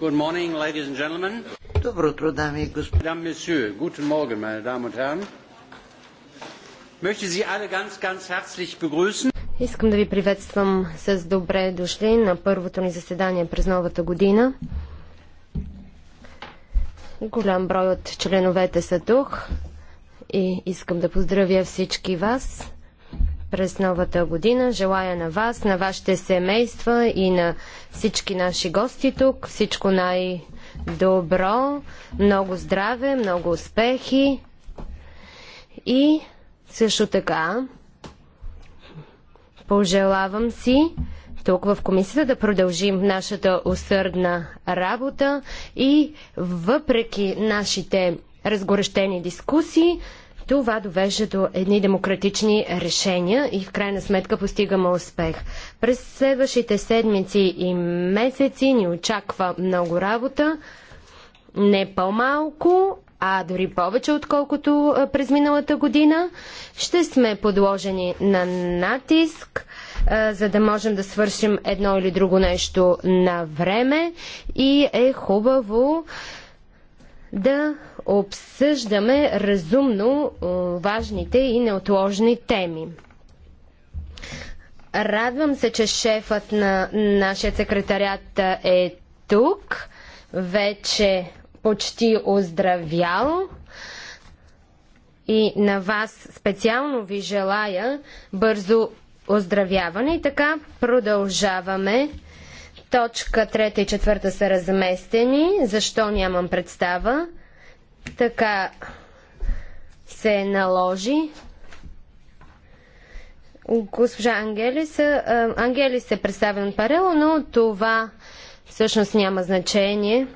Good morning, ladies and gentlemen. Добро утро, дами и господа. guten Morgen, meine Damen und Herren. Möchte Sie alle ganz, ganz herzlich begrüßen. Искам да ви приветствам с добре дошли на първото ни заседание през новата година. Голям брой от членовете са тук и искам да поздравя всички вас през новата година. Желая на вас, на вашите семейства и на всички наши гости тук всичко най-добро, много здраве, много успехи и също така пожелавам си тук в комисията да продължим нашата усърдна работа и въпреки нашите разгорещени дискусии, това довежда до едни демократични решения и в крайна сметка постигаме успех. През следващите седмици и месеци ни очаква много работа, не по-малко, а дори повече отколкото през миналата година. Ще сме подложени на натиск, за да можем да свършим едно или друго нещо на време и е хубаво да обсъждаме разумно е, важните и неотложни теми. Радвам се, че шефът на нашия секретарят е тук, вече почти оздравял. И на вас специално ви желая бързо оздравяване. И така продължаваме. Точка 3 и 4 са разместени. Защо нямам представа? Така се наложи. Госпожа Ангелис, Ангелис е представен от Парело, но това всъщност няма значение.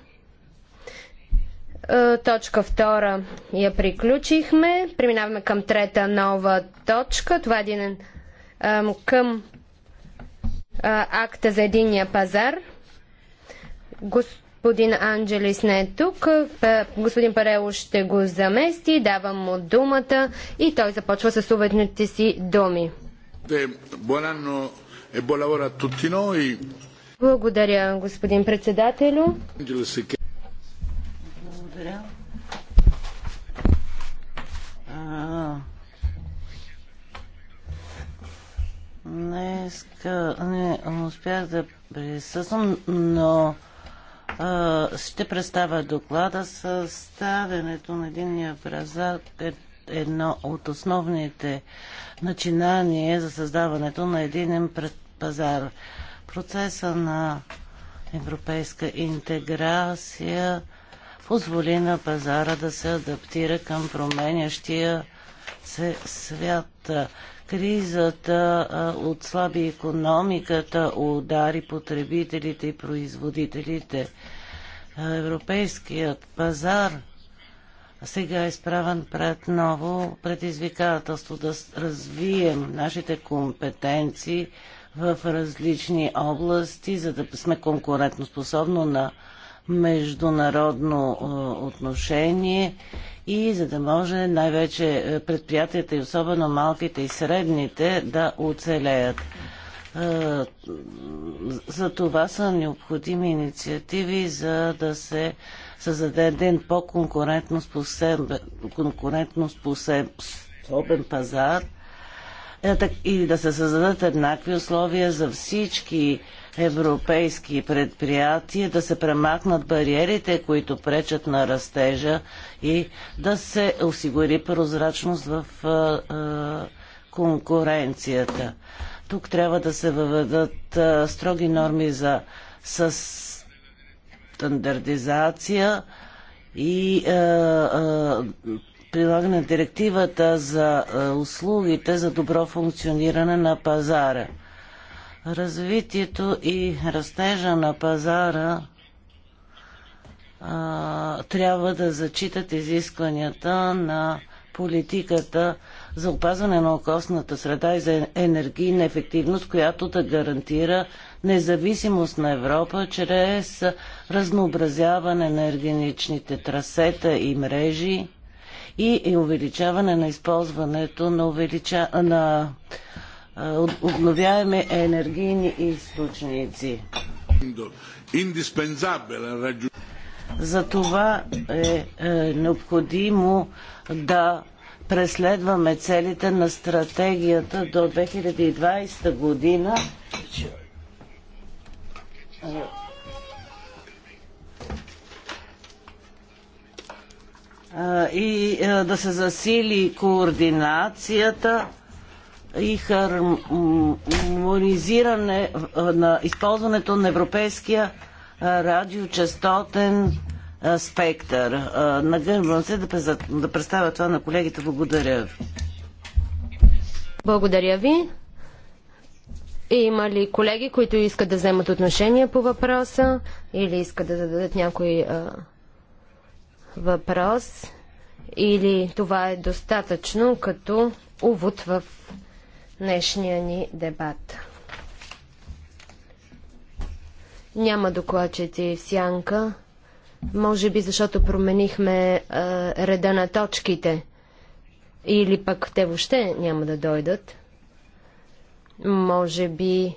Точка втора я приключихме. Преминаваме към трета нова точка. Това е един към акта за единия пазар. Гос... Господин Анджелис не е тук. Е, господин Парело ще го замести. Давам му думата и той започва с уведните си думи. Е, е Благодаря, господин председателю. Благодаря. днес не успях да присъствам, но ще представя доклада с ставянето на единния пазар е едно от основните начинания за създаването на единен пазар. Процеса на европейска интеграция позволи на пазара да се адаптира към променящия се свят. Кризата отслаби економиката, удари потребителите и производителите. Европейският пазар сега е изправен пред ново предизвикателство да развием нашите компетенции в различни области, за да сме конкурентоспособно на международно отношение и за да може най-вече е, предприятията и особено малките и средните да оцелеят. Е, за това са необходими инициативи, за да се създаде един по-конкурентно способен пазар е, и да се създадат еднакви условия за всички европейски предприятия, да се премахнат бариерите, които пречат на растежа и да се осигури прозрачност в конкуренцията. Тук трябва да се въведат строги норми за стандартизация и прилагане на директивата за услугите за добро функциониране на пазара. Развитието и растежа на пазара а, трябва да зачитат изискванията на политиката за опазване на окосната среда и за енергийна ефективност, която да гарантира независимост на Европа чрез разнообразяване на енергетичните трасета и мрежи и увеличаване на използването на, увелича... на обновяеми енергийни източници. За това е, е необходимо да преследваме целите на стратегията до 2020 година. И е, да се засили координацията и хармонизиране на използването на европейския радиочастотен спектър. Нагърбвам се да, представя това на колегите. Благодаря ви. Благодаря ви. Има ли колеги, които искат да вземат отношение по въпроса или искат да зададат някой а, въпрос? Или това е достатъчно като увод в днешния ни дебат. Няма докладчици в сянка, може би защото променихме а, е, реда на точките или пък те въобще няма да дойдат. Може би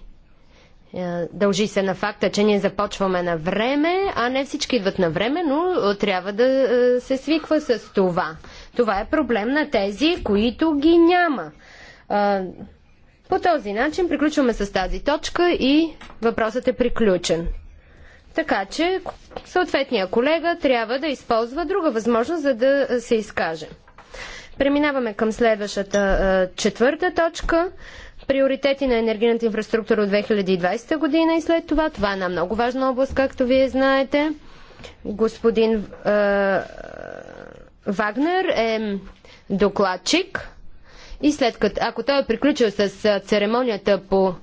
е, дължи се на факта, че ние започваме на време, а не всички идват на време, но е, трябва да се свиква с това. Това е проблем на тези, които ги няма. По този начин приключваме с тази точка и въпросът е приключен. Така че съответния колега трябва да използва друга възможност, за да се изкаже. Преминаваме към следващата четвърта точка. Приоритети на енергийната инфраструктура от 2020 година и след това. Това е една много важна област, както вие знаете. Господин е, Вагнер е докладчик. И след като, ако той е приключил с церемонията по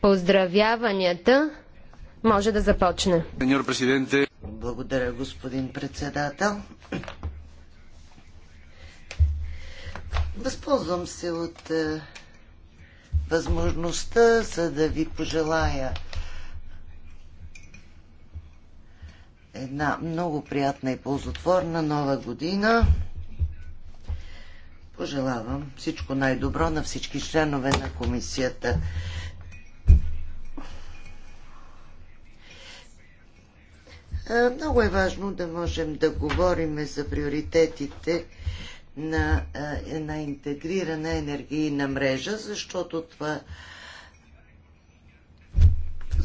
поздравяванията, може да започне. Благодаря, господин председател. Възползвам се от възможността, за да ви пожелая една много приятна и ползотворна нова година. Пожелавам всичко най-добро на всички членове на комисията. Много е важно да можем да говорим за приоритетите на, на интегрирана енергийна мрежа, защото това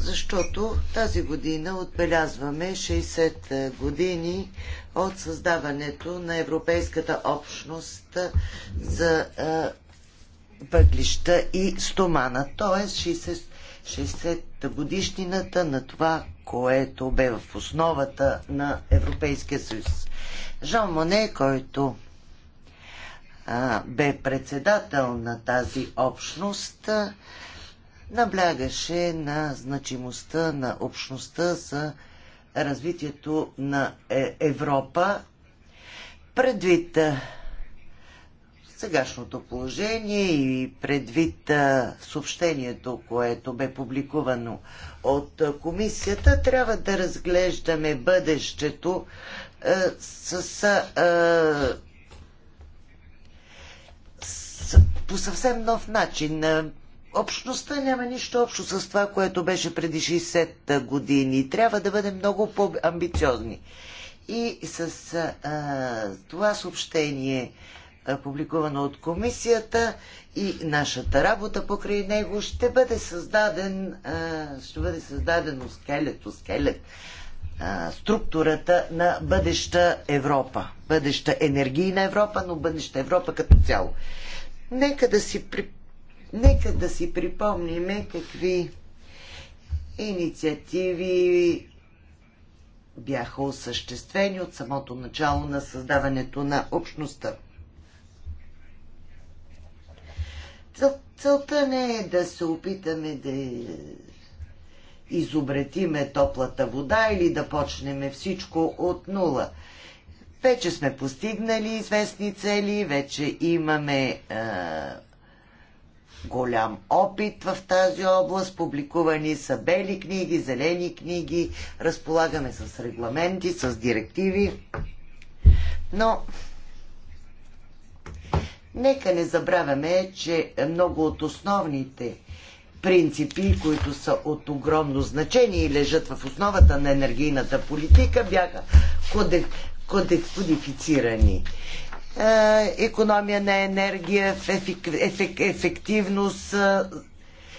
защото тази година отбелязваме 60 е, години от създаването на Европейската общност е, за е, въглища и стомана, т.е. 60, годишнината на това, което бе в основата на Европейския съюз. Жан Моне, който а, бе председател на тази общност, наблягаше на значимостта на общността за развитието на е, Европа предвид сегашното положение и предвид съобщението, което бе публикувано от комисията, трябва да разглеждаме бъдещето е, с, е, с по съвсем нов начин общността няма нищо общо с това, което беше преди 60 години. Трябва да бъдем много по-амбициозни. И с а, това съобщение, а, публикувано от комисията и нашата работа покрай него, ще бъде създаден, а, ще бъде създадено скелет, скелет а, структурата на бъдеща Европа. Бъдеща енергийна Европа, но бъдеща Европа като цяло. Нека да си при Нека да си припомниме какви инициативи бяха осъществени от самото начало на създаването на общността. Цел, целта не е да се опитаме да изобретиме топлата вода или да почнем всичко от нула. Вече сме постигнали известни цели, вече имаме а, голям опит в тази област. Публикувани са бели книги, зелени книги, разполагаме с регламенти, с директиви. Но нека не забравяме, че много от основните принципи, които са от огромно значение и лежат в основата на енергийната политика, бяха кодифицирани. Е, економия на енергия, ефективност, е,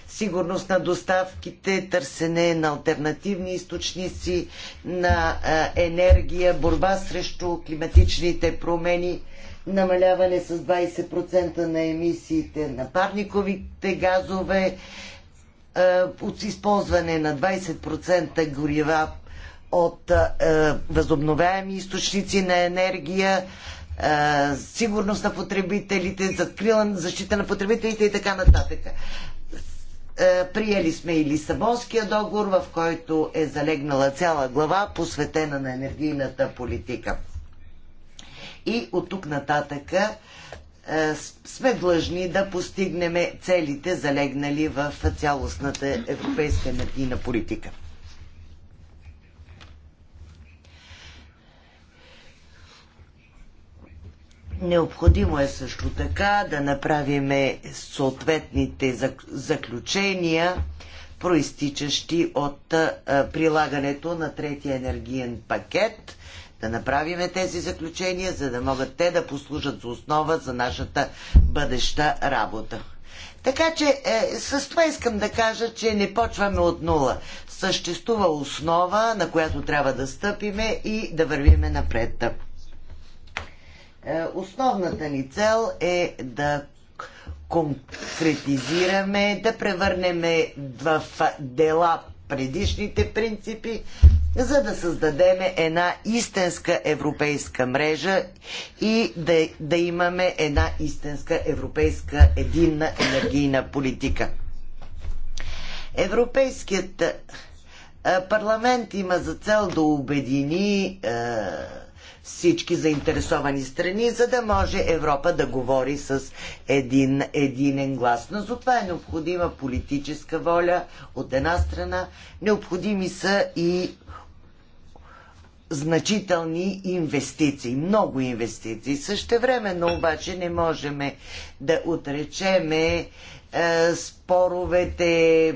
сигурност на доставките, търсене на альтернативни източници на е, енергия, борба срещу климатичните промени, намаляване с 20% на емисиите на парниковите газове, от използване на 20% горива от възобновяеми източници на енергия, сигурност на потребителите, закрила, защита на потребителите и така нататък. приели сме и Лисабонския договор, в който е залегнала цяла глава, посветена на енергийната политика. И от тук нататък сме длъжни да постигнем целите, залегнали в цялостната европейска енергийна политика. Необходимо е също така да направим съответните заключения, проистичащи от прилагането на третия енергиен пакет, да направим тези заключения, за да могат те да послужат за основа за нашата бъдеща работа. Така че е, с това искам да кажа, че не почваме от нула. Съществува основа, на която трябва да стъпиме и да вървиме напред. Е, основната ни цел е да конкретизираме, да превърнем в дела предишните принципи, за да създадем една истинска европейска мрежа и да, да имаме една истинска европейска единна енергийна политика. Европейският е, парламент има за цел да обедини е, всички заинтересовани страни, за да може Европа да говори с един единен глас. Но за това е необходима политическа воля от една страна, необходими са и значителни инвестиции, много инвестиции. Същевременно обаче не можем да отречеме е, споровете, е,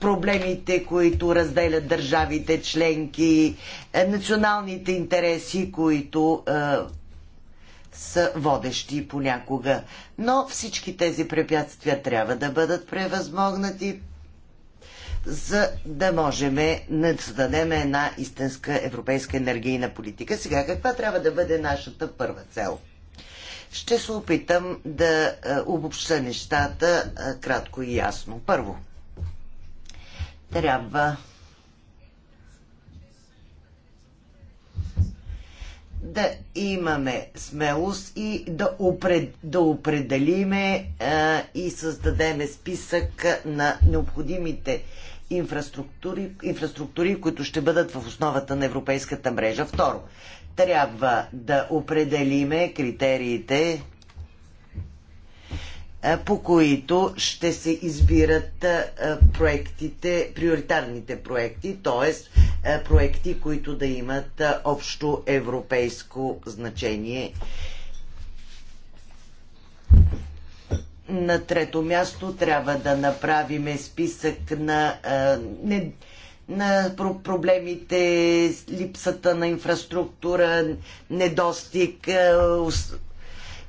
проблемите, които разделят държавите членки, е, националните интереси, които е, са водещи понякога. Но всички тези препятствия трябва да бъдат превъзмогнати, за да можем да създадем една истинска европейска енергийна политика. Сега, каква трябва да бъде нашата първа цел? Ще се опитам да е, обобща нещата е, кратко и ясно. Първо, трябва да имаме смелост и да, опред, да определиме а, и създадеме списък на необходимите инфраструктури, инфраструктури, които ще бъдат в основата на европейската мрежа. Второ, трябва да определиме критериите по които ще се избират проектите, приоритарните проекти, т.е. проекти, които да имат общо европейско значение. На трето място трябва да направим списък на, не, на проблемите, липсата на инфраструктура, недостиг,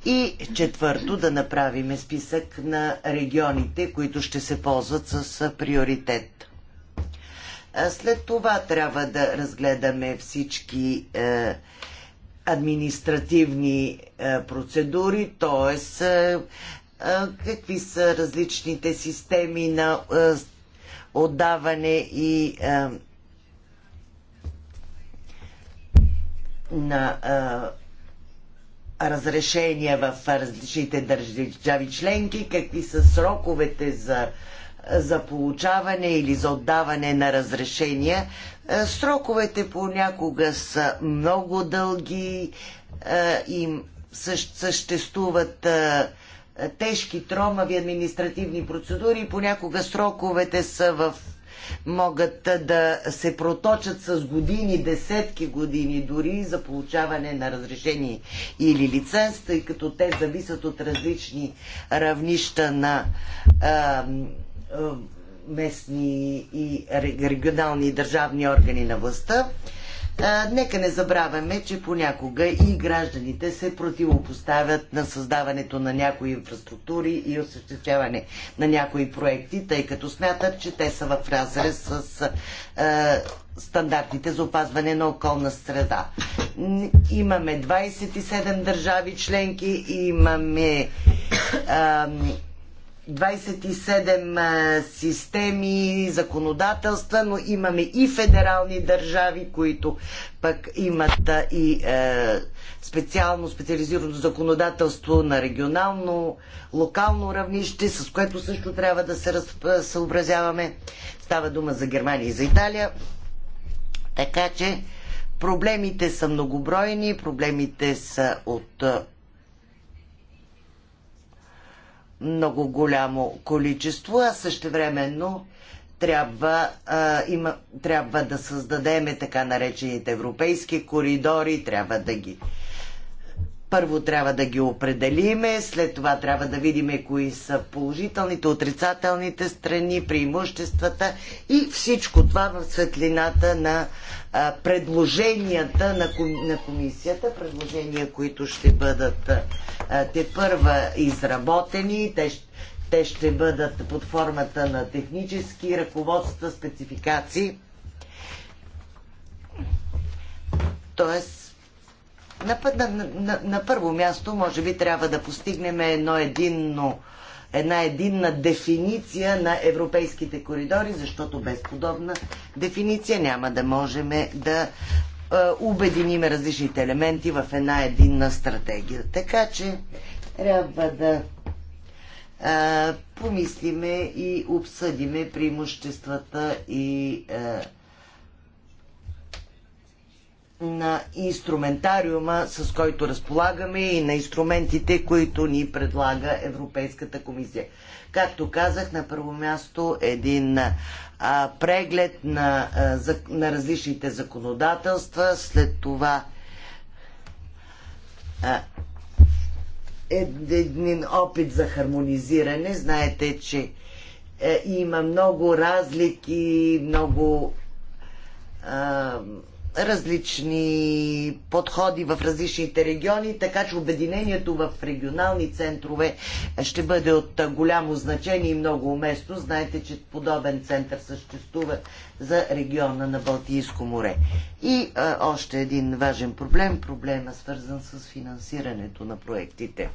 и четвърто, да направим списък на регионите, които ще се ползват с приоритет. След това трябва да разгледаме всички е, административни е, процедури, т.е. Е, какви са различните системи на е, отдаване и е, на е, разрешения в различните държави членки, какви са сроковете за, за получаване или за отдаване на разрешения. Е, сроковете понякога са много дълги е, и съществуват е, тежки, тромави административни процедури. Понякога сроковете са в могат да се проточат с години, десетки години дори за получаване на разрешение или лиценз, тъй като те зависят от различни равнища на а, местни и регионални и държавни органи на властта нека не забравяме, че понякога и гражданите се противопоставят на създаването на някои инфраструктури и осъществяване на някои проекти, тъй като смятат, че те са в разрез с а, стандартите за опазване на околна среда. Имаме 27 държави членки, имаме 27 системи, законодателства, но имаме и федерални държави, които пък имат и специално специализирано законодателство на регионално, локално равнище, с което също трябва да се съобразяваме. Става дума за Германия и за Италия. Така че проблемите са многобройни, проблемите са от много голямо количество, а същевременно трябва, а, има, трябва да създадем така наречените европейски коридори, трябва да ги първо трябва да ги определиме, след това трябва да видим кои са положителните, отрицателните страни, преимуществата и всичко това в светлината на предложенията на, на комисията, предложения, които ще бъдат те първа изработени, те ще те ще бъдат под формата на технически ръководства, спецификации. Тоест, на, на, на, на първо място, може би, трябва да постигнем едно единно, една единна дефиниция на европейските коридори, защото без подобна дефиниция няма да можем да е, обединим различните елементи в една единна стратегия. Така че трябва да е, помислиме и обсъдиме преимуществата и. Е, на инструментариума, с който разполагаме и на инструментите, които ни предлага Европейската комисия. Както казах, на първо място един а, преглед на, а, за, на различните законодателства, след това а, един опит за хармонизиране. Знаете, че е, има много разлики, много. А, различни подходи в различните региони, така че обединението в регионални центрове ще бъде от голямо значение и много уместно. Знаете, че подобен център съществува за региона на Балтийско море. И а, още един важен проблем, проблема свързан с финансирането на проектите.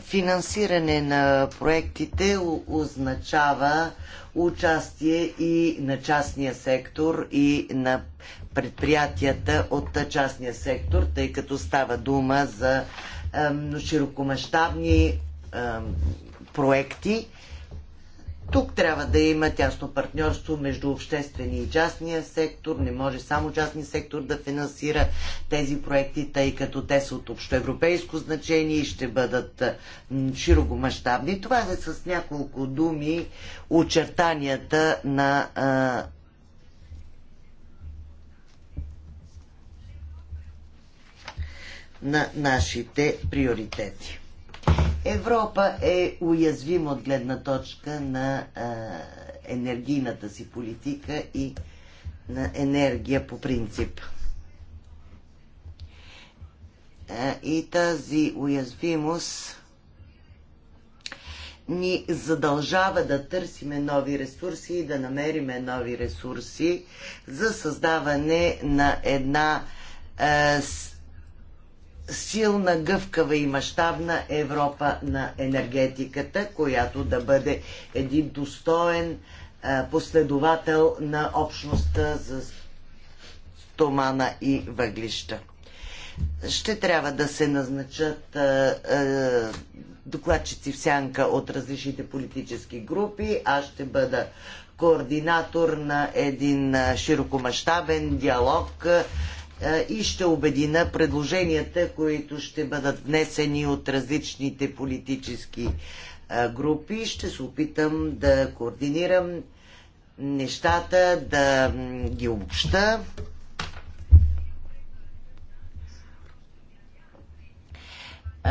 Финансиране на проектите означава участие и на частния сектор и на предприятията от частния сектор, тъй като става дума за широкомащабни проекти тук трябва да има тясно партньорство между обществения и частния сектор. Не може само частния сектор да финансира тези проекти, тъй като те са от общоевропейско значение и ще бъдат широкомащабни. Това е с няколко думи очертанията на на нашите приоритети. Европа е уязвима от гледна точка на енергийната си политика и на енергия по принцип. И тази уязвимост ни задължава да търсиме нови ресурси и да намериме нови ресурси за създаване на една е, силна, гъвкава и мащабна Европа на енергетиката, която да бъде един достоен е, последовател на общността за стомана и въглища. Ще трябва да се назначат е, е, докладчици в сянка от различните политически групи. Аз ще бъда координатор на един широкомащабен диалог е, и ще обедина предложенията, които ще бъдат внесени от различните политически е, групи. Ще се опитам да координирам нещата, да ги обща. Е,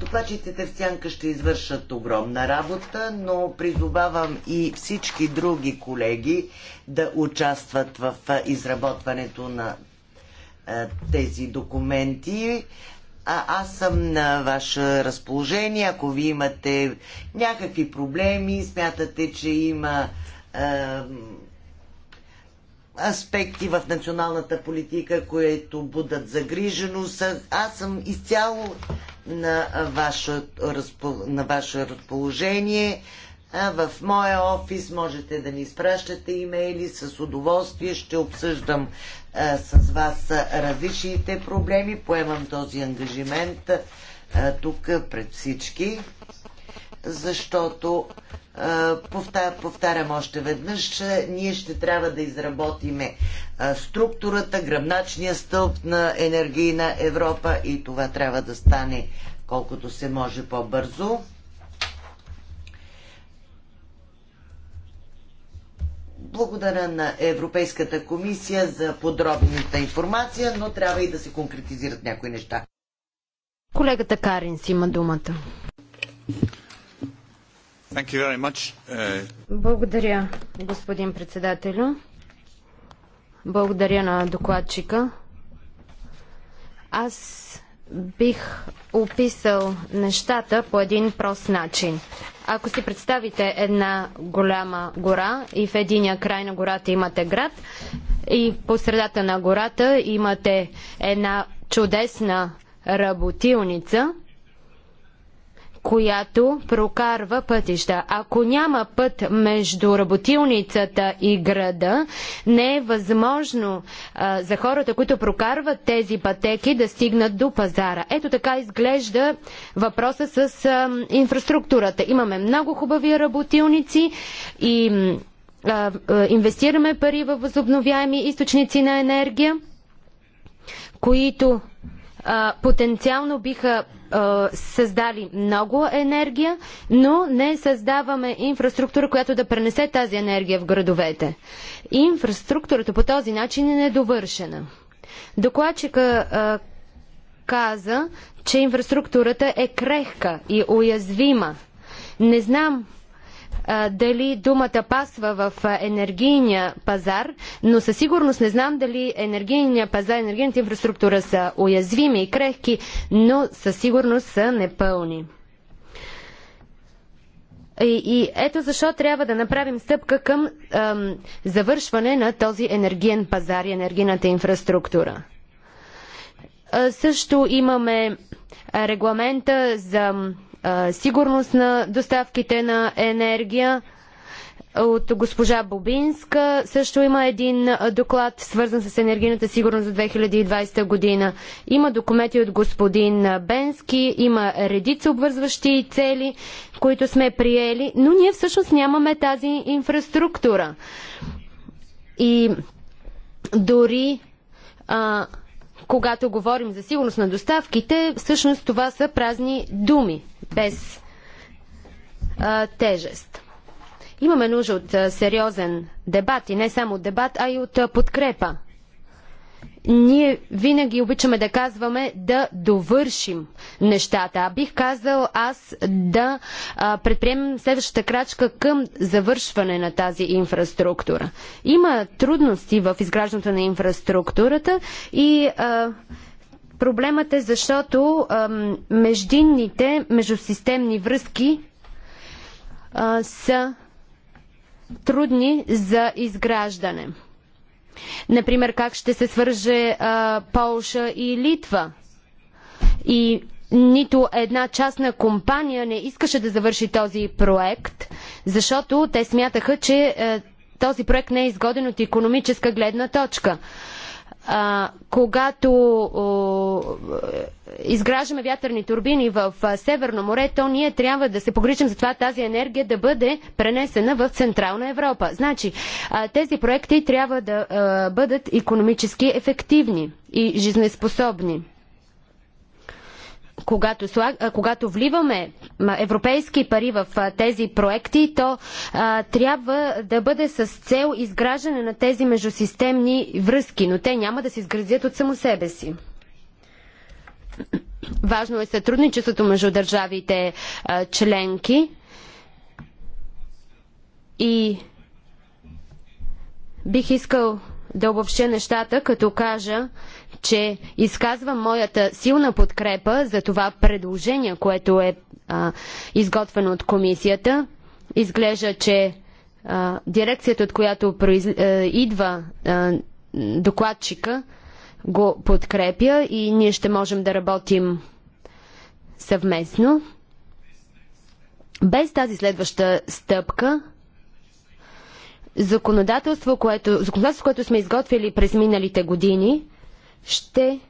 докладчиците в Сянка ще извършат огромна работа, но призовавам и всички други колеги да участват в изработването на тези документи. А, аз съм на ваше разположение. Ако ви имате някакви проблеми, смятате, че има а, аспекти в националната политика, които будат загриженост, аз съм изцяло на ваше, на ваше разположение в моя офис можете да ни изпращате имейли. С удоволствие ще обсъждам с вас различните проблеми. Поемам този ангажимент тук пред всички, защото повтарям още веднъж, ние ще трябва да изработиме структурата, гръбначния стълб на енергийна Европа и това трябва да стане колкото се може по-бързо. Благодаря на Европейската комисия за подробната информация, но трябва и да се конкретизират някои неща. Колегата Каринс има думата. Uh, Благодаря, господин председателю. Благодаря на докладчика. Аз бих описал нещата по един прост начин. Ако си представите една голяма гора и в единия край на гората имате град и по средата на гората имате една чудесна работилница – която прокарва пътища. Ако няма път между работилницата и града, не е възможно а, за хората, които прокарват тези пътеки, да стигнат до пазара. Ето така изглежда въпроса с а, инфраструктурата. Имаме много хубави работилници и а, а, инвестираме пари в възобновяеми източници на енергия, които а, потенциално биха създали много енергия, но не създаваме инфраструктура, която да пренесе тази енергия в градовете. Инфраструктурата по този начин е недовършена. Докладчика а, каза, че инфраструктурата е крехка и уязвима. Не знам дали думата пасва в енергийния пазар, но със сигурност не знам дали енергийния пазар, енергийната инфраструктура са уязвими и крехки, но със сигурност са непълни. И, и ето защо трябва да направим стъпка към ем, завършване на този енергиен пазар и енергийната инфраструктура. също имаме регламента за сигурност на доставките на енергия. От госпожа Бобинска също има един доклад, свързан с енергийната сигурност за 2020 година. Има документи от господин Бенски, има редица обвързващи цели, които сме приели, но ние всъщност нямаме тази инфраструктура. И дори а, когато говорим за сигурност на доставките, всъщност това са празни думи, без а, тежест. Имаме нужда от сериозен дебат и не само дебат, а и от подкрепа ние винаги обичаме да казваме да довършим нещата. А бих казал аз да а, предприемем следващата крачка към завършване на тази инфраструктура. Има трудности в изграждането на инфраструктурата и а, проблемът е защото а, междинните, междусистемни връзки а, са трудни за изграждане. Например, как ще се свърже а, Полша и Литва. И нито една частна компания не искаше да завърши този проект, защото те смятаха, че е, този проект не е изгоден от економическа гледна точка а, когато о, изграждаме вятърни турбини в Северно море, то ние трябва да се погрижим за това тази енергия да бъде пренесена в Централна Европа. Значи, а, тези проекти трябва да а, бъдат економически ефективни и жизнеспособни когато, когато вливаме европейски пари в тези проекти, то а, трябва да бъде с цел изграждане на тези междусистемни връзки, но те няма да се изградят от само себе си. Важно е сътрудничеството между държавите а, членки и бих искал да обобща нещата, като кажа, че изказвам моята силна подкрепа за това предложение, което е а, изготвено от комисията. Изглежда, че а, дирекцията, от която произ... а, е, идва а, докладчика, го подкрепя и ние ще можем да работим съвместно. Без тази следваща стъпка, законодателство, което, законодателство, което сме изготвили през миналите години, ще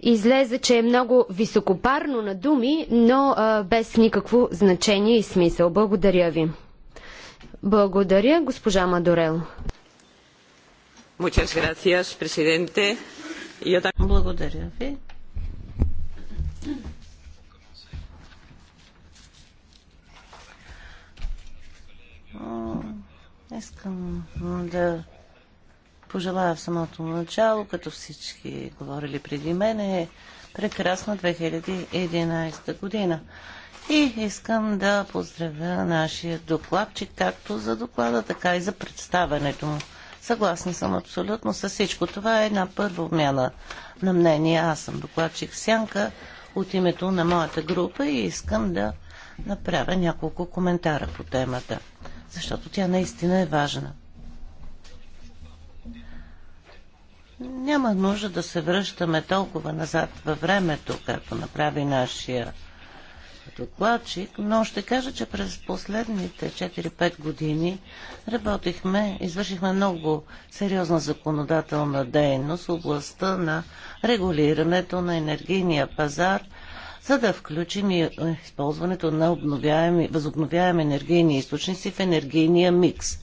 излезе, че е много високопарно на думи, но а, без никакво значение и смисъл. Благодаря ви. Благодаря, госпожа Мадорел. Благодаря ви. Искам да пожелая в самото начало, като всички говорили преди мен, е прекрасна 2011 година. И искам да поздравя нашия докладчик, както за доклада, така и за представенето му. Съгласна съм абсолютно с всичко. Това е една първа обмяна на мнение. Аз съм докладчик Сянка от името на моята група и искам да направя няколко коментара по темата, защото тя наистина е важна. Няма нужда да се връщаме толкова назад във времето, както направи нашия докладчик, но ще кажа, че през последните 4-5 години работихме, извършихме много сериозна законодателна дейност в областта на регулирането на енергийния пазар, за да включим и използването на възобновяеми енергийни източници в енергийния микс.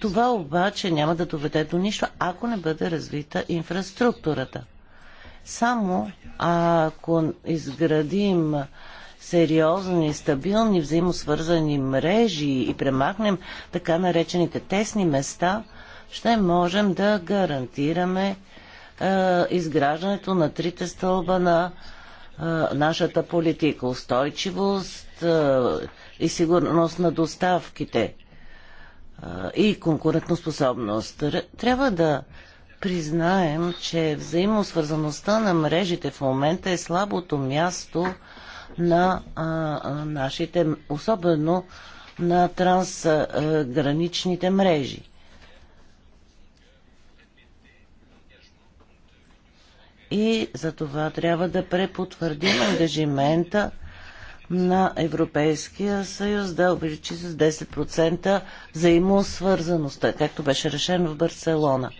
Това обаче няма да доведе до нищо, ако не бъде развита инфраструктурата. Само ако изградим сериозни и стабилни взаимосвързани мрежи и премахнем така наречените тесни места, ще можем да гарантираме е, изграждането на трите стълба на е, нашата политика. Устойчивост е, и сигурност на доставките и конкурентоспособност. Трябва да признаем, че взаимосвързаността на мрежите в момента е слабото място на а, нашите, особено на трансграничните мрежи. И за това трябва да препотвърдим ангажимента на Европейския съюз да увеличи с 10% взаимосвързаността, както беше решено в Барселона.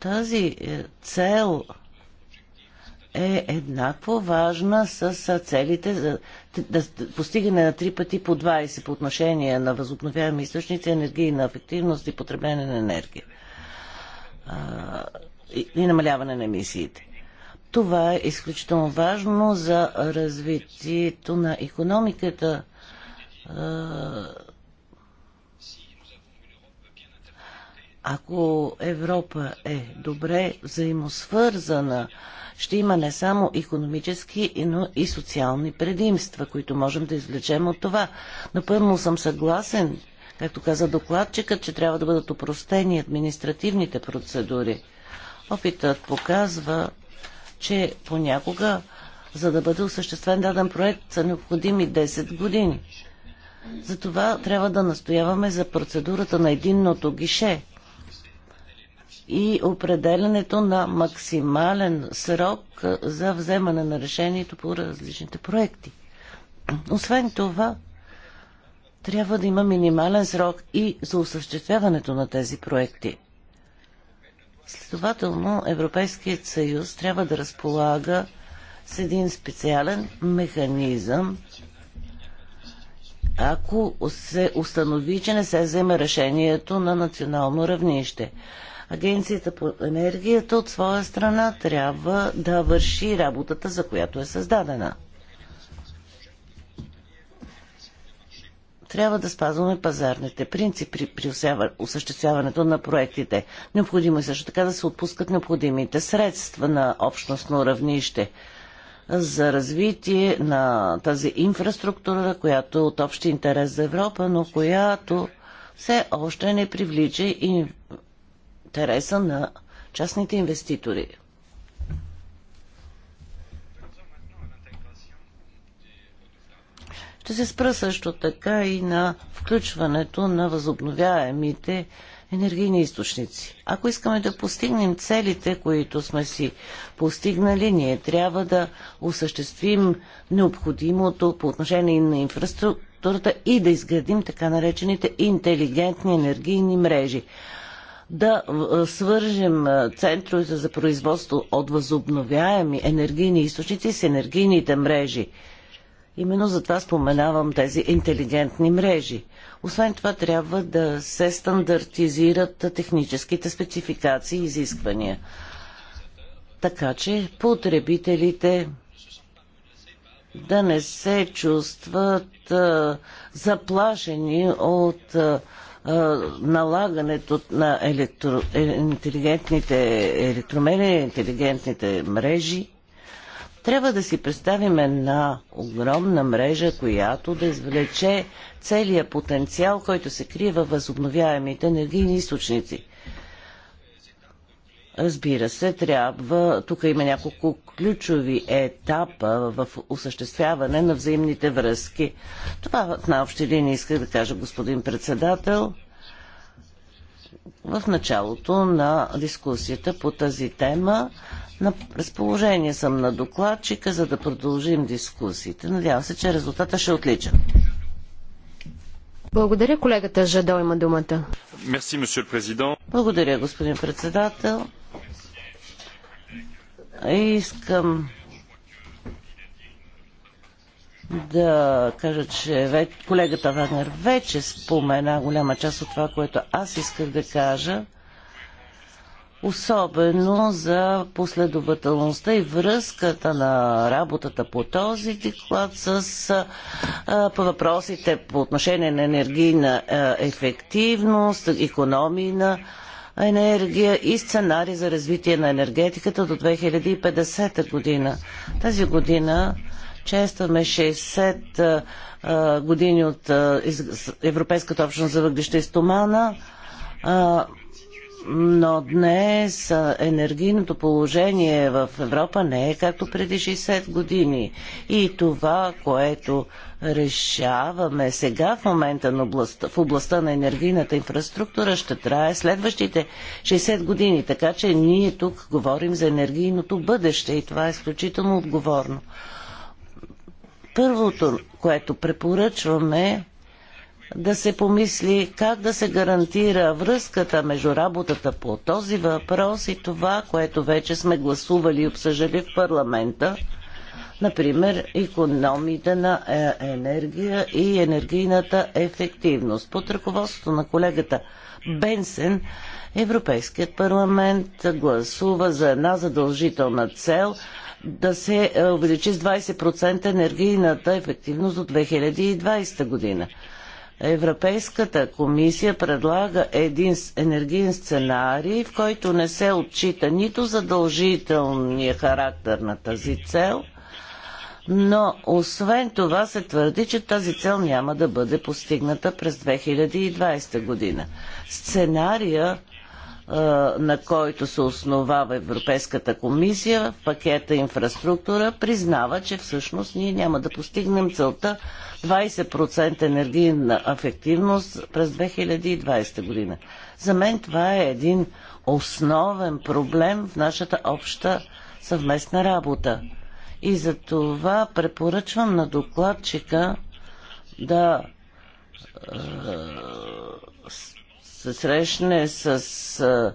Тази е, цел е еднакво важна с целите за да постигане на три пъти по 20 по отношение на възобновяеми източници, енергийна ефективност и потребление на енергия и намаляване на емисиите. Това е изключително важно за развитието на економиката. Ако Европа е добре взаимосвързана, ще има не само економически, но и социални предимства, които можем да извлечем от това. Напълно съм съгласен, както каза докладчикът, че трябва да бъдат упростени административните процедури. Опитът показва, че понякога, за да бъде осъществен даден проект, са необходими 10 години. Затова трябва да настояваме за процедурата на единното гише и определенето на максимален срок за вземане на решението по различните проекти. Освен това, трябва да има минимален срок и за осъществяването на тези проекти. Следователно, Европейският съюз трябва да разполага с един специален механизъм, ако се установи, че не се вземе решението на национално равнище. Агенцията по енергията от своя страна трябва да върши работата, за която е създадена. трябва да спазваме пазарните принципи при осъществяването на проектите. Необходимо е също така да се отпускат необходимите средства на общностно равнище за развитие на тази инфраструктура, която е от общ интерес за Европа, но която все още не привлича интереса на частните инвеститори. Ще се спра също така и на включването на възобновяемите енергийни източници. Ако искаме да постигнем целите, които сме си постигнали, ние трябва да осъществим необходимото по отношение на инфраструктурата и да изградим така наречените интелигентни енергийни мрежи. Да свържем центровете за производство от възобновяеми енергийни източници с енергийните мрежи – Именно затова споменавам тези интелигентни мрежи. Освен това трябва да се стандартизират техническите спецификации и изисквания. Така че потребителите да не се чувстват а, заплашени от а, налагането на електро... Е, интелигентните електромери, интелигентните мрежи. Трябва да си представим една огромна мрежа, която да извлече целият потенциал, който се крие във възобновяемите енергийни източници. Разбира се, трябва. Тук има няколко ключови етапа в осъществяване на взаимните връзки. Това в най-общи линии иска да кажа, господин председател в началото на дискусията по тази тема. На разположение съм на докладчика, за да продължим дискусиите. Надявам се, че резултата ще е отличен. Благодаря, колегата Жадо има думата. Merci, Благодаря, господин председател. Искам да кажа, че колегата Вагнер вече спомена голяма част от това, което аз исках да кажа, особено за последователността и връзката на работата по този доклад с а, по въпросите по отношение на енергийна а, ефективност, економии на енергия и сценарий за развитие на енергетиката до 2050 година. Тази година честваме 60 а, години от а, из, Европейската общност за въглища и стомана, а, но днес енергийното положение в Европа не е както преди 60 години. И това, което решаваме сега в момента на в областта на енергийната инфраструктура, ще трае следващите 60 години. Така че ние тук говорим за енергийното бъдеще и това е изключително отговорно. Първото, което препоръчваме, да се помисли как да се гарантира връзката между работата по този въпрос и това, което вече сме гласували и обсъждали в парламента, например економите на е, енергия и енергийната ефективност. Под ръководството на колегата Бенсен, Европейският парламент гласува за една задължителна цел – да се е, увеличи с 20% енергийната ефективност до 2020 година. Европейската комисия предлага един енергиен сценарий, в който не се отчита нито задължителния характер на тази цел, но освен това се твърди, че тази цел няма да бъде постигната през 2020 година. Сценария на който се основава Европейската комисия в пакета инфраструктура, признава, че всъщност ние няма да постигнем целта 20% енергийна ефективност през 2020 година. За мен това е един основен проблем в нашата обща съвместна работа. И за това препоръчвам на докладчика да се срещне с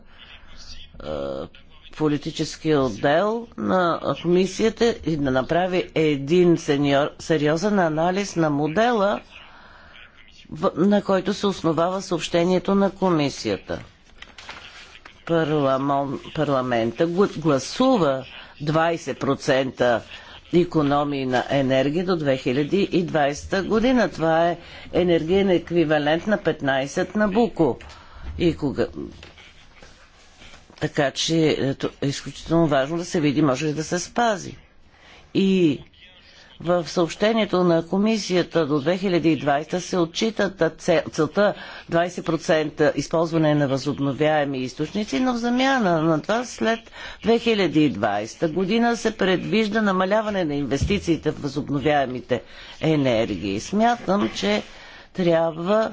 политически отдел на комисията и да направи един сеньор, сериозен анализ на модела, на който се основава съобщението на комисията. Парламон, парламента гласува 20% економии на енергия до 2020 година. Това е енергиен еквивалент на 15 на Буко. И кога... Така че е изключително важно да се види, може ли да се спази. И в съобщението на комисията до 2020 се отчита целта 20% използване на възобновяеми източници, но в замяна на това след 2020 година се предвижда намаляване на инвестициите в възобновяемите енергии. Смятам, че трябва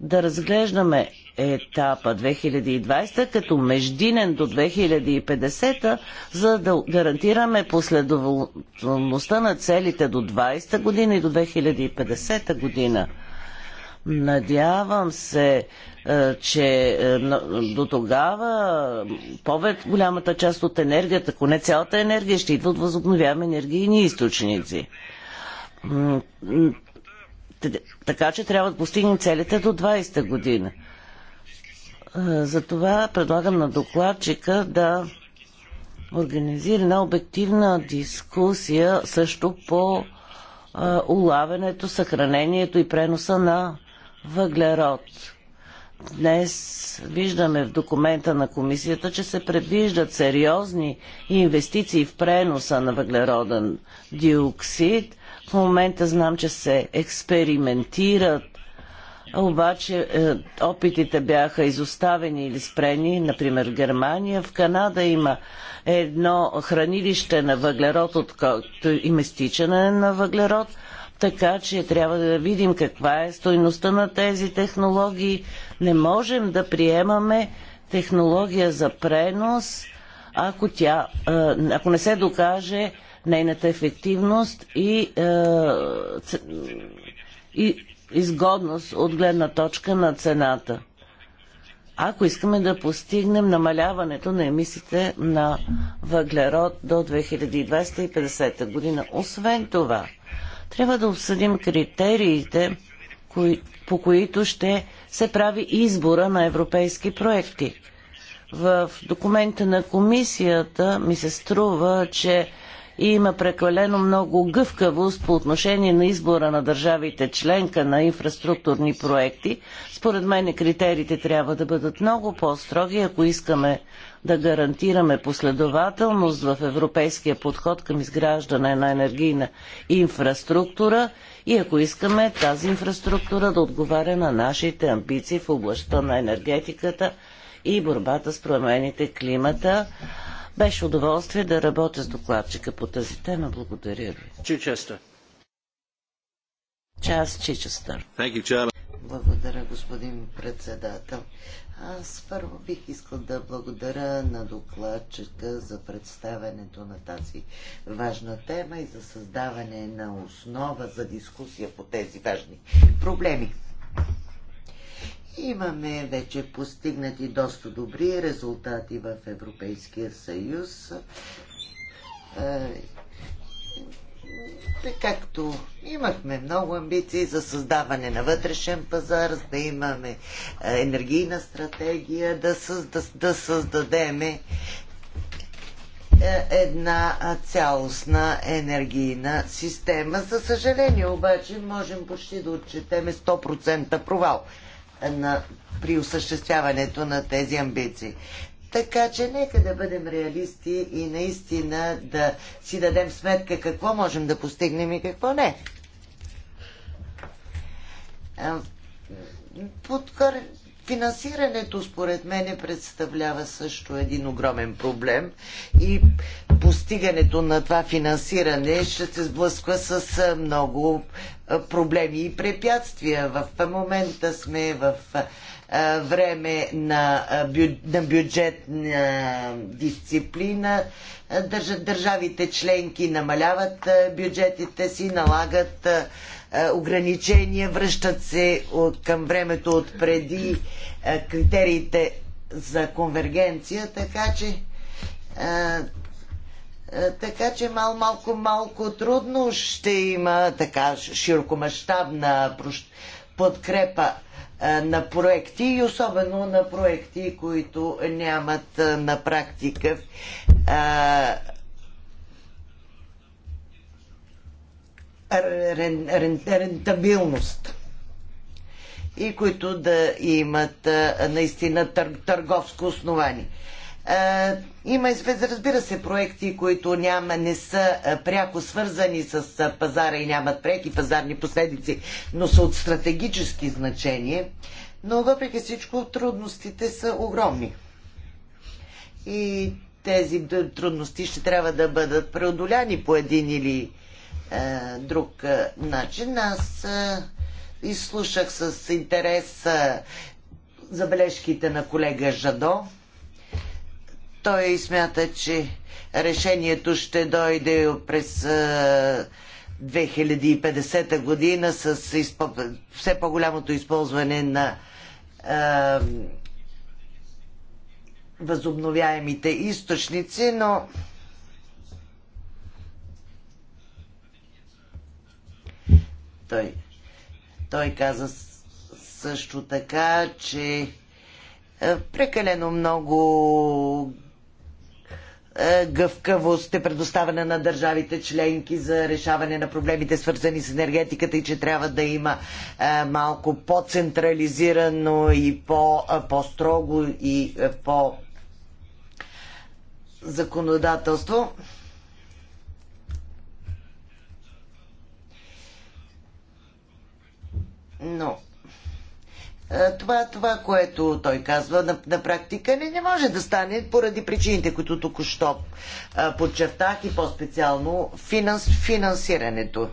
да разглеждаме етапа 2020 като междинен до 2050, за да гарантираме последователността на целите до 20 година и до 2050 година. Надявам се, е, че е, до тогава повече голямата част от енергията, ако не цялата енергия, ще идва от възобновяеми енергийни източници. Така че трябва да постигнем целите до 20-та година. Е, затова предлагам на докладчика да организира една обективна дискусия също по е, улавянето, съхранението и преноса на въглерод. Днес виждаме в документа на комисията, че се предвиждат сериозни инвестиции в преноса на въглероден диоксид. В момента знам, че се експериментират обаче е, опитите бяха изоставени или спрени, например в Германия. В Канада има едно хранилище на въглерод, от който има е стичане на въглерод, така че трябва да видим каква е стойността на тези технологии. Не можем да приемаме технология за пренос, ако, тя, е, ако не се докаже нейната ефективност и, и изгодност от гледна точка на цената. Ако искаме да постигнем намаляването на емисиите на въглерод до 2020 година. Освен това, трябва да обсъдим критериите, кои, по които ще се прави избора на европейски проекти. В документа на комисията ми се струва, че и има прекалено много гъвкавост по отношение на избора на държавите членка на инфраструктурни проекти. Според мен критериите трябва да бъдат много по-строги, ако искаме да гарантираме последователност в европейския подход към изграждане на енергийна инфраструктура и ако искаме тази инфраструктура да отговаря на нашите амбиции в областта на енергетиката и борбата с промените климата. Беше удоволствие да работя с докладчика по тази тема. Благодаря ви. Чичестър. Час Чичестър. Благодаря, господин председател. Аз първо бих искал да благодаря на докладчика за представенето на тази важна тема и за създаване на основа за дискусия по тези важни проблеми. Имаме вече постигнати доста добри резултати в Европейския съюз. Е, е, както имахме много амбиции за създаване на вътрешен пазар, да имаме е, енергийна стратегия, да, създа, да създадеме една цялостна енергийна система. За съжаление обаче можем почти да отчетеме 100% провал на, при осъществяването на тези амбиции. Така че нека да бъдем реалисти и наистина да си дадем сметка какво можем да постигнем и какво не. Подкор... Финансирането, според мен, представлява също един огромен проблем и постигането на това финансиране ще се сблъсква с много проблеми и препятствия. В момента сме в време на, бю, на бюджетна дисциплина. Държавите членки намаляват бюджетите си, налагат е, ограничения, връщат се от, към времето от преди е, критериите за конвергенция, така че е, така че мал, малко, малко трудно ще има така широкомащабна подкрепа на проекти и особено на проекти, които нямат на практика рентабилност и които да имат наистина търговско основание. Има, разбира се, проекти, които няма, не са пряко свързани с пазара и нямат преки пазарни последици, но са от стратегически значение. Но въпреки всичко, трудностите са огромни. И тези трудности ще трябва да бъдат преодоляни по един или е, друг е, начин. Аз е, изслушах с интерес забележките на колега Жадо. Той смята, че решението ще дойде през 2050 година с все по-голямото използване на възобновяемите източници, но той. Той каза също така, че е, прекалено много е, гъвкавост е предоставена на държавите членки за решаване на проблемите свързани с енергетиката и че трябва да има е, малко по-централизирано и по, по-строго и по законодателство. Но това, това, което той казва на, на практика, не, не може да стане поради причините, които току-що подчертах и по-специално финанс, финансирането.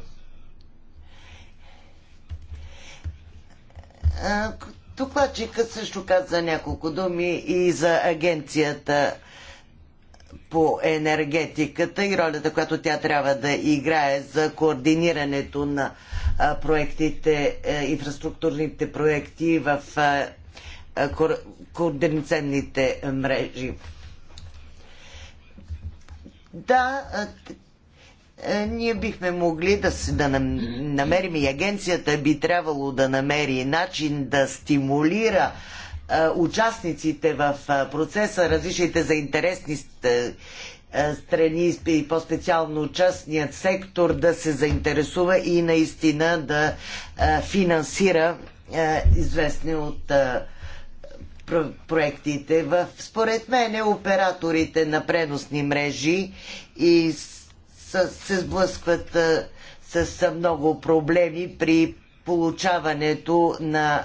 А, също каза няколко думи и за агенцията по енергетиката и ролята, която тя трябва да играе за координирането на проектите, инфраструктурните проекти в координационните мрежи. Да, ние бихме могли да, да намерим и агенцията би трябвало да намери начин да стимулира участниците в процеса, различните заинтересни е, страни и по-специално частният сектор да се заинтересува и наистина да е, финансира е, известни от проектите. В, според мен операторите на преносни мрежи и се сблъскват с, с много проблеми при получаването на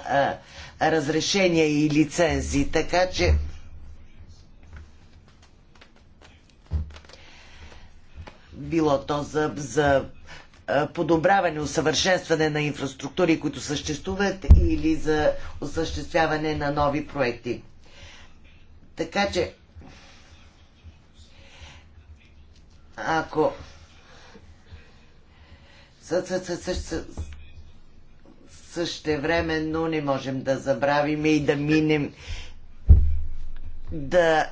а, разрешения и лицензи. Така че било то за, за подобряване, усъвършенстване на инфраструктури, които съществуват или за осъществяване на нови проекти. Така че, ако същевременно не можем да забравим и да минем да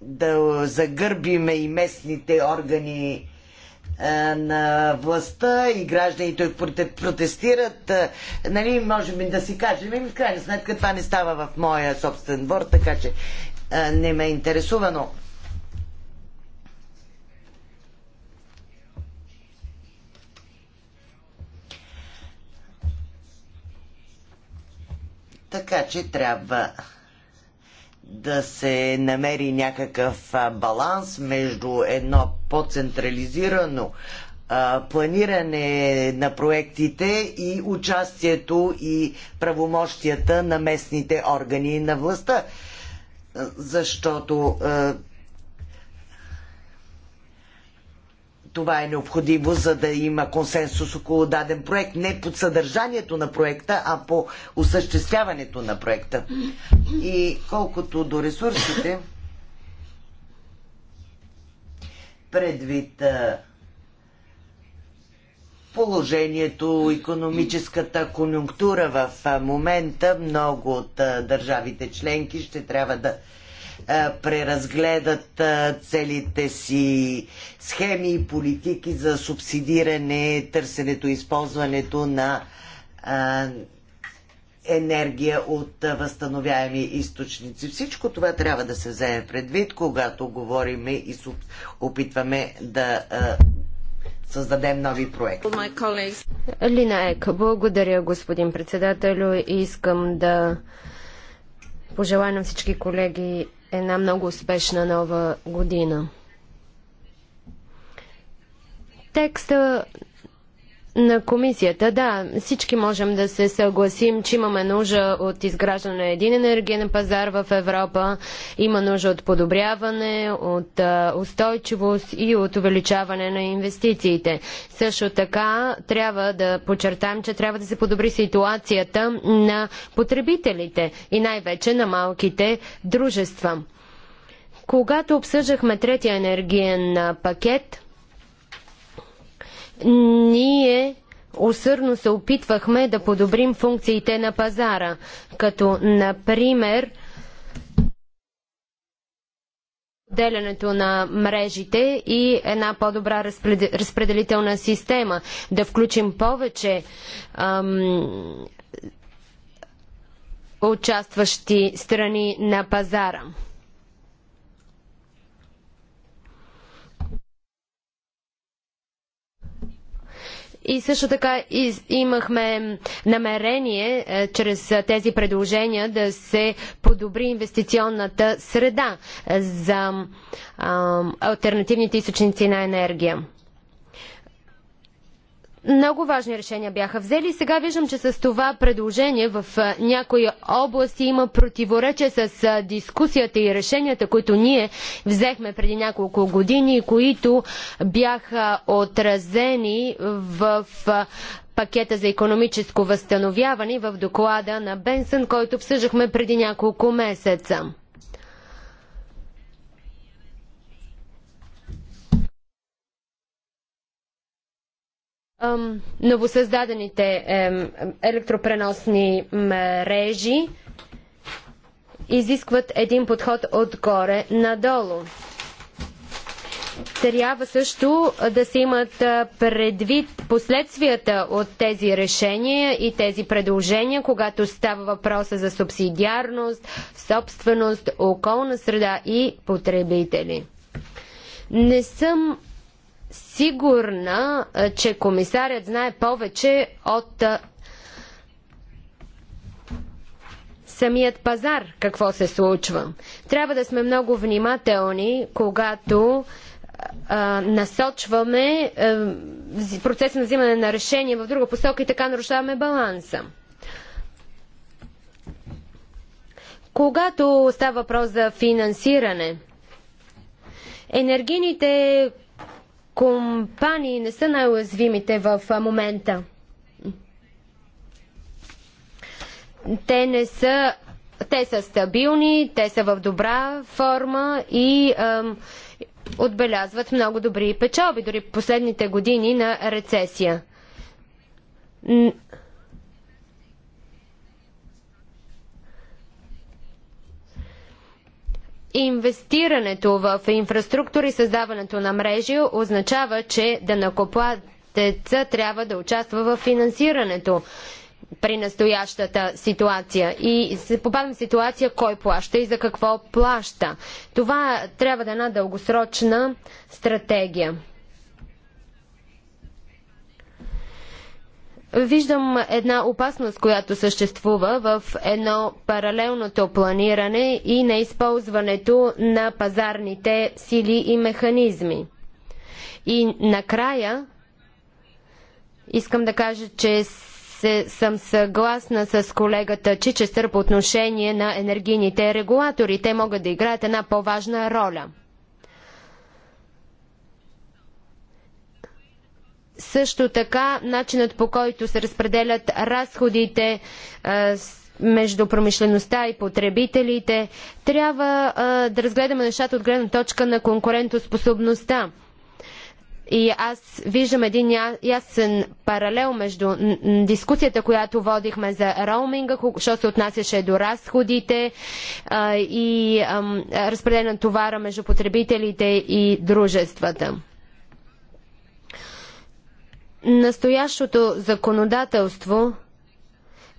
да загърбиме и местните органи на властта и гражданите протестират. Нали, можем да си кажем, ами, в крайна сметка това не става в моя собствен двор, така че не ме е интересувано. Така че трябва да се намери някакъв баланс между едно по-централизирано планиране на проектите и участието и правомощията на местните органи на властта. Защото това е необходимо, за да има консенсус около даден проект. Не под съдържанието на проекта, а по осъществяването на проекта. И колкото до ресурсите, предвид положението, економическата конюнктура в момента, много от държавите членки ще трябва да преразгледат целите си схеми и политики за субсидиране търсенето и използването на енергия от възстановяеми източници. Всичко това трябва да се вземе предвид, когато говорим и опитваме да създадем нови проекти. Лина Ек, благодаря господин председателю. Искам да пожелая на всички колеги една много успешна нова година. Текста на комисията, да, всички можем да се съгласим, че имаме нужда от изграждане на един енергиен пазар в Европа, има нужда от подобряване, от устойчивост и от увеличаване на инвестициите. Също така трябва да подчертаем, че трябва да се подобри ситуацията на потребителите и най-вече на малките дружества. Когато обсъждахме третия енергиен пакет, ние усърдно се опитвахме да подобрим функциите на пазара, като например отделянето на мрежите и една по-добра разпределителна система, да включим повече ам, участващи страни на пазара. И също така из, имахме намерение е, чрез е, тези предложения да се подобри инвестиционната среда е, за е, альтернативните източници на енергия. Много важни решения бяха взели. Сега виждам, че с това предложение в някои области има противоречие с дискусията и решенията, които ние взехме преди няколко години и които бяха отразени в пакета за економическо възстановяване в доклада на Бенсън, който обсъждахме преди няколко месеца. новосъздадените електропреносни мрежи изискват един подход отгоре надолу. Трябва също да се имат предвид последствията от тези решения и тези предложения, когато става въпроса за субсидиарност, собственост, околна среда и потребители. Не съм сигурна, е, че комисарят знае повече от е, самият пазар какво се случва. Трябва да сме много внимателни, когато а, е, насочваме а, процес на взимане на решение в друга посока и така нарушаваме баланса. Когато става въпрос за финансиране, енергийните компании не са най-уязвимите в момента. Те не са. Те са стабилни, те са в добра форма и ам, отбелязват много добри печалби, дори последните години на рецесия. Инвестирането в инфраструктура и създаването на мрежи означава, че данакоплатеца трябва да участва в финансирането при настоящата ситуация. И се попадам в ситуация кой плаща и за какво плаща. Това трябва да е една дългосрочна стратегия. Виждам една опасност, която съществува в едно паралелното планиране и на използването на пазарните сили и механизми. И накрая искам да кажа, че се, съм съгласна с колегата Чичестър по отношение на енергийните регулатори. Те могат да играят една по-важна роля. Също така, начинът по който се разпределят разходите а, между промишлеността и потребителите, трябва а, да разгледаме нещата от гледна точка на конкурентоспособността. И аз виждам един ясен паралел между дискусията, която водихме за роуминга, що се отнасяше до разходите а, и разпределение товара между потребителите и дружествата. Настоящото законодателство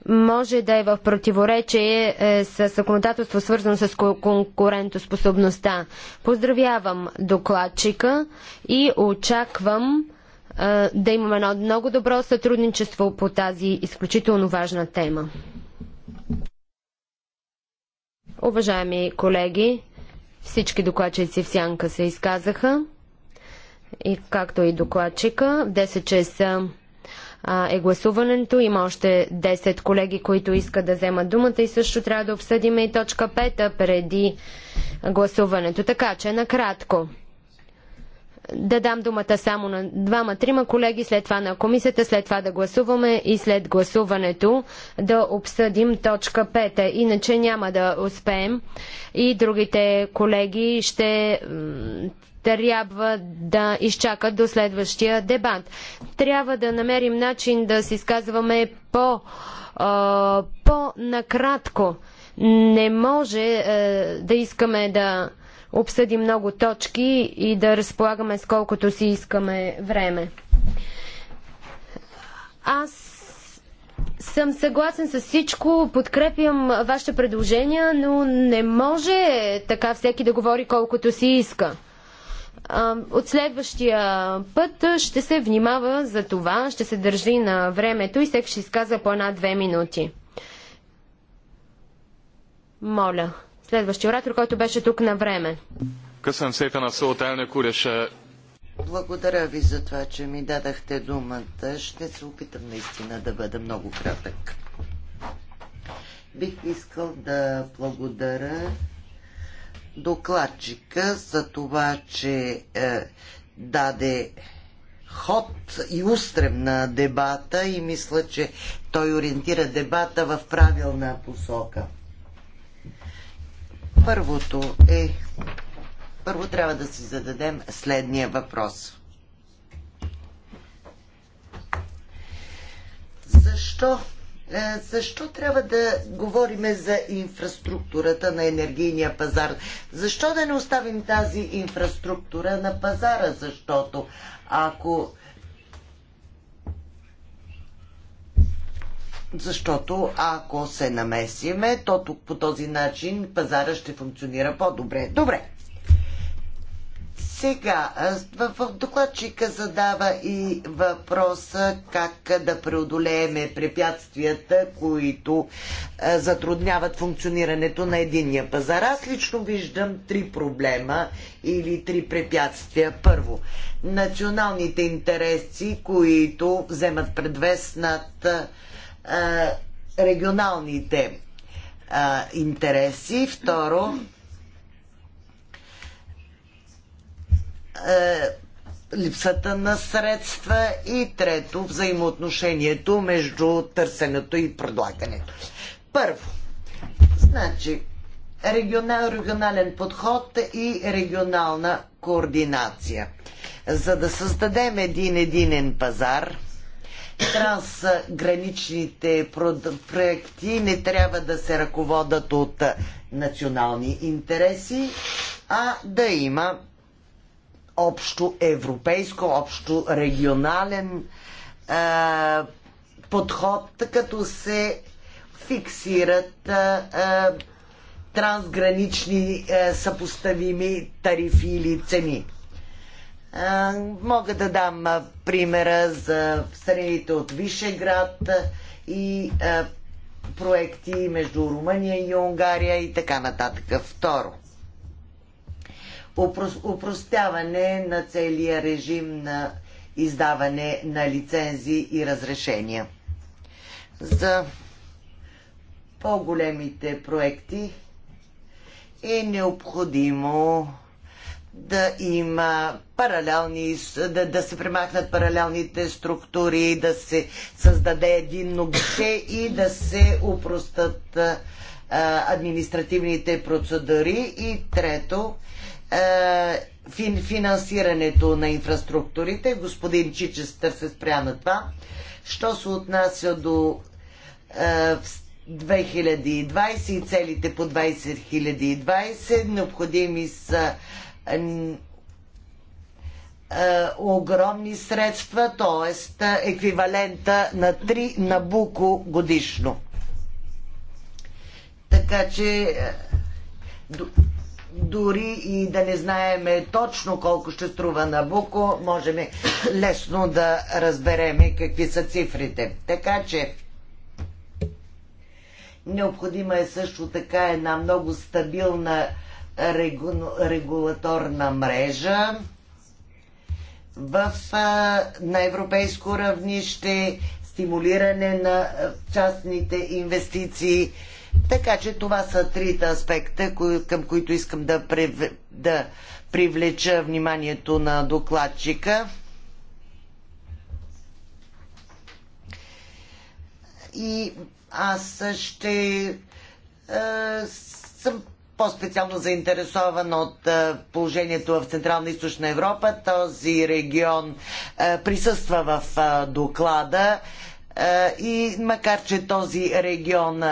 може да е в противоречие е, с законодателство, свързано с конкурентоспособността. Поздравявам докладчика и очаквам е, да имаме едно много добро сътрудничество по тази изключително важна тема. Уважаеми колеги, всички докладчици в Сянка се изказаха и както и докладчика. 10 часа е гласуването. Има още 10 колеги, които искат да вземат думата и също трябва да обсъдим и точка 5 преди гласуването. Така че, накратко, да дам думата само на двама-трима колеги, след това на комисията, след това да гласуваме и след гласуването да обсъдим точка 5. Иначе няма да успеем и другите колеги ще трябва да изчакат до следващия дебат. Трябва да намерим начин да се изказваме по, по-накратко. Не може е, да искаме да обсъдим много точки и да разполагаме с колкото си искаме време. Аз съм съгласен с всичко, подкрепям вашите предложения, но не може така всеки да говори колкото си иска. От следващия път ще се внимава за това, ще се държи на времето и всеки ще изказва по една-две минути. Моля, следващия оратор, който беше тук на време. Късен сейфа на Султайна Куреше. Благодаря ви за това, че ми дадахте думата. Ще се опитам наистина да бъда много кратък. Бих искал да благодаря докладчика за това, че е, даде ход и устрем на дебата и мисля, че той ориентира дебата в правилна посока. Първото е. Първо трябва да си зададем следния въпрос. Защо е, защо трябва да говорим за инфраструктурата на енергийния пазар? Защо да не оставим тази инфраструктура на пазара? Защото ако Защото ако се намесиме, то тук по този начин пазара ще функционира по-добре. Добре. Сега, в докладчика задава и въпроса как да преодолееме препятствията, които затрудняват функционирането на единния пазар. Аз лично виждам три проблема или три препятствия. Първо, националните интереси, които вземат предвес над регионалните интереси. Второ, Е, липсата на средства и трето взаимоотношението между търсенето и предлагането. Първо, значи регионал, регионален подход и регионална координация. За да създадем един единен пазар, трансграничните проекти не трябва да се ръководят от национални интереси, а да има общо европейско, общо регионален а, подход, като се фиксират а, а, трансгранични а, съпоставими тарифи или цени. А, мога да дам а, примера за страните от Вишеград и а, проекти между Румъния и Унгария и така нататък. Второ, упростяване на целия режим на издаване на лицензи и разрешения. За по-големите проекти е необходимо да има паралелни, да, да се премахнат паралелните структури, да се създаде единно гише и да се упростат а, административните процедури. И трето, е, финансирането на инфраструктурите. Господин Чичестър се спря на това. Що се отнася до 2020 е, и целите по 2020, необходими са е, огромни средства, т.е. еквивалента на 3 набуко годишно. Така че дори и да не знаеме точно колко ще струва Набуко, можем лесно да разбереме какви са цифрите. Така че необходима е също така една много стабилна регу... регулаторна мрежа в, на европейско равнище, стимулиране на частните инвестиции така че това са трите аспекта, към които искам да, прив... да привлеча вниманието на докладчика. И аз ще е, съм по-специално заинтересован от е, положението в Централна и Източна Европа. Този регион е, присъства в е, доклада и макар, че този регион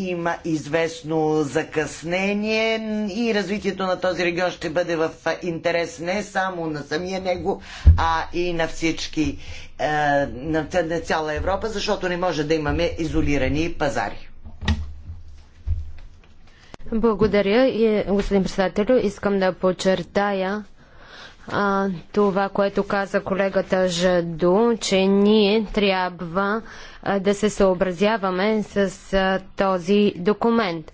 има известно закъснение и развитието на този регион ще бъде в интерес не само на самия него, а и на всички, е, на цяла Европа, защото не може да имаме изолирани пазари. Благодаря, господин председател, Искам да подчертая, а, това, което каза колегата Жаду, че ние трябва а, да се съобразяваме с а, този документ.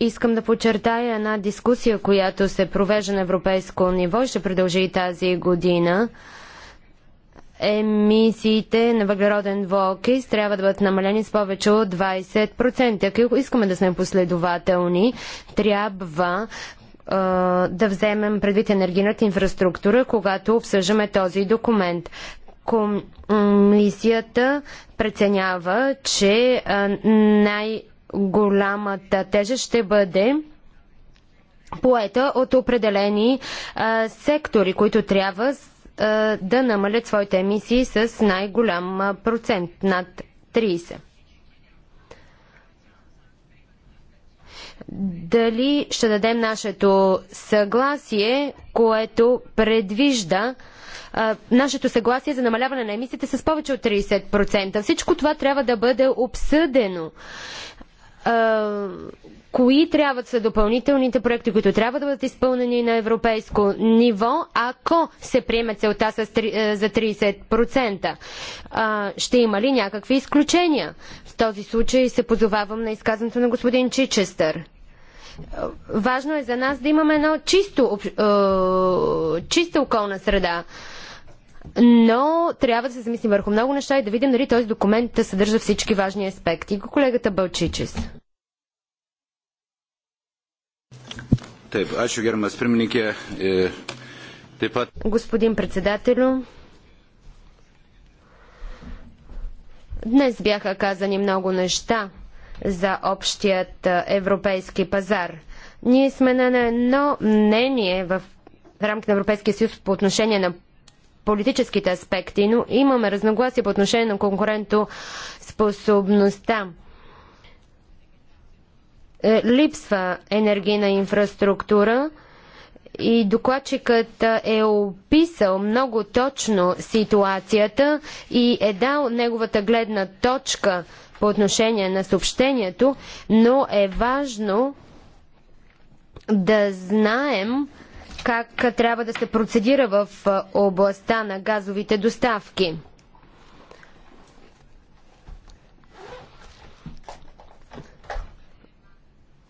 Искам да подчертая една дискусия, която се провежда на европейско ниво и ще продължи и тази година. Емисиите на въглероден двуокис трябва да бъдат намалени с повече от 20%. Ако искаме да сме последователни, трябва да вземем предвид енергийната инфраструктура, когато обсъждаме този документ. Комисията преценява, че най-голямата тежест ще бъде поета от определени а, сектори, които трябва а, да намалят своите емисии с най-голям процент над 30. дали ще дадем нашето съгласие, което предвижда нашето съгласие за намаляване на емисиите с повече от 30%. Всичко това трябва да бъде обсъдено. кои трябва да са допълнителните проекти, които трябва да бъдат изпълнени на европейско ниво, ако се приеме целта с, за 30%? ще има ли някакви изключения? В този случай се позовавам на изказването на господин Чичестър. Важно е за нас да имаме едно чисто, е, чиста околна среда. Но трябва да се замислим върху много неща и да видим дали този документ да съдържа всички важни аспекти. Колегата Бълчичес. Е, е, Господин председателю, днес бяха казани много неща за общият европейски пазар. Ние сме на едно мнение в рамките на Европейския съюз по отношение на политическите аспекти, но имаме разногласие по отношение на конкурентоспособността. Е, липсва енергийна инфраструктура и докладчикът е описал много точно ситуацията и е дал неговата гледна точка – по отношение на съобщението, но е важно да знаем как трябва да се процедира в областта на газовите доставки.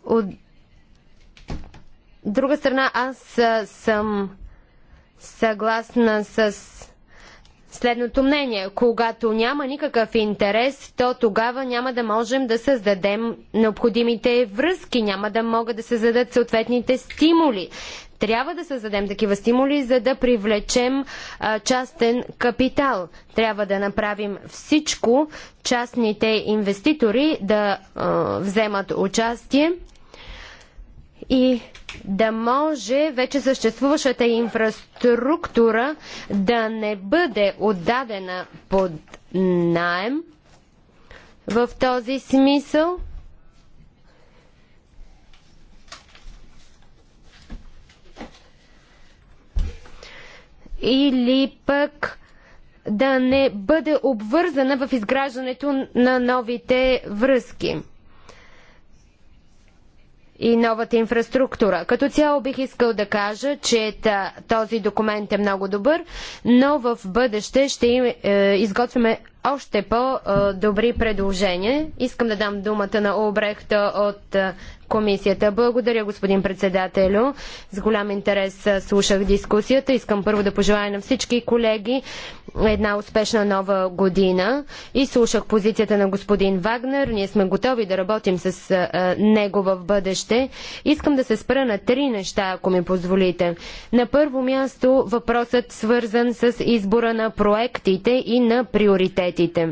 От друга страна, аз съм съгласна с следното мнение. Когато няма никакъв интерес, то тогава няма да можем да създадем необходимите връзки, няма да могат да се зададат съответните стимули. Трябва да създадем такива стимули, за да привлечем а, частен капитал. Трябва да направим всичко частните инвеститори да а, вземат участие и да може вече съществуващата инфраструктура да не бъде отдадена под найем. В този смисъл или пък да не бъде обвързана в изграждането на новите връзки и новата инфраструктура. Като цяло бих искал да кажа, че този документ е много добър, но в бъдеще ще е, изготвяме още по-добри е, предложения. Искам да дам думата на Обрехта от е, комисията. Благодаря, господин председателю. С голям интерес слушах дискусията. Искам първо да пожелая на всички колеги една успешна нова година. И слушах позицията на господин Вагнер. Ние сме готови да работим с него в бъдеще. Искам да се спра на три неща, ако ми позволите. На първо място въпросът свързан с избора на проектите и на приоритетите.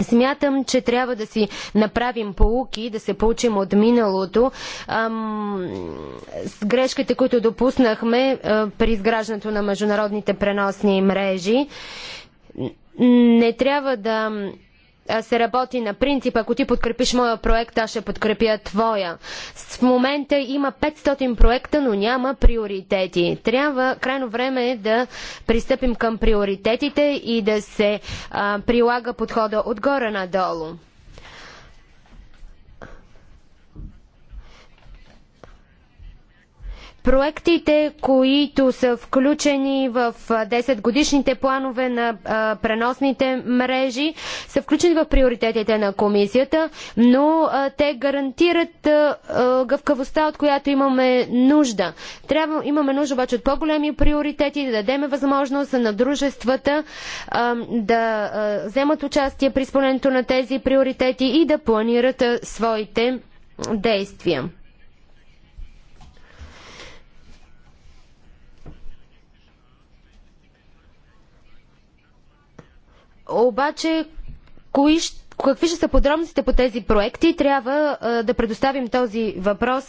Смятам, че трябва да си направим полуки, да се получим от миналото. Ам, с грешките, които допуснахме а, при изграждането на международните преносни мрежи, не трябва да се работи на принцип, ако ти подкрепиш моя проект, аз ще подкрепя твоя. В момента има 500 проекта, но няма приоритети. Трябва, крайно време е да пристъпим към приоритетите и да се а, прилага подхода отгоре надолу. Проектите, които са включени в 10-годишните планове на а, преносните мрежи, са включени в приоритетите на комисията, но а, те гарантират а, гъвкавостта, от която имаме нужда. Трябва, имаме нужда обаче от по-големи приоритети, да дадем възможност на дружествата да вземат участие при изпълнението на тези приоритети и да планират своите действия. Обаче, кои, какви ще са подробностите по тези проекти? Трябва а, да предоставим този въпрос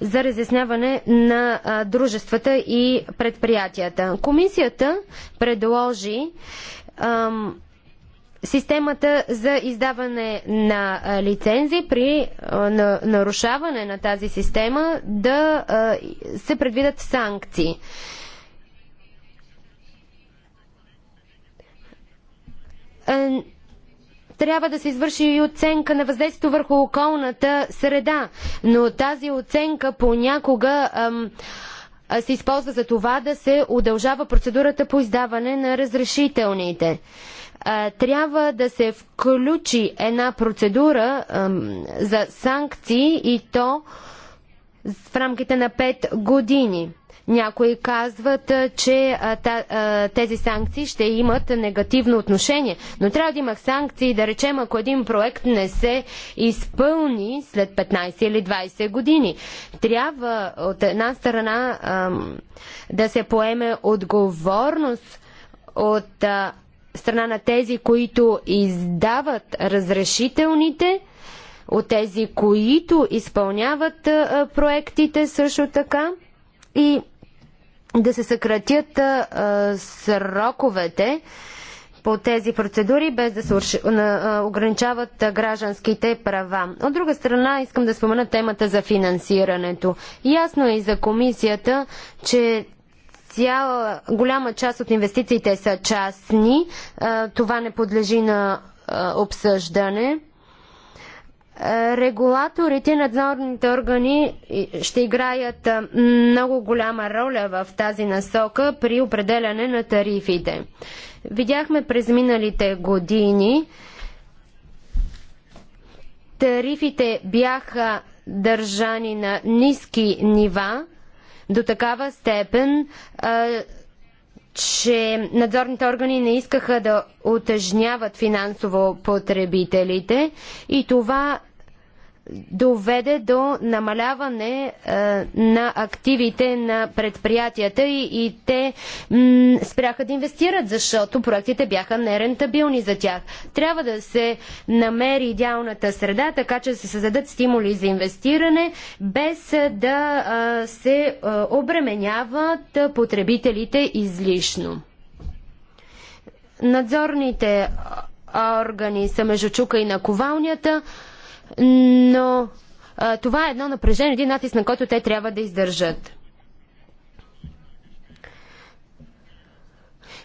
за разясняване на а, дружествата и предприятията. Комисията предложи системата за издаване на лицензи при на, нарушаване на тази система да се предвидят санкции. Е, трябва да се извърши и оценка на въздействието върху околната среда, но тази оценка понякога ам, се използва за това да се удължава процедурата по издаване на разрешителните. А, е, трябва да се включи една процедура ам, за санкции и то в рамките на 5 години. Някои казват, че тези санкции ще имат негативно отношение, но трябва да има санкции, да речем, ако един проект не се изпълни след 15 или 20 години. Трябва от една страна да се поеме отговорност от страна на тези, които издават разрешителните, от тези, които изпълняват проектите също така. И да се съкратят а, сроковете по тези процедури, без да се ограничават гражданските права. От друга страна, искам да спомена темата за финансирането. Ясно е и за комисията, че цяла голяма част от инвестициите са частни. Това не подлежи на обсъждане. Регулаторите, надзорните органи ще играят много голяма роля в тази насока при определяне на тарифите. Видяхме през миналите години, тарифите бяха държани на ниски нива, до такава степен, че надзорните органи не искаха да отъжняват финансово потребителите и това доведе до намаляване а, е, на активите на предприятията и, и те м, спряха да инвестират, защото проектите бяха нерентабилни за тях. Трябва да се намери идеалната среда, така че да се създадат стимули за инвестиране, без да а, се а, обременяват потребителите излишно. Надзорните органи са между чука и наковалнята. ковалнята но а, това е едно напрежение, един натиск, на който те трябва да издържат.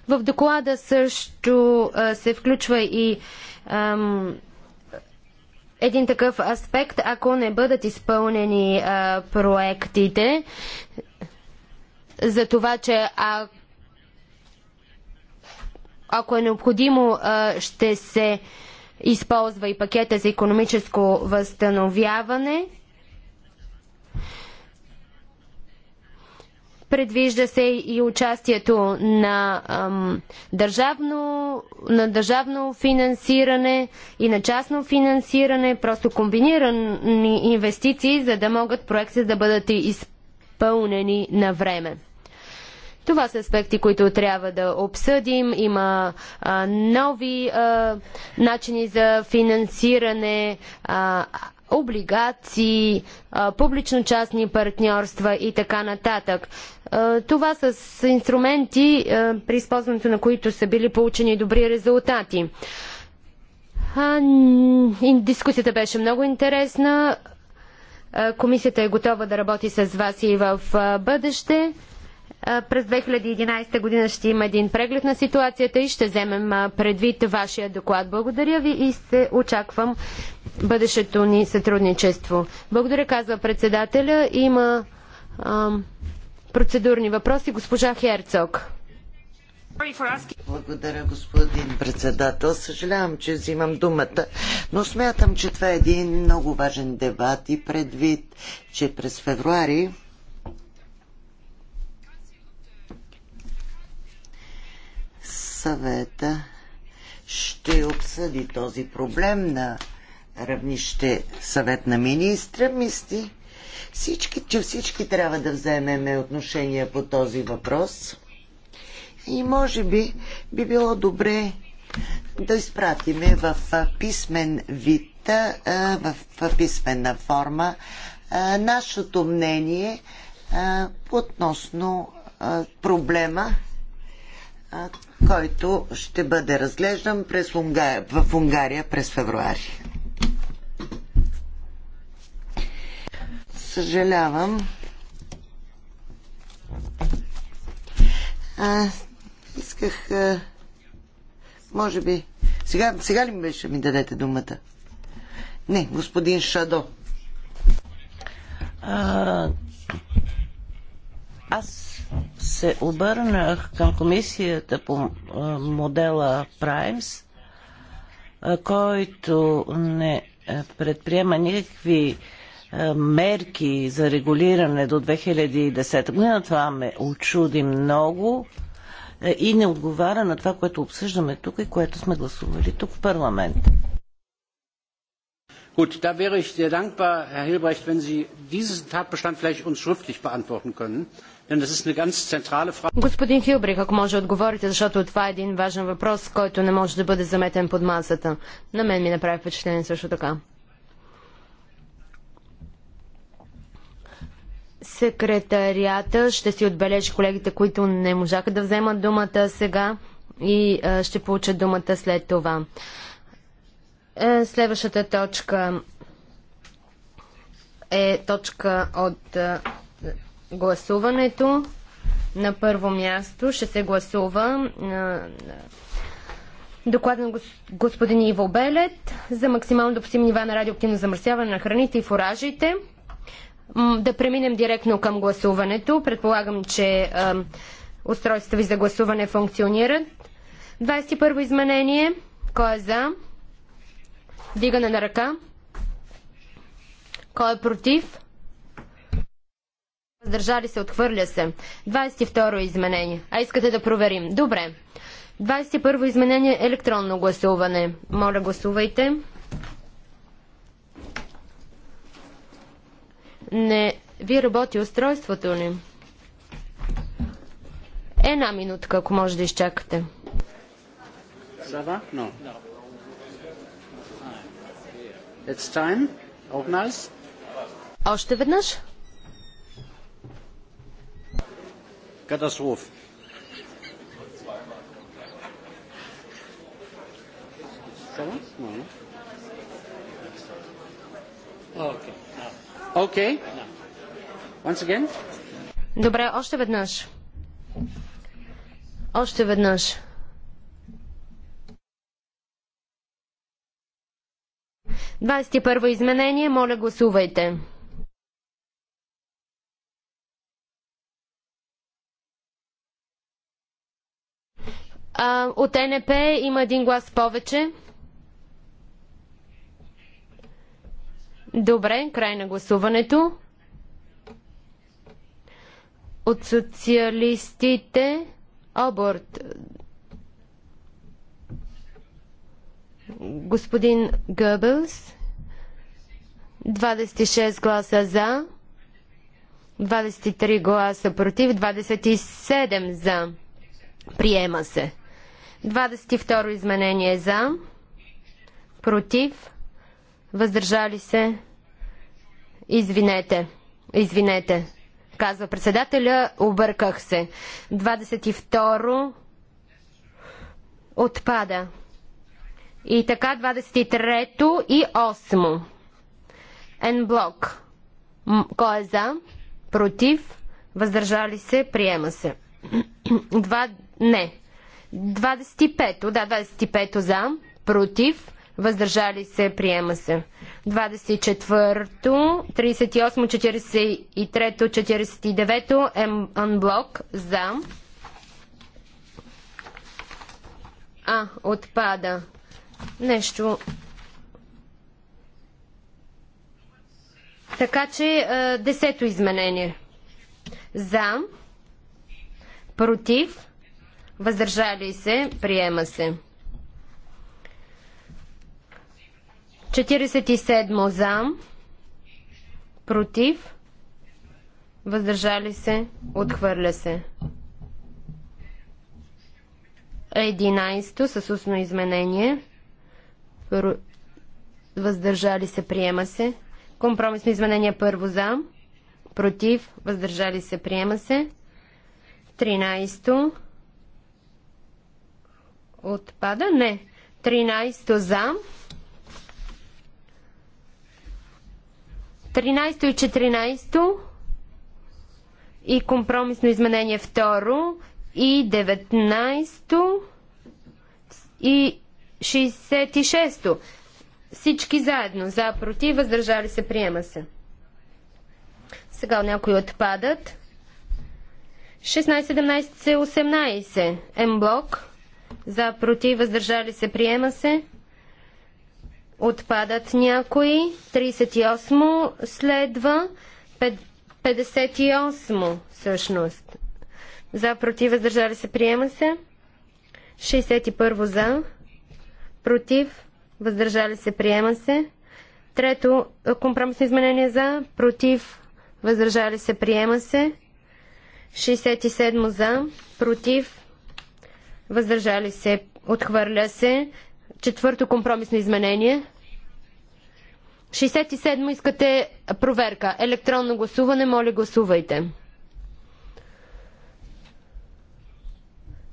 В доклада също а, се включва и ам, един такъв аспект, ако не бъдат изпълнени а, проектите, за това, че а, ако е необходимо, ще се използва и пакета за економическо възстановяване. Предвижда се и участието на, ам, държавно, на държавно финансиране и на частно финансиране, просто комбинирани инвестиции, за да могат проектите да бъдат изпълнени на време. Това са аспекти, които трябва да обсъдим. Има а, нови а, начини за финансиране. А, облигации, публично-частни партньорства и така нататък. Това са инструменти, при използването на които са били получени добри резултати. Дискусията беше много интересна. Комисията е готова да работи с вас и в бъдеще. През 2011 година ще има един преглед на ситуацията и ще вземем предвид вашия доклад. Благодаря ви и се очаквам бъдещето ни сътрудничество. Благодаря, казва председателя. Има ам, процедурни въпроси. Госпожа Херцог. Благодаря, господин председател. Съжалявам, че взимам думата, но смятам, че това е един много важен дебат и предвид, че през февруари съвета ще обсъди този проблем на равнище съвет на министра. Мисли, всички, че всички трябва да вземем отношение по този въпрос. И може би би било добре да изпратиме в писмен вид, в писмена форма, нашето мнение относно проблема който ще бъде разглеждан през Унгария, в Унгария през февруари. Съжалявам. А, исках. А, може би. Сега, сега ли ми беше ми дадете думата? Не, господин Шадо. А, аз се обърнах към комисията по модела Праймс, който не предприема никакви мерки за регулиране до 2010 година. Това ме очуди много и не отговаря на това, което обсъждаме тук и което сме гласували тук в парламент. Gut, da wäre ich sehr dankbar, Herr Hilbrecht, wenn Sie diesen Tatbestand vielleicht uns schriftlich beantworten können. Господин Хилбрих, ако може отговорите, защото това е един важен въпрос, който не може да бъде заметен под масата. На мен ми направи впечатление също така. Секретарията ще си отбележи колегите, които не можаха да вземат думата сега и ще получат думата след това. Е, следващата точка е точка от гласуването. На първо място ще се гласува доклад на господин Иво Белет за максимално допустим нива на радиоактивно замърсяване на храните и фуражите. Да преминем директно към гласуването. Предполагам, че устройства ви за гласуване функционират. 21 изменение. Кой е за? Дигане на ръка. Кой е против? Въздържали се, отхвърля се. 22 изменение. А искате да проверим. Добре. 21 изменение електронно гласуване. Моля, гласувайте. Не ви работи устройството ли? Една минутка, ако може да изчакате. Сава? No. It's time. Organize. Още веднъж? Katastrophe. Okay. Once again. Добре, още веднъж. Още веднъж. Двадесет и първо изменение, моля гласувайте. А, от НП има един глас повече. Добре, край на гласуването. От социалистите Оборт. Господин Гъбълс. 26 гласа за, 23 гласа против, 27 за. Приема се. 22 изменение за, против, въздържали се, извинете, извинете, казва председателя, обърках се. 22 отпада. И така 23 и 8. Енблок. Кой е за? Против? Въздържали се? Приема се. Два не. 25-то, да, 25-то за, против, въздържали се, приема се. 24-то, 38-то, 43-то, 49-то, анблок, за. А, отпада. Нещо. Така че, е, десето изменение. За, против, въздържали се, приема се. 47 за, против, въздържали се, отхвърля се. 11 с устно изменение, въздържали се, приема се. Компромисно изменение първо за, против, въздържали се, приема се. 13 Отпада? Не. 13 за. 13 и 14 и компромисно изменение второ и 19 и 66 Всички заедно. За, против, въздържали се, приема се. Сега някои отпадат. 16, 17, 18. М блок за против, въздържали се, приема се. Отпадат някои. 38 следва. 58 всъщност. За против, въздържали се, приема се. 61 за. Против, въздържали се, приема се. Трето, компромисно изменение за. Против, въздържали се, приема се. 67 за. Против, въздържали се, отхвърля се. Четвърто компромисно изменение. 67 искате проверка. Електронно гласуване, моля гласувайте.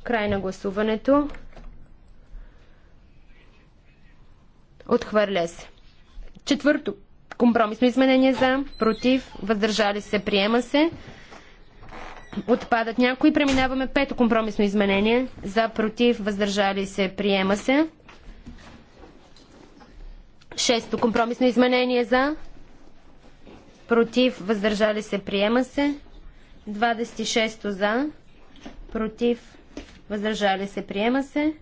Край на гласуването. Отхвърля се. Четвърто компромисно изменение за, против, въздържали се, приема се. Отпадат някои. Преминаваме пето компромисно изменение. За, против, въздържали се, приема се. Шесто компромисно изменение за, против, въздържали се, приема се. 26 за, против, въздържали се, приема се.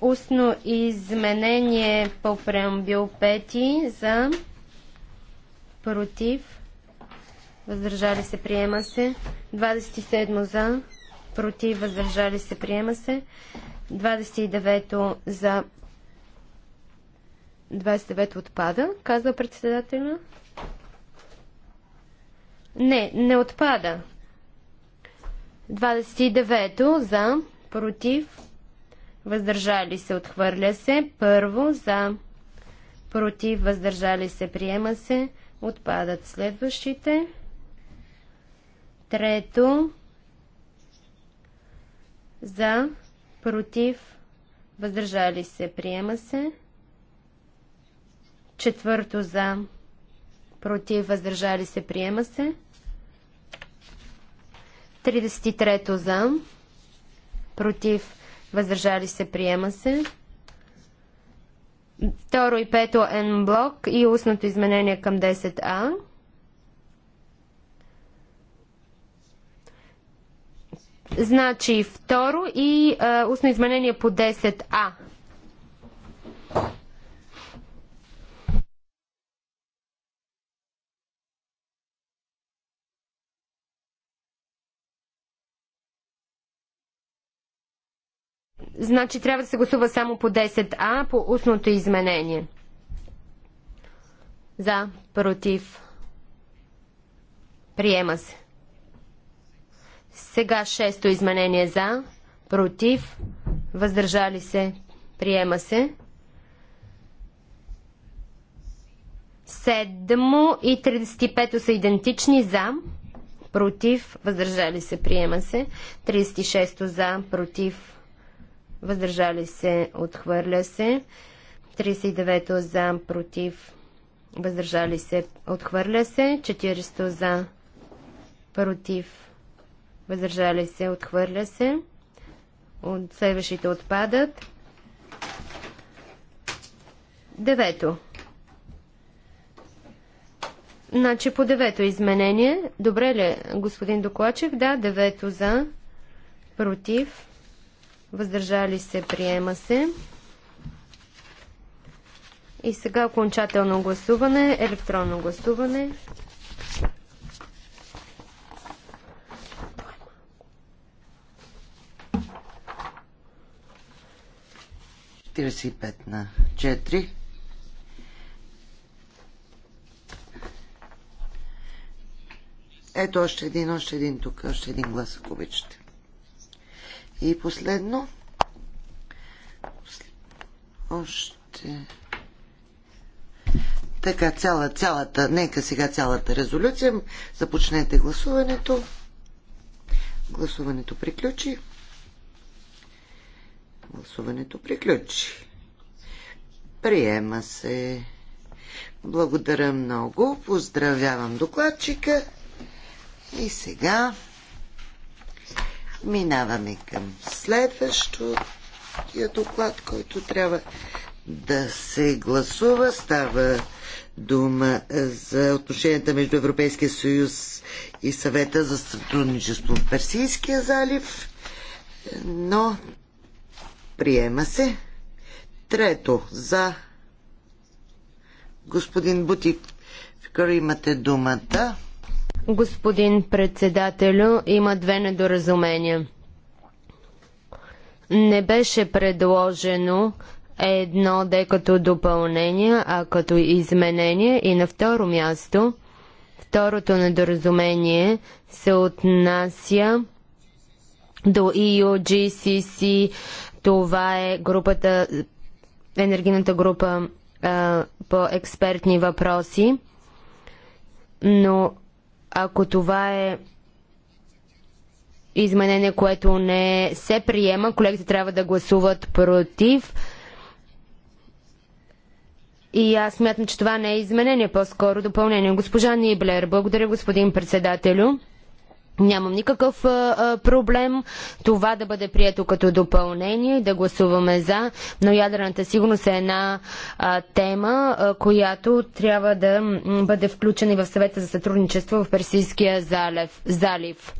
Устно изменение по преамбил 5 за против, въздържали се, приема се. 27 за, против, въздържали се, приема се. 29 за, 29 отпада, казва председателя. Не, не отпада. 29 за, против, въздържали се, отхвърля се. Първо за, против, въздържали се, приема се. Отпадат следващите. Трето. За. Против. Въздържали се. Приема се. Четвърто. За. Против. Въздържали се. Приема се. 33 за. Против. Въздържали се. Приема се. Второ и пето N-блок и устното изменение към 10А. Значи второ и а, устно изменение по 10А. Значи трябва да се гласува само по 10А, по устното изменение. За, против. Приема се. Сега шесто изменение за, против, въздържали се, приема се. Седмо и 35 са идентични за, против, въздържали се, приема се. 36 за, против, въздържали се, отхвърля се. 39 за, против, въздържали се, отхвърля се. 40 за, против, въздържали се, отхвърля се. От следващите отпадат. Девето. Значи по девето изменение. Добре ли, господин Докладчев? Да, девето за, против, въздържали се, приема се. И сега окончателно гласуване, електронно гласуване. на 4. Ето още един, още един тук, още един глас, ако обичате. И последно, още така цяла, цялата, нека сега цялата резолюция. Започнете гласуването. Гласуването приключи. Гласуването приключи. Приема се. Благодаря много. Поздравявам докладчика. И сега Минаваме към следващия доклад, който трябва да се гласува. Става дума за отношенията между Европейския съюз и съвета за сътрудничество в Персийския залив, но приема се. Трето, за господин Бутик, имате думата. Господин председателю, има две недоразумения. Не беше предложено едно Д като допълнение, а като изменение и на второ място. Второто недоразумение се отнася до EUGCC. Това е групата, енергийната група а, по експертни въпроси. Но ако това е изменение, което не се приема, колегите трябва да гласуват против. И аз смятам, че това не е изменение, по-скоро допълнение. Госпожа Ниблер, благодаря господин председателю. Нямам никакъв а, проблем това да бъде прието като допълнение и да гласуваме за, но ядрената сигурност е една а, тема, а, която трябва да бъде включена и в съвета за сътрудничество в Персийския залив. залив.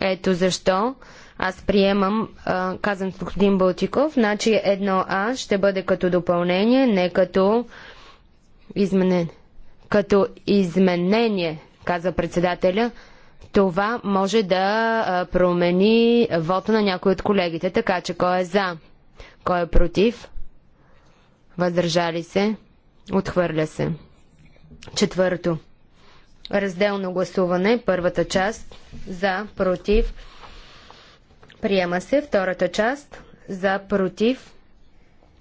Ето защо аз приемам, а, казвам господин Балтиков, значи едно А ще бъде като допълнение, не като изменение. Като изменение, каза председателя. Това може да промени вота на някой от колегите, така че кой е за, кой е против, въздържали се, отхвърля се. Четвърто. Разделно гласуване, първата част, за, против, приема се, втората част, за, против,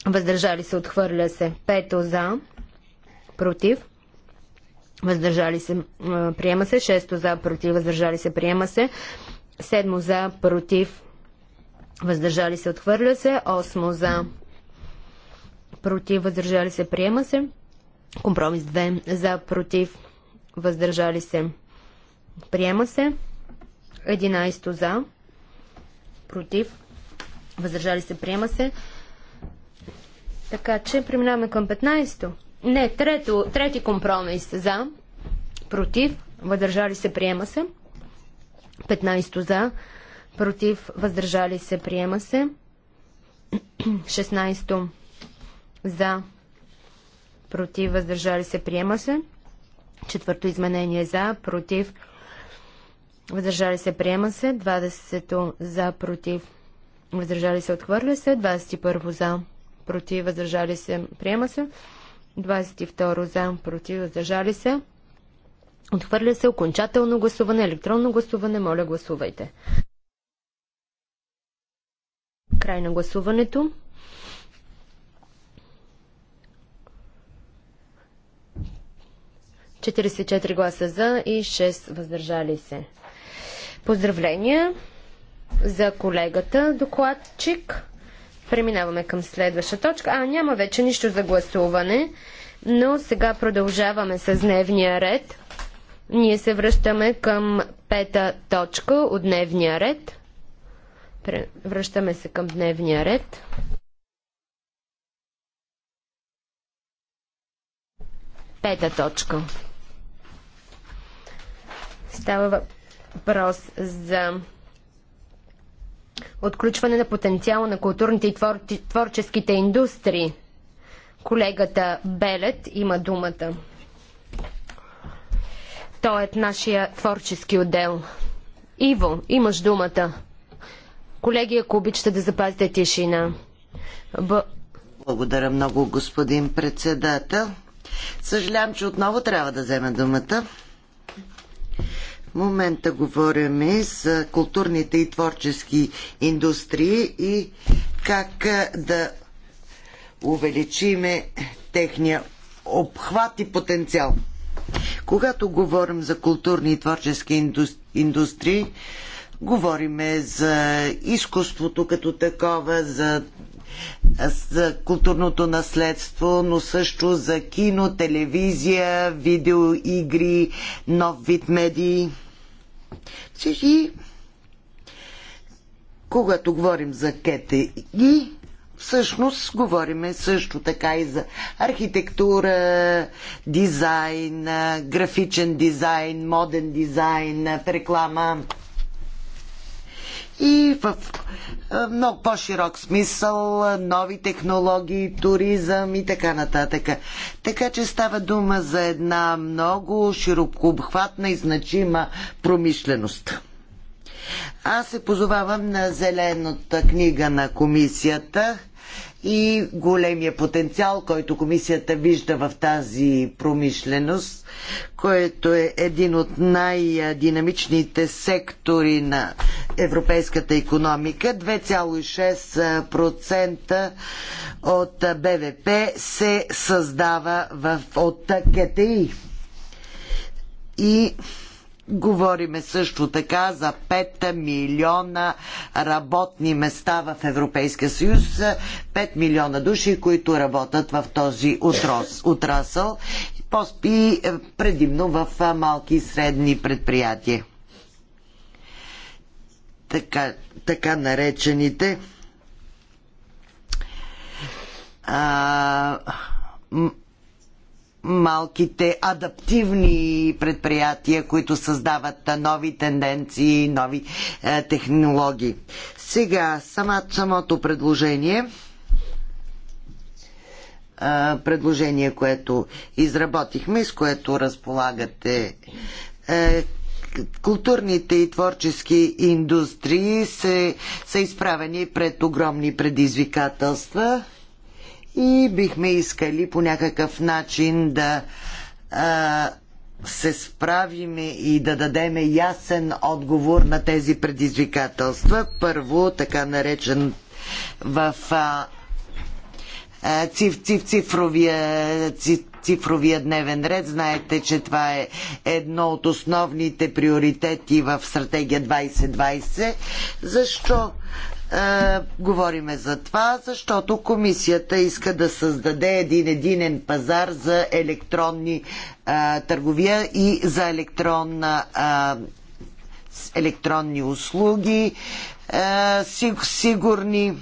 въздържали се, отхвърля се. Пето за, против, въздържали се, приема се. 6 за, против, въздържали се, приема се. 7 за, против, въздържали се, отхвърля се. 8 за, против, въздържали се, приема се. Компромис 2 за, против, въздържали се, приема се. 11 за, против, въздържали се, приема се. Така че преминаваме към 15. Не, трето, трети компромис за, против, въздържали се, приема се. 15 за, против, въздържали се, приема се. 16 за, против, въздържали се, приема се. Четвърто изменение за, против, въздържали се, приема се. 20 за, против, въздържали се, отхвърля се. 21 за, против, въздържали се, приема се. 22 за, против, въздържали се. Отхвърля се окончателно гласуване, електронно гласуване. Моля, гласувайте. Край на гласуването. Четиридесет гласа за и 6 въздържали се. Поздравления за колегата докладчик. Преминаваме към следваща точка. А, няма вече нищо за гласуване, но сега продължаваме с дневния ред. Ние се връщаме към пета точка от дневния ред. Връщаме се към дневния ред. Пета точка. Става въпрос за отключване на потенциала на културните и твор... творческите индустрии. Колегата Белет има думата. Той е нашия творчески отдел. Иво, имаш думата. Колеги, ако обичате да запазите тишина. Б... Благодаря много, господин председател. Съжалявам, че отново трябва да взема думата момента говорим за културните и творчески индустрии и как да увеличиме техния обхват и потенциал. Когато говорим за културни и творчески индустрии, Говориме за изкуството като такова, за, за културното наследство, но също за кино, телевизия, видеоигри, нов вид медии. И когато говорим за кетеги, всъщност говориме също така и за архитектура, дизайн, графичен дизайн, моден дизайн, реклама и в много по-широк смисъл, нови технологии, туризъм и така нататък. Така че става дума за една много широкообхватна и значима промишленост. Аз се позовавам на зелената книга на комисията и големия потенциал, който комисията вижда в тази промишленост, което е един от най-динамичните сектори на европейската економика. 2,6% от БВП се създава в, от КТИ. И Говориме също така за 5 милиона работни места в Европейския съюз, 5 милиона души, които работят в този отрасъл, и е, предимно в е, малки и средни предприятия. Така, така наречените а, малките адаптивни предприятия, които създават нови тенденции, нови е, технологии. Сега, сама, самото предложение е, предложение, което изработихме, с което разполагате. Е, културните и творчески индустрии се, са изправени пред огромни предизвикателства и бихме искали по някакъв начин да а, се справиме и да дадем ясен отговор на тези предизвикателства. Първо, така наречен в а, циф, циф, цифровия, циф, цифровия дневен ред. Знаете, че това е едно от основните приоритети в стратегия 2020. Защо е, говориме за това, защото комисията иска да създаде един единен пазар за електронни а, е, търговия и за електронна, а, е, електронни услуги, а, сигурни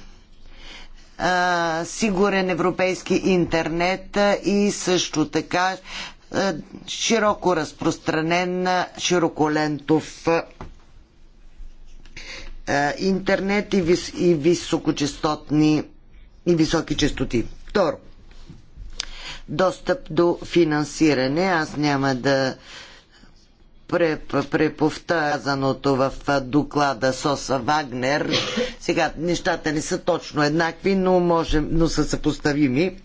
сигурен европейски интернет и също така широко разпространен широколентов е, интернет и, вис, и високочастотни и високи частоти. Второ, достъп до финансиране. Аз няма да преповтазаното в доклада Соса Вагнер. Сега нещата не са точно еднакви, но, можем, но са съпоставими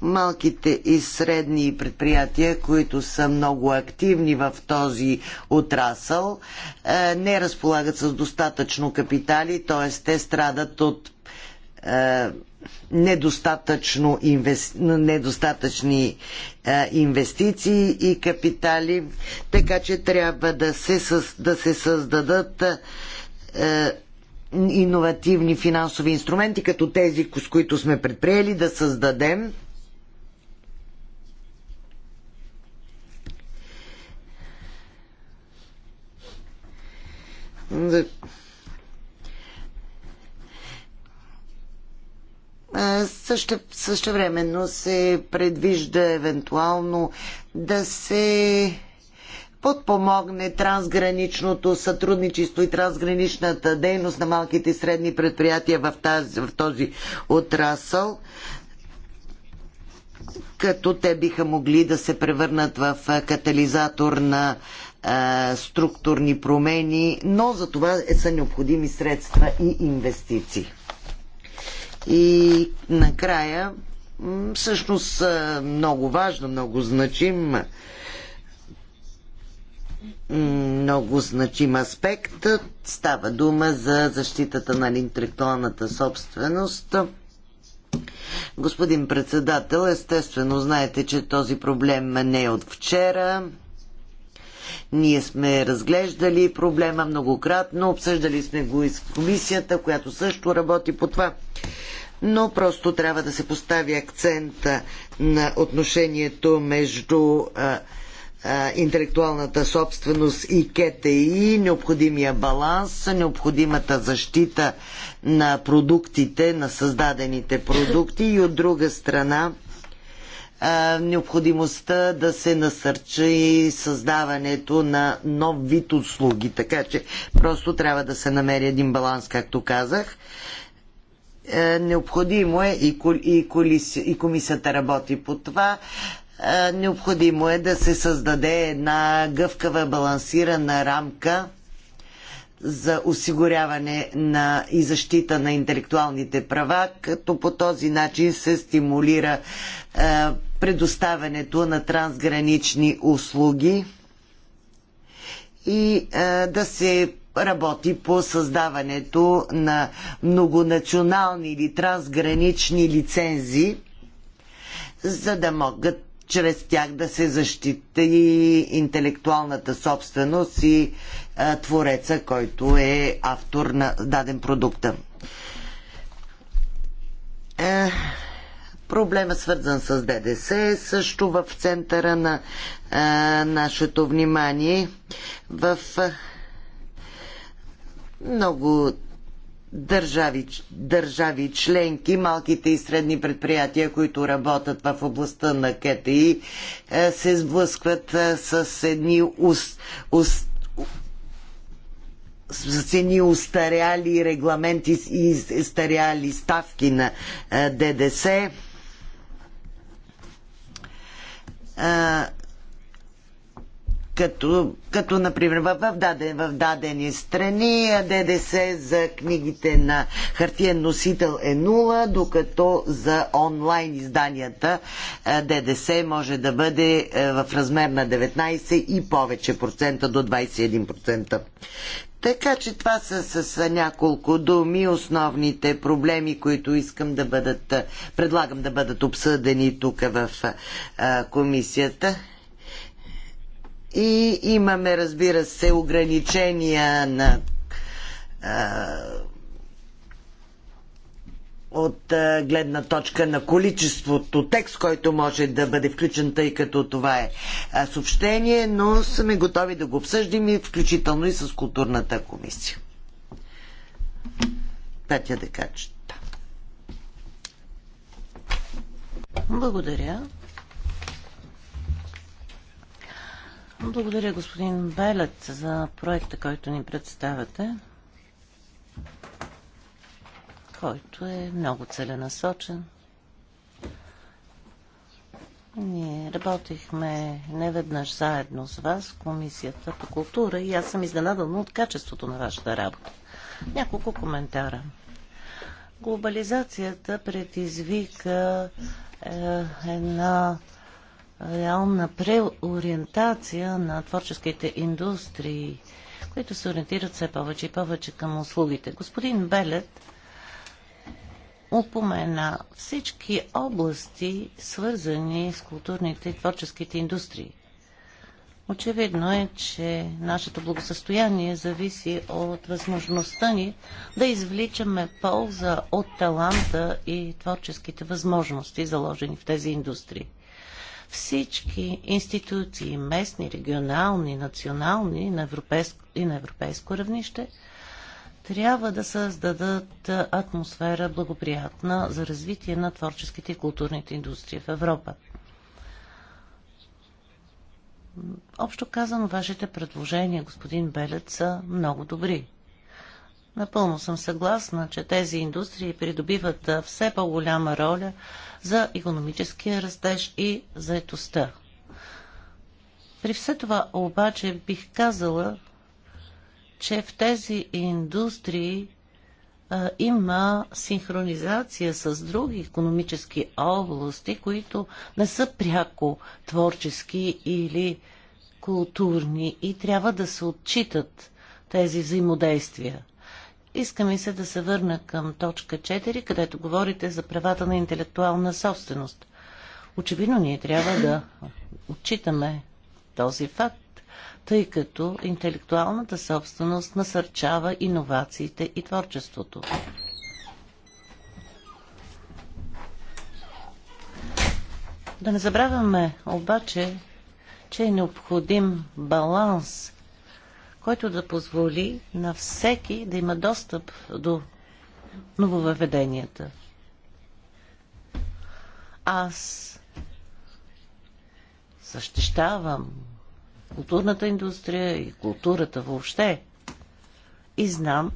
малките и средни предприятия, които са много активни в този отрасъл, е, не разполагат с достатъчно капитали, т.е. те страдат от е, недостатъчно инвести... недостатъчни е, инвестиции и капитали, така че трябва да се, да се създадат иновативни финансови инструменти, като тези, с които сме предприели, да създадем Също, същевременно се предвижда евентуално да се подпомогне трансграничното сътрудничество и трансграничната дейност на малките и средни предприятия в, тази, в този отрасъл, като те биха могли да се превърнат в катализатор на структурни промени, но за това са необходими средства и инвестиции. И накрая, всъщност много важно, много значим много значим аспект. Става дума за защитата на интелектуалната собственост. Господин председател, естествено знаете, че този проблем не е от вчера. Ние сме разглеждали проблема многократно, обсъждали сме го и с комисията, която също работи по това. Но просто трябва да се постави акцента на отношението между интелектуалната собственост и КТИ, необходимия баланс, необходимата защита на продуктите, на създадените продукти и от друга страна необходимостта да се насърчи създаването на нов вид услуги. Така че просто трябва да се намери един баланс, както казах. Е, необходимо е и, и, и комисията работи по това. Е, необходимо е да се създаде една гъвкава, балансирана рамка за осигуряване на и защита на интелектуалните права, като по този начин се стимулира е, предоставянето на трансгранични услуги и да се работи по създаването на многонационални или трансгранични лицензии, за да могат чрез тях да се защити интелектуалната собственост и а, твореца, който е автор на даден продукт. Е, Проблема свързан с ДДС е също в центъра на а, нашето внимание. В а, много държави, държави членки, малките и средни предприятия, които работят в областта на КТИ, се сблъскват с едни уст, уст, с едни устаряли регламенти и устаряли ставки на ДДС. а, като, като например в, даден, в дадени страни ДДС за книгите на хартиен носител е нула, докато за онлайн изданията ДДС може да бъде в размер на 19 и повече процента до 21%. Така че това са с, с няколко думи основните проблеми, които искам да бъдат, предлагам да бъдат обсъдени тук в а, комисията. И имаме, разбира се, ограничения на а, от гледна точка на количеството текст, който може да бъде включен, тъй като това е съобщение, но сме готови да го обсъждим и включително и с културната комисия. Петя кажа. Благодаря. Благодаря, господин Белет, за проекта, който ни представяте който е много целенасочен. Ние работихме неведнъж заедно с вас, Комисията по култура, и аз съм изненадана от качеството на вашата работа. Няколко коментара. Глобализацията предизвика е, една реална преориентация на творческите индустрии, които се ориентират все повече и повече към услугите. Господин Белет упомена всички области, свързани с културните и творческите индустрии. Очевидно е, че нашето благосъстояние зависи от възможността ни да извличаме полза от таланта и творческите възможности, заложени в тези индустрии. Всички институции, местни, регионални, национални и на европейско, и на европейско равнище – трябва да създадат атмосфера благоприятна за развитие на творческите и културните индустрии в Европа. Общо казано, вашите предложения, господин Белец, са много добри. Напълно съм съгласна, че тези индустрии придобиват все по-голяма роля за економическия растеж и заетостта. При все това обаче бих казала, че в тези индустрии а, има синхронизация с други економически области, които не са пряко творчески или културни и трябва да се отчитат тези взаимодействия. Иска ми се да се върна към точка 4, където говорите за правата на интелектуална собственост. Очевидно ние трябва да отчитаме този факт тъй като интелектуалната собственост насърчава иновациите и творчеството. Да не забравяме обаче, че е необходим баланс, който да позволи на всеки да има достъп до нововъведенията. Аз защищавам културната индустрия и културата въобще. И знам,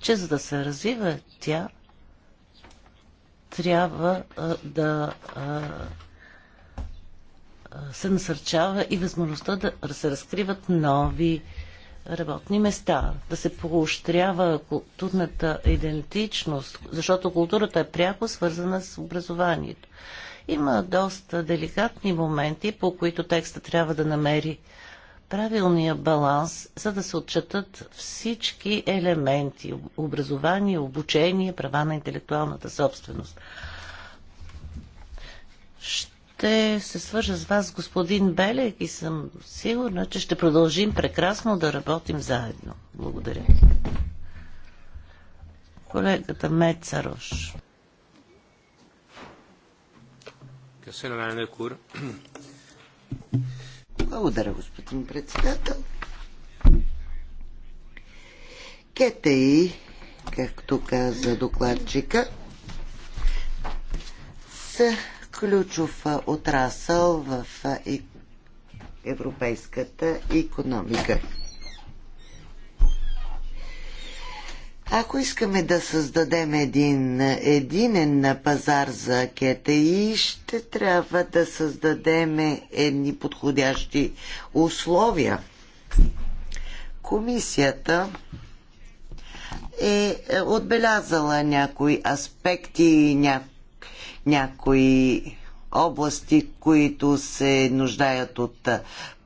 че за да се развива тя, трябва а, да а, се насърчава и възможността да се разкриват нови работни места, да се поощрява културната идентичност, защото културата е пряко свързана с образованието. Има доста деликатни моменти, по които текста трябва да намери правилния баланс, за да се отчетат всички елементи образование, обучение, права на интелектуалната собственост. Ще се свържа с вас, господин Белек, и съм сигурна, че ще продължим прекрасно да работим заедно. Благодаря. Колегата Мецарош. Благодаря, господин председател. КТИ, както каза докладчика, са ключов отрасъл в е- европейската економика. Ако искаме да създадем един единен пазар за КТИ, ще трябва да създадем едни подходящи условия. Комисията е, е отбелязала някои аспекти, ня... някои области, които се нуждаят от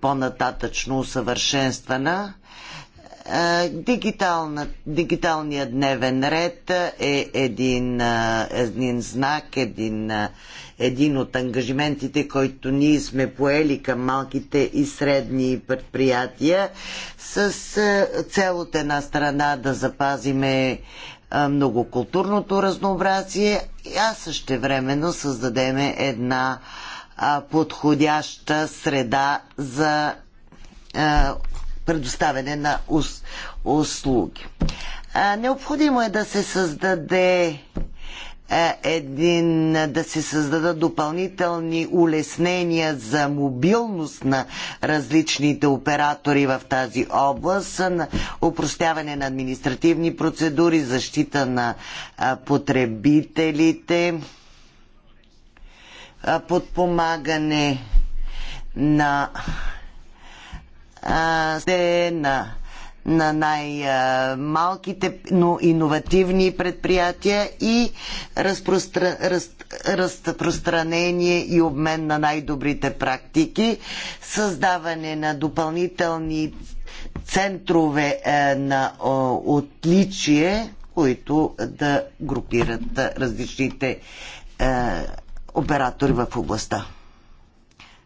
по-нататъчно усъвършенствана е, дигитална, дигиталният дневен ред е един, е, един знак, един, е, един от ангажиментите, който ние сме поели към малките и средни предприятия с цел от една страна да запазиме многокултурното разнообразие, а също времено създадеме една подходяща среда за предоставяне на ус, услуги. А, необходимо е да се създаде един, да се създадат допълнителни улеснения за мобилност на различните оператори в тази област, на упростяване на административни процедури, защита на потребителите, подпомагане на сте на, на най-малките, но иновативни предприятия и разпростра, раз, разпространение и обмен на най-добрите практики, създаване на допълнителни центрове е, на отличие, които да групират различните е, оператори в областта.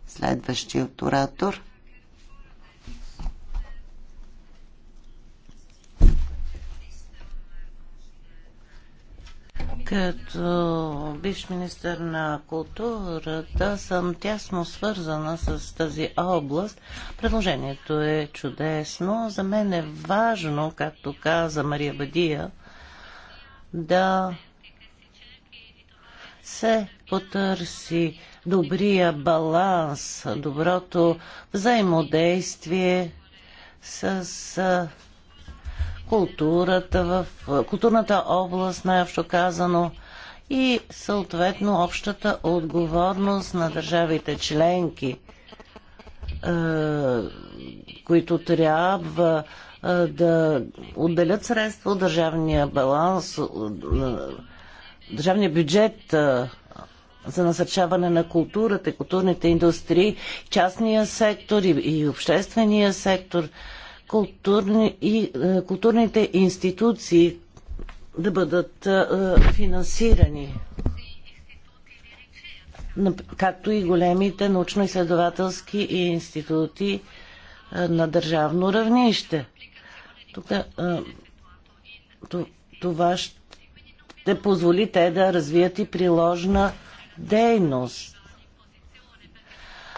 Следващият оратор – Като бивш министър на културата съм тясно свързана с тази област. Предложението е чудесно. За мен е важно, както каза Мария Бадия, да се потърси добрия баланс, доброто взаимодействие с културата, в културната област, най-общо казано, и съответно общата отговорност на държавите членки, е, които трябва е, да отделят средства от държавния баланс, е, държавния бюджет за насърчаване на културата, културните индустрии, частния сектор и, и обществения сектор – културни и, е, културните институции да бъдат е, е, финансирани, както и големите научно-изследователски институти на държавно равнище. Тук това ще позволи те да развият и приложна дейност.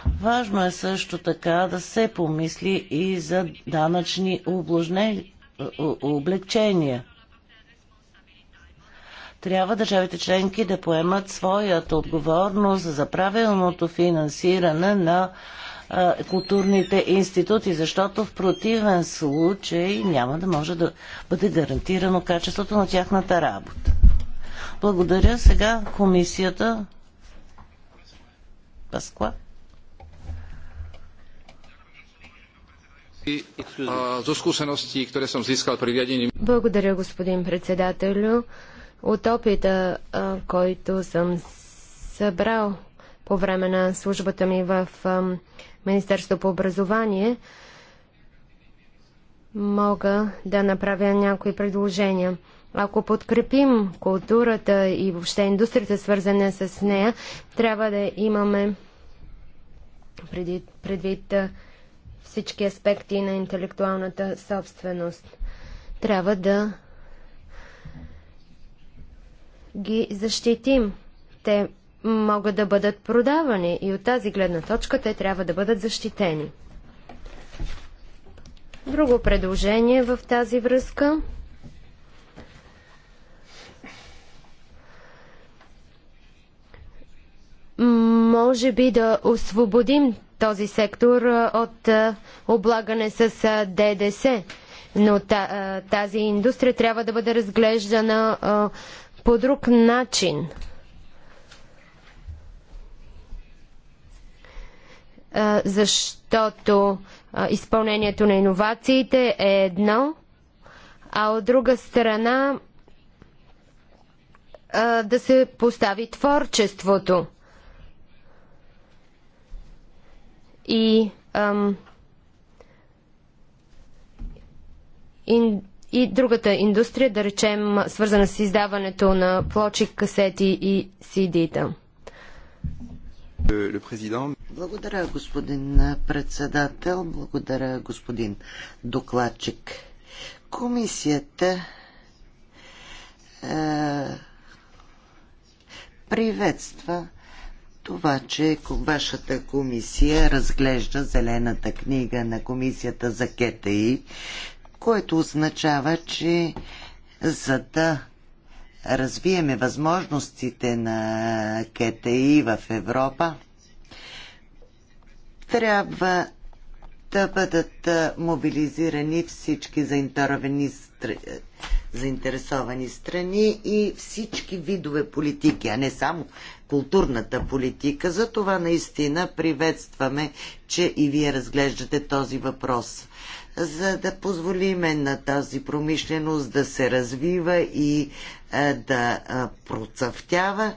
Важно е също така да се помисли и за данъчни облегчения. Трябва държавите членки да поемат своята отговорност за правилното финансиране на културните институти, защото в противен случай няма да може да бъде гарантирано качеството на тяхната работа. Благодаря сега комисията. Пасква. Благодаря, господин председателю. От опита, който съм събрал по време на службата ми в Министерството по образование, мога да направя някои предложения. Ако подкрепим културата и въобще индустрията, свързана с нея, трябва да имаме предвид, предвид всички аспекти на интелектуалната собственост. Трябва да ги защитим. Те могат да бъдат продавани и от тази гледна точка те трябва да бъдат защитени. Друго предложение в тази връзка. Може би да освободим този сектор от облагане с ДДС. Но тази индустрия трябва да бъде разглеждана по друг начин. Защото изпълнението на иновациите е едно, а от друга страна да се постави творчеството. и ам, ин, и другата индустрия, да речем, свързана с издаването на плочи, касети и CD-та. Благодаря, господин председател. Благодаря, господин докладчик. Комисията е, приветства това, че вашата комисия разглежда зелената книга на комисията за КТИ, което означава, че за да развиеме възможностите на КТИ в Европа, трябва да бъдат мобилизирани всички заинтересовани страни и всички видове политики, а не само културната политика. За това наистина приветстваме, че и вие разглеждате този въпрос. За да позволиме на тази промишленост да се развива и да процъфтява,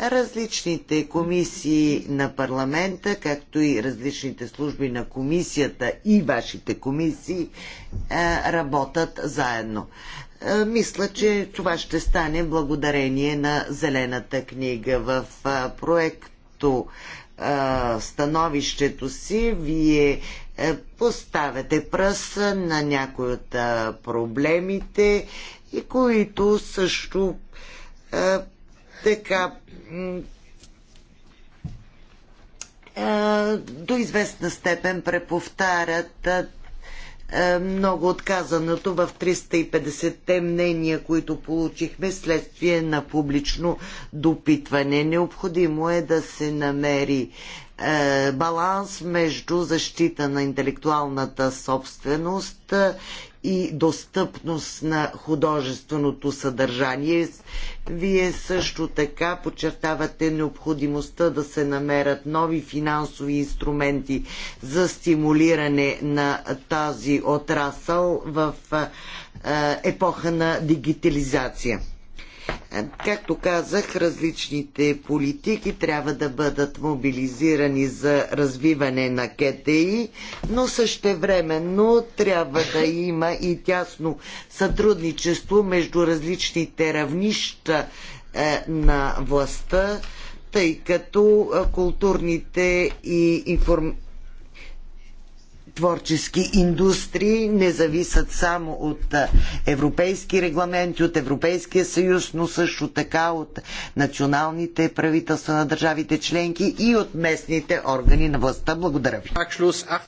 различните комисии на парламента, както и различните служби на комисията и вашите комисии работят заедно. Е, мисля, че това ще стане благодарение на Зелената книга. В е, проекто е, становището си вие поставяте пръст на някои от проблемите и които също така до известна степен преповтарят е, много отказаното в 350-те мнения, които получихме следствие на публично допитване. Необходимо е да се намери е, баланс между защита на интелектуалната собственост е, и достъпност на художественото съдържание. Вие също така подчертавате необходимостта да се намерят нови финансови инструменти за стимулиране на тази отрасъл в е, епоха на дигитализация. Както казах, различните политики трябва да бъдат мобилизирани за развиване на КТИ, но същевременно трябва да има и тясно сътрудничество между различните равнища е, на властта, тъй като е, културните и информационните творчески индустрии не зависят само от европейски регламенти, от Европейския съюз, но също така от националните правителства на държавите членки и от местните органи на властта. Благодаря ви.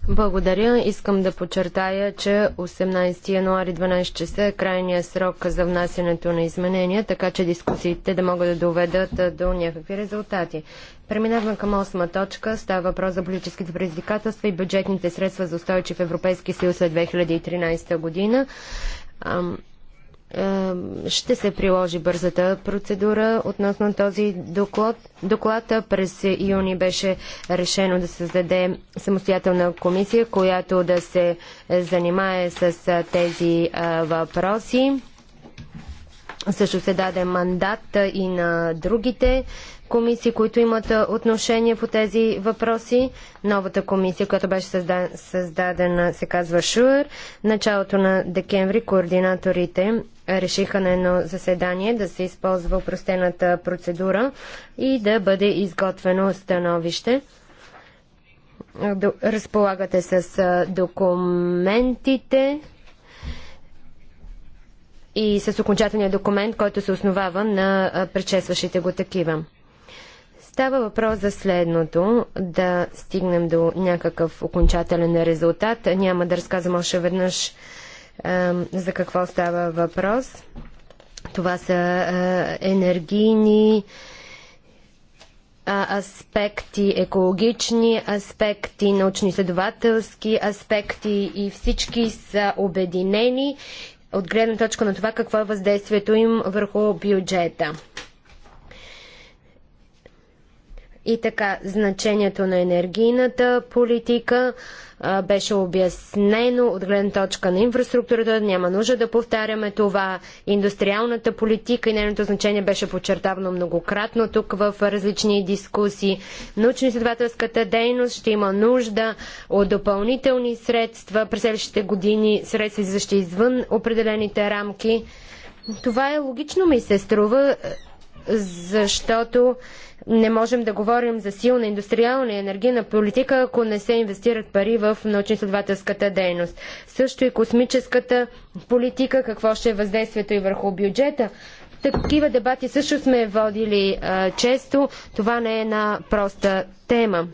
Благодаря. Искам да подчертая, че 18 януари 12 часа е крайният срок за внасянето на изменения, така че дискусиите да могат да доведат до някакви резултати. Преминаваме към осма точка. Става въпрос за политическите предизвикателства и бюджетните средства за устойчив Европейски съюз след 2013 година. Ще се приложи бързата процедура относно този доклад. Доклада през юни беше решено да създаде самостоятелна комисия, която да се занимае с тези въпроси. Също се даде мандат и на другите комисии, които имат отношение по тези въпроси. Новата комисия, която беше създадена, се казва ШУР. Началото на декември координаторите решиха на едно заседание да се използва упростената процедура и да бъде изготвено становище. Разполагате с документите и с окончателния документ, който се основава на предшестващите го такива. Става въпрос за следното, да стигнем до някакъв окончателен резултат. Няма да разказвам още веднъж е, за какво става въпрос. Това са е, енергийни аспекти, екологични аспекти, научно-изследователски аспекти и всички са обединени от гледна точка на това какво е въздействието им върху бюджета. И така, значението на енергийната политика а, беше обяснено от гледна точка на инфраструктурата. Няма нужда да повтаряме това. Индустриалната политика и нейното значение беше подчертавано многократно тук в различни дискусии. Научно-изследователската дейност ще има нужда от допълнителни средства през следващите години, средства, излизащи извън определените рамки. Това е логично ми се струва защото не можем да говорим за силна индустриална и енергийна политика, ако не се инвестират пари в научно-изследователската дейност. Също и космическата политика, какво ще е въздействието и върху бюджета. Такива дебати също сме водили а, често. Това не е една проста тема.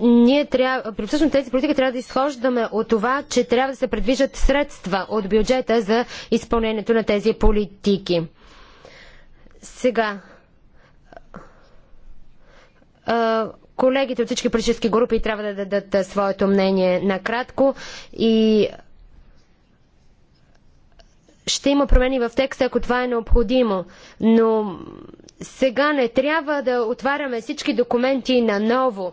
ние трябва, при всъщност тези политики трябва да изхождаме от това, че трябва да се предвижат средства от бюджета за изпълнението на тези политики. Сега, колегите от всички политически групи трябва да дадат своето мнение накратко и ще има промени в текста, ако това е необходимо. Но сега не трябва да отваряме всички документи наново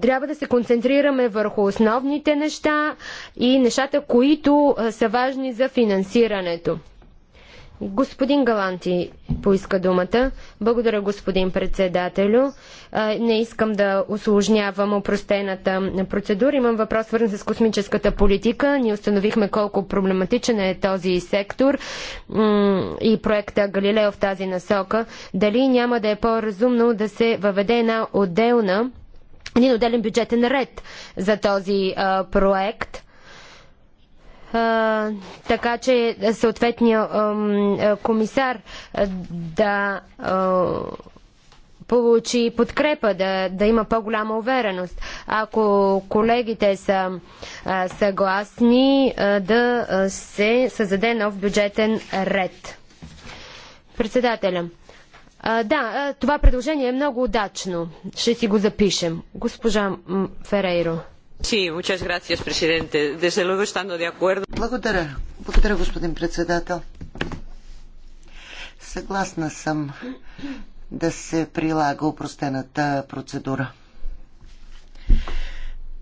трябва да се концентрираме върху основните неща и нещата, които са важни за финансирането. Господин Галанти поиска думата. Благодаря, господин председателю. Не искам да осложнявам упростената процедура. Имам въпрос свързан с космическата политика. Ние установихме колко проблематичен е този сектор и проекта Галилео в тази насока. Дали няма да е по-разумно да се въведе една отделна един отделен бюджетен ред за този а, проект. А, така че съответният комисар а, да а, получи подкрепа, да, да има по-голяма увереност. Ако колегите са а, съгласни а, да се създаде нов бюджетен ред. Председателя. А, да, това предложение е много удачно. Ще си го запишем. Госпожа Ферейро. Sí, muchas gracias, presidente. Desde luego estando de acuerdo. Благодаря. Благодаря, господин председател. Съгласна съм да се прилага упростената процедура.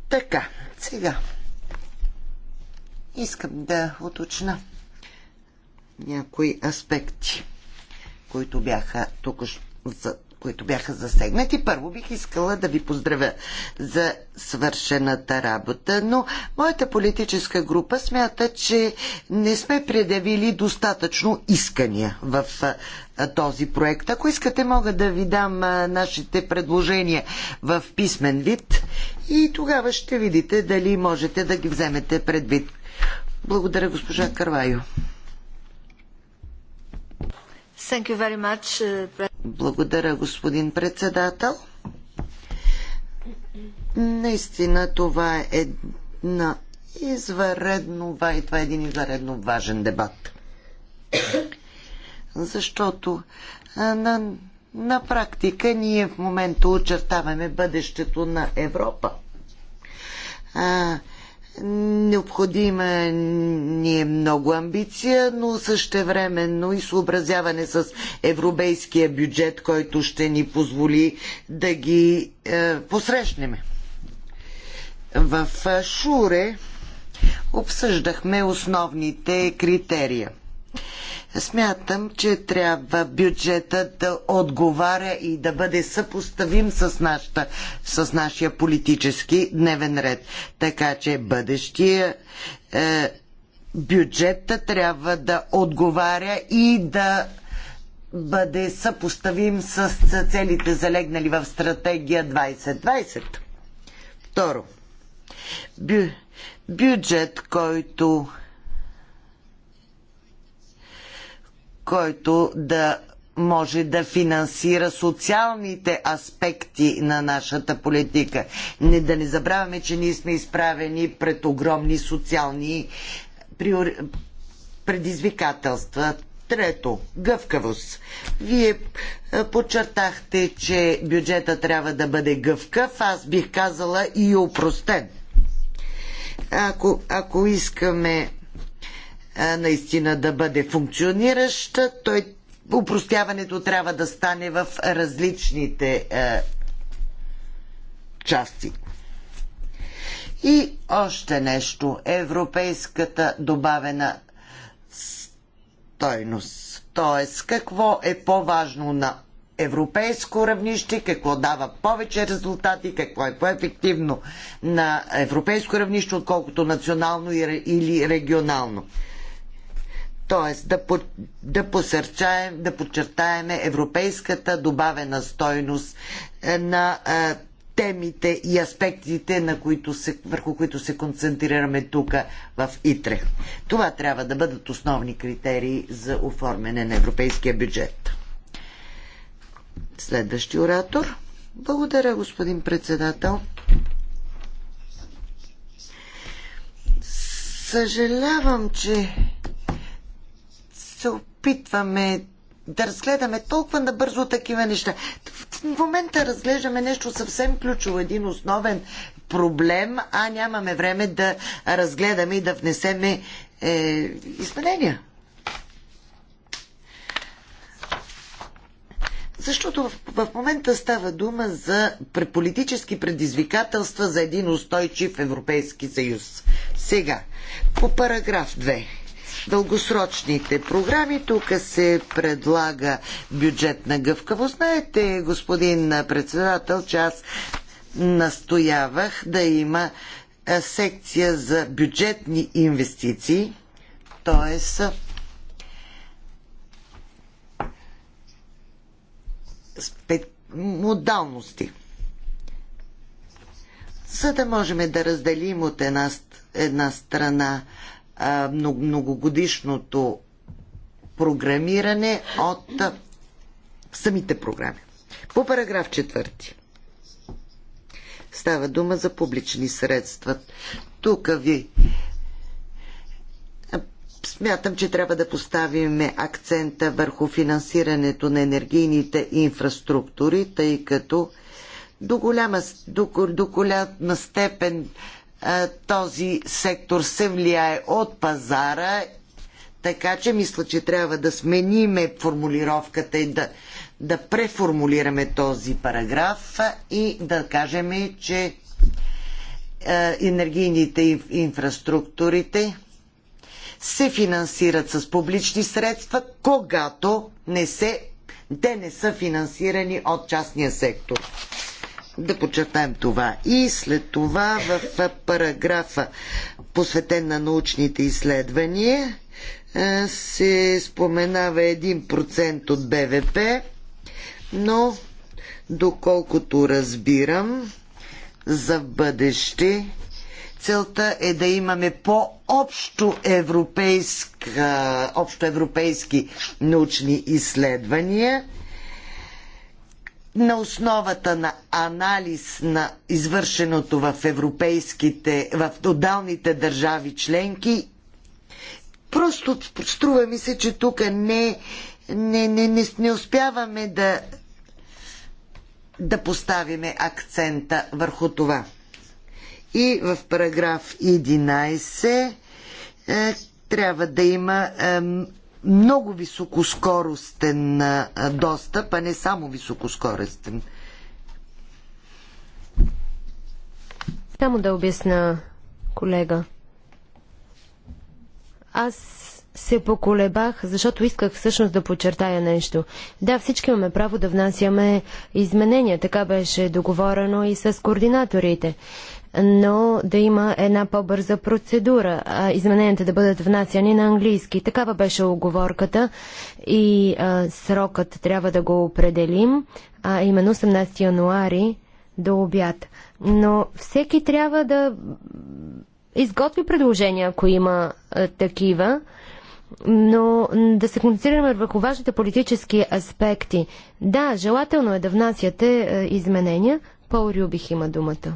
Така, сега. Искам да уточна някои аспекти които бяха тук, за, които бяха засегнати. Първо бих искала да ви поздравя за свършената работа, но моята политическа група смята, че не сме предявили достатъчно искания в този проект. Ако искате, мога да ви дам нашите предложения в писмен вид и тогава ще видите дали можете да ги вземете предвид. Благодаря, госпожа Карвайо. Uh, Благодаря, господин председател. Наистина това е една извънредно, това е един извънредно важен дебат. Защото на, на практика ние в момента очертаваме бъдещето на Европа. А, Необходима ни е много амбиция, но същевременно и съобразяване с европейския бюджет, който ще ни позволи да ги е, посрещнем. В е, Шуре обсъждахме основните критерия. Смятам, че трябва бюджетът да отговаря и да бъде съпоставим с, нашата, с нашия политически дневен ред. Така че бъдещия е, бюджет трябва да отговаря и да бъде съпоставим с целите залегнали в стратегия 2020. Второ, бю, бюджет, който който да може да финансира социалните аспекти на нашата политика. Не, да не забравяме, че ние сме изправени пред огромни социални предизвикателства. Трето, гъвкавост. Вие е, подчертахте, че бюджета трябва да бъде гъвкав, аз бих казала и опростен. Ако, ако искаме наистина да бъде функционираща, Той упростяването трябва да стане в различните е, части. И още нещо. Европейската добавена стойност. Тоест, какво е по-важно на европейско равнище, какво дава повече резултати, какво е по-ефективно на европейско равнище, отколкото национално или регионално. Тоест да, по, да, посърчаем, да подчертаем европейската добавена стойност е, на е, темите и аспектите, на които се, върху които се концентрираме тук в ИТРЕ. Това трябва да бъдат основни критерии за оформяне на европейския бюджет. Следващи оратор. Благодаря, господин председател. Съжалявам, че се опитваме да разгледаме толкова набързо такива неща. В момента разглеждаме нещо съвсем ключово, един основен проблем, а нямаме време да разгледаме и да внесеме е, изменения. Защото в, в момента става дума за политически предизвикателства за един устойчив Европейски съюз. Сега, по параграф 2 дългосрочните програми. Тук се предлага бюджетна гъвкавост. Знаете, господин председател, че аз настоявах да има секция за бюджетни инвестиции, т.е. модалности. За да можем да разделим от една, една страна многогодишното програмиране от самите програми. По параграф 4. Става дума за публични средства. Тук ви смятам, че трябва да поставим акцента върху финансирането на енергийните инфраструктури, тъй като до голяма, до, до голяма степен е, този сектор се влияе от пазара, така че мисля, че трябва да смениме формулировката и да, да преформулираме този параграф и да кажем, че е, енергийните инфраструктурите се финансират с публични средства, когато не се, те не са финансирани от частния сектор да подчертаем това. И след това в параграфа, посветен на научните изследвания, е, се споменава 1% от БВП, но доколкото разбирам, за бъдеще целта е да имаме по-общо европейски научни изследвания на основата на анализ на извършеното в европейските, в отдалните държави членки, просто струва ми се, че тук не, не, не, не, не успяваме да, да поставиме акцента върху това. И в параграф 11 е, трябва да има е, много високоскоростен достъп, а не само високоскоростен. Само да обясна, колега. Аз се поколебах, защото исках всъщност да подчертая нещо. Да, всички имаме право да внасяме изменения. Така беше договорено и с координаторите но да има една по-бърза процедура, а измененията да бъдат внасяни на английски. Такава беше оговорката и а, срокът трябва да го определим, а именно 18 януари до обяд. Но всеки трябва да изготви предложения, ако има а, такива но да се концентрираме върху важните политически аспекти. Да, желателно е да внасяте а, изменения. Пол Рюбих има думата.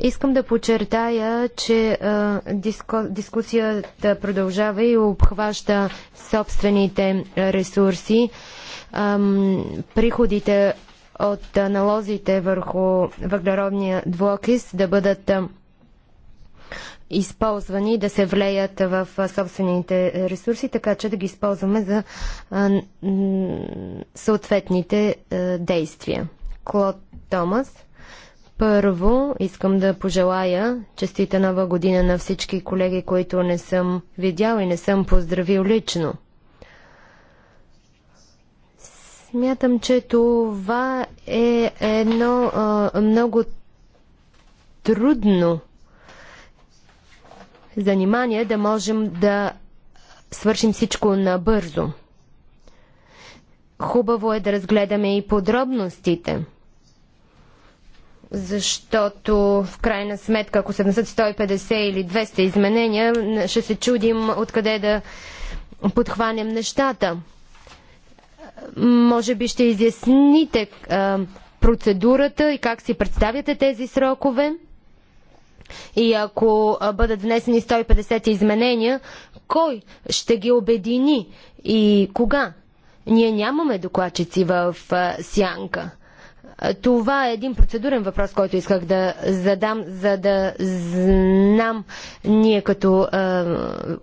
Искам да подчертая, че а, диску, дискусията продължава и обхваща собствените ресурси, а, приходите от налозите върху въглеродния двокис да бъдат използвани и да се влеят в собствените ресурси, така че да ги използваме за съответните действия. Клод Томас. Първо, искам да пожелая честита нова година на всички колеги, които не съм видял и не съм поздравил лично. Смятам, че това е едно а, много трудно занимание да можем да свършим всичко набързо. Хубаво е да разгледаме и подробностите – защото в крайна сметка, ако се внесат 150 или 200 изменения, ще се чудим откъде да подхванем нещата. Може би ще изясните а, процедурата и как си представяте тези срокове. И ако бъдат внесени 150 изменения, кой ще ги обедини и кога? Ние нямаме докладчици в сянка. Това е един процедурен въпрос, който исках да задам, за да знам ние като е,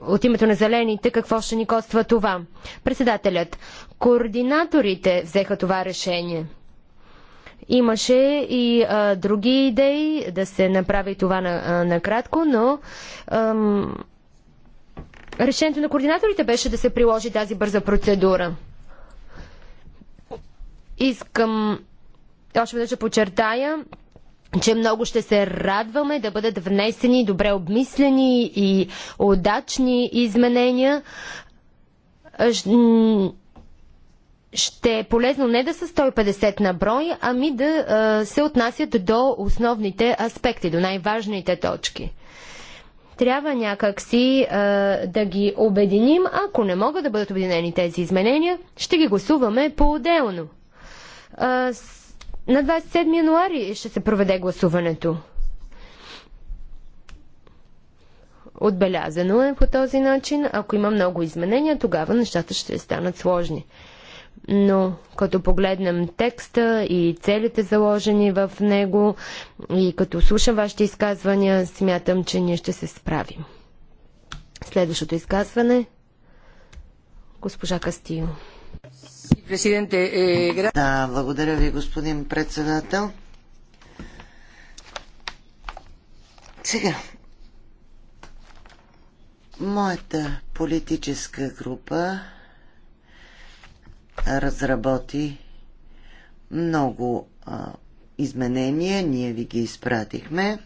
от името на зелените какво ще ни коства това. Председателят, координаторите взеха това решение. Имаше и а, други идеи да се направи това накратко, на но ам, решението на координаторите беше да се приложи тази бърза процедура. Искам още веднъж подчертая, че много ще се радваме да бъдат внесени добре обмислени и удачни изменения. Ще е полезно не да са 150 на брой, ами да се отнасят до основните аспекти, до най-важните точки. Трябва някакси а, да ги обединим. Ако не могат да бъдат обединени тези изменения, ще ги гласуваме по-отделно. На 27 януари ще се проведе гласуването. Отбелязано е по този начин. Ако има много изменения, тогава нещата ще станат сложни. Но като погледнем текста и целите заложени в него и като слушам вашите изказвания, смятам, че ние ще се справим. Следващото изказване. Госпожа Кастио. Presidente. Eh, да, благодаря ви, господин председател. Сега, моята политическа група разработи много а, изменения, ние ви ги изпратихме.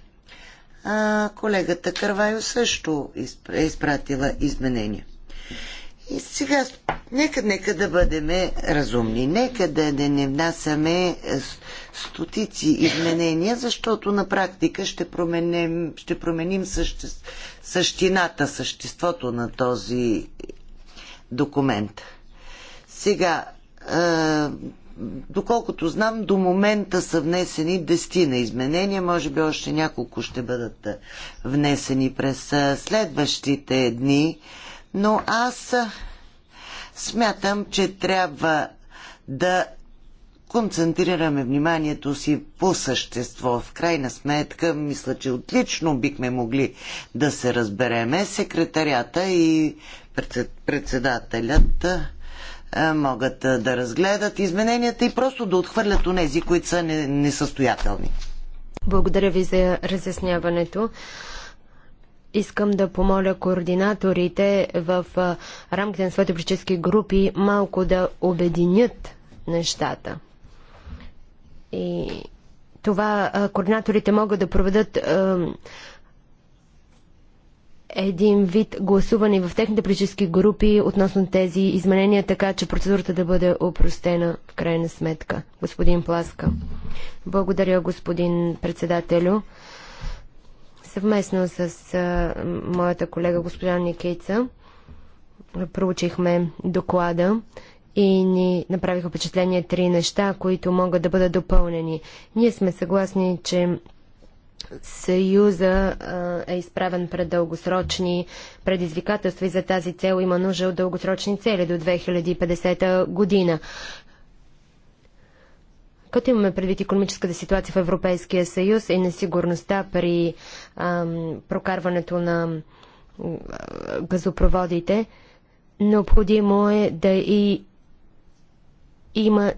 А, колегата Карвайо също е изпратила изменения. И сега, нека, нека да бъдем разумни, нека да, да не внасяме стотици изменения, защото на практика ще променим, ще променим съще, същината, съществото на този документ. Сега, е, доколкото знам, до момента са внесени дестина изменения, може би още няколко ще бъдат внесени през следващите дни но аз смятам, че трябва да концентрираме вниманието си по същество. В крайна сметка, мисля, че отлично бихме могли да се разбереме. Секретарята и председателят могат да разгледат измененията и просто да отхвърлят онези, които са несъстоятелни. Благодаря ви за разясняването. Искам да помоля координаторите в рамките на своите политически групи малко да обединят нещата. И това координаторите могат да проведат един вид гласуване в техните политически групи относно тези изменения, така че процедурата да бъде опростена в крайна сметка. Господин Пласка. Благодаря, господин председателю. Съвместно с а, моята колега госпожа Никица проучихме доклада и ни направиха впечатление три неща, които могат да бъдат допълнени. Ние сме съгласни, че Съюза а, е изправен пред дългосрочни предизвикателства и за тази цел има нужда от дългосрочни цели до 2050 година. Като имаме предвид економическата ситуация в Европейския съюз и несигурността при ам, прокарването на газопроводите, необходимо е да и има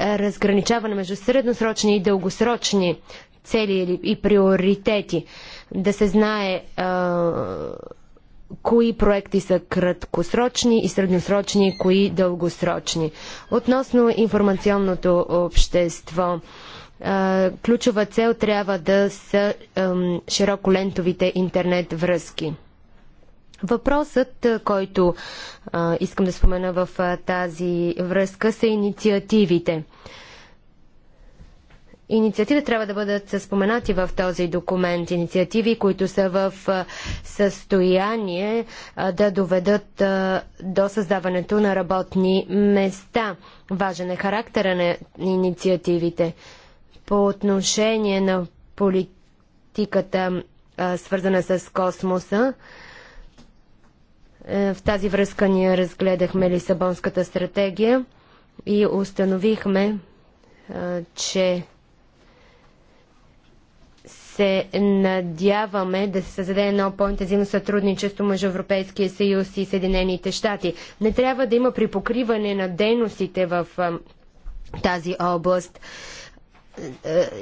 разграничаване между средносрочни и дългосрочни цели и приоритети. Да се знае а, кои проекти са краткосрочни и средносрочни, и кои дългосрочни. Относно информационното общество, ключова цел трябва да са широколентовите интернет връзки. Въпросът, който искам да спомена в тази връзка, са инициативите инициативи трябва да бъдат споменати в този документ. Инициативи, които са в състояние да доведат до създаването на работни места. Важен е характера на инициативите. По отношение на политиката, свързана с космоса, е, в тази връзка ние разгледахме Лисабонската стратегия и установихме, че се надяваме да се създаде едно по-интензивно сътрудничество между Европейския съюз и Съединените щати. Не трябва да има припокриване на дейностите в тази област.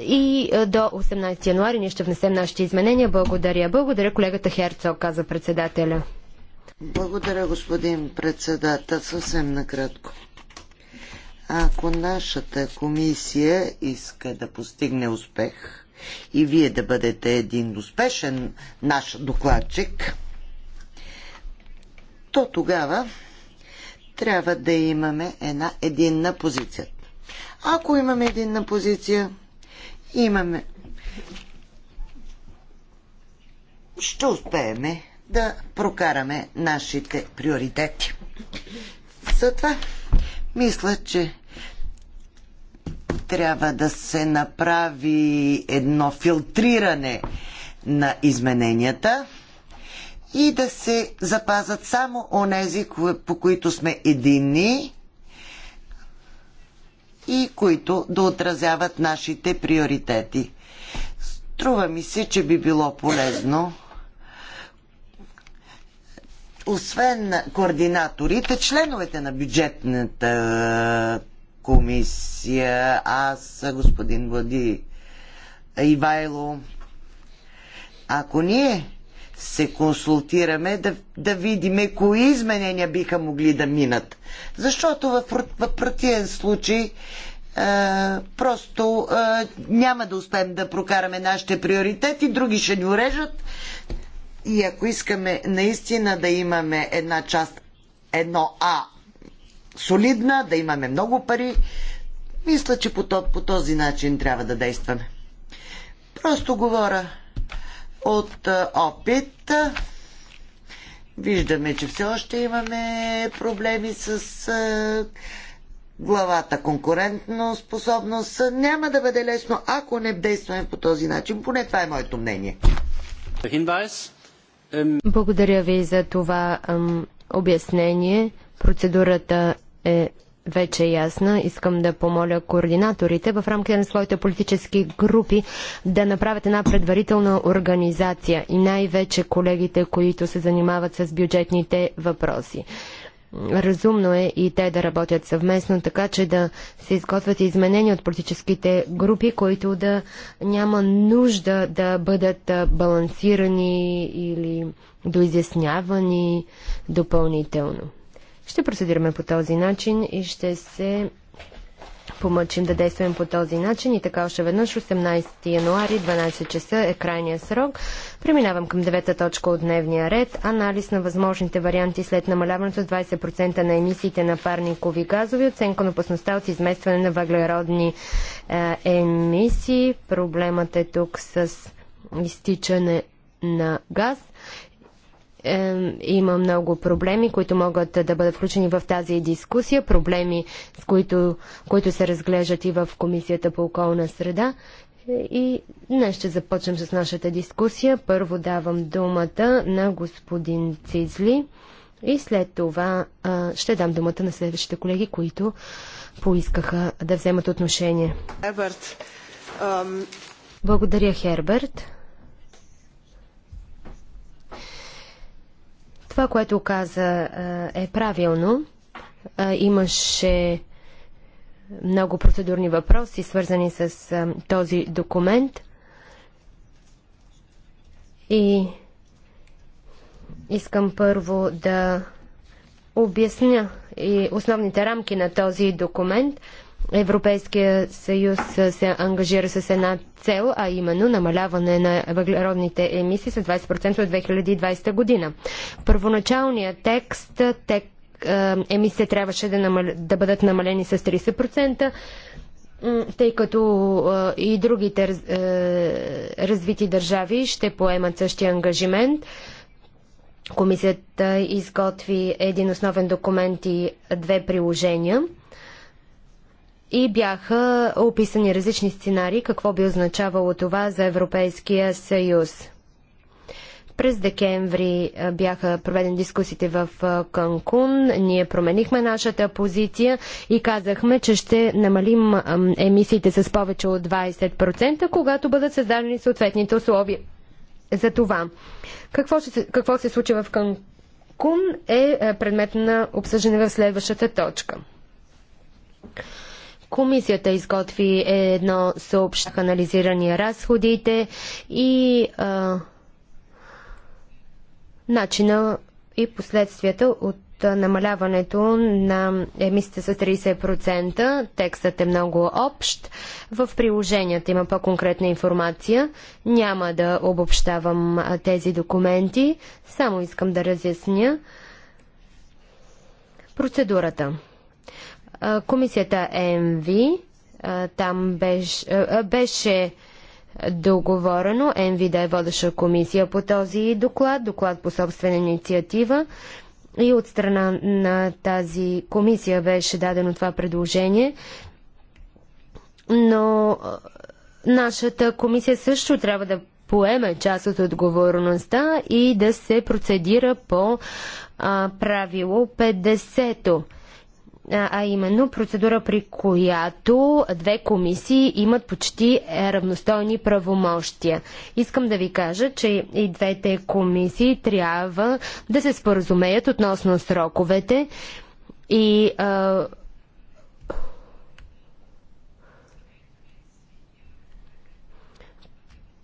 И до 18 януари ние ще внесем нашите изменения. Благодаря. Благодаря колегата Херцог, каза председателя. Благодаря, господин председател. Съвсем накратко. Ако нашата комисия иска да постигне успех, и вие да бъдете един успешен наш докладчик, то тогава трябва да имаме една единна позиция. Ако имаме единна позиция, имаме. Ще успееме да прокараме нашите приоритети. Затова мисля, че трябва да се направи едно филтриране на измененията и да се запазат само онези, по които сме единни и които да отразяват нашите приоритети. Струва ми се, че би било полезно освен координаторите, членовете на бюджетната комисия, аз, господин Влади Ивайло, ако ние се консултираме да, да видиме кои изменения биха могли да минат. Защото в, в противен случай е, просто е, няма да успеем да прокараме нашите приоритети, други ще ни урежат. И ако искаме наистина да имаме една част, едно А солидна, да имаме много пари. Мисля, че по, по този начин трябва да действаме. Просто говоря от опит. Виждаме, че все още имаме проблеми с главата конкурентно способност. Няма да бъде лесно, ако не действаме по този начин. Поне това е моето мнение. Благодаря ви за това ам, обяснение. Процедурата е вече ясна. Искам да помоля координаторите в рамките на своите политически групи да направят една предварителна организация и най-вече колегите, които се занимават с бюджетните въпроси. Разумно е и те да работят съвместно, така че да се изготвят изменения от политическите групи, които да няма нужда да бъдат балансирани или доизяснявани допълнително. Ще процедираме по този начин и ще се помъчим да действаме по този начин и така още веднъж 18 януари 12 часа е крайния срок. Преминавам към девета точка от дневния ред. Анализ на възможните варианти след намаляването с 20% на емисиите на парникови газови, оценка на опасността от изместване на въглеродни е, емисии. Проблемът е тук с изтичане на газ. Е, има много проблеми, които могат да бъдат включени в тази дискусия, проблеми, с които, които се разглеждат и в Комисията по околна среда. Е, и днес ще започнем с нашата дискусия. Първо давам думата на господин Цизли и след това а, ще дам думата на следващите колеги, които поискаха да вземат отношение. Ам... Благодаря, Херберт. Това, което каза, е, е правилно. Имаше много процедурни въпроси, свързани с този документ. И искам първо да обясня и основните рамки на този документ – Европейския съюз се ангажира с една цел, а именно намаляване на въглеродните емисии с 20% от 2020 година. Първоначалният текст, тек, е, емисиите трябваше да, намал... да бъдат намалени с 30%, тъй като е, и другите е, развити държави ще поемат същия ангажимент. Комисията изготви един основен документ и две приложения – и бяха описани различни сценарии, какво би означавало това за Европейския съюз. През декември бяха проведени дискусите в Канкун. Ние променихме нашата позиция и казахме, че ще намалим емисиите с повече от 20%, когато бъдат създадени съответните условия за това. Какво, ще, какво се случи в Канкун е, е предмет на обсъждане в следващата точка. Комисията изготви едно съобщение анализирани разходите и а, начина и последствията от намаляването на емисията с 30%. Текстът е много общ. В приложенията има по-конкретна информация. Няма да обобщавам тези документи. Само искам да разясня процедурата. Комисията ЕМВ, там беше, беше договорено ЕМВ да е водеща комисия по този доклад, доклад по собствена инициатива. И от страна на тази комисия беше дадено това предложение. Но нашата комисия също трябва да поеме част от отговорността и да се процедира по а, правило 50-то а именно процедура при която две комисии имат почти е, равностойни правомощия. Искам да ви кажа, че и двете комисии трябва да се споразумеят относно сроковете и а,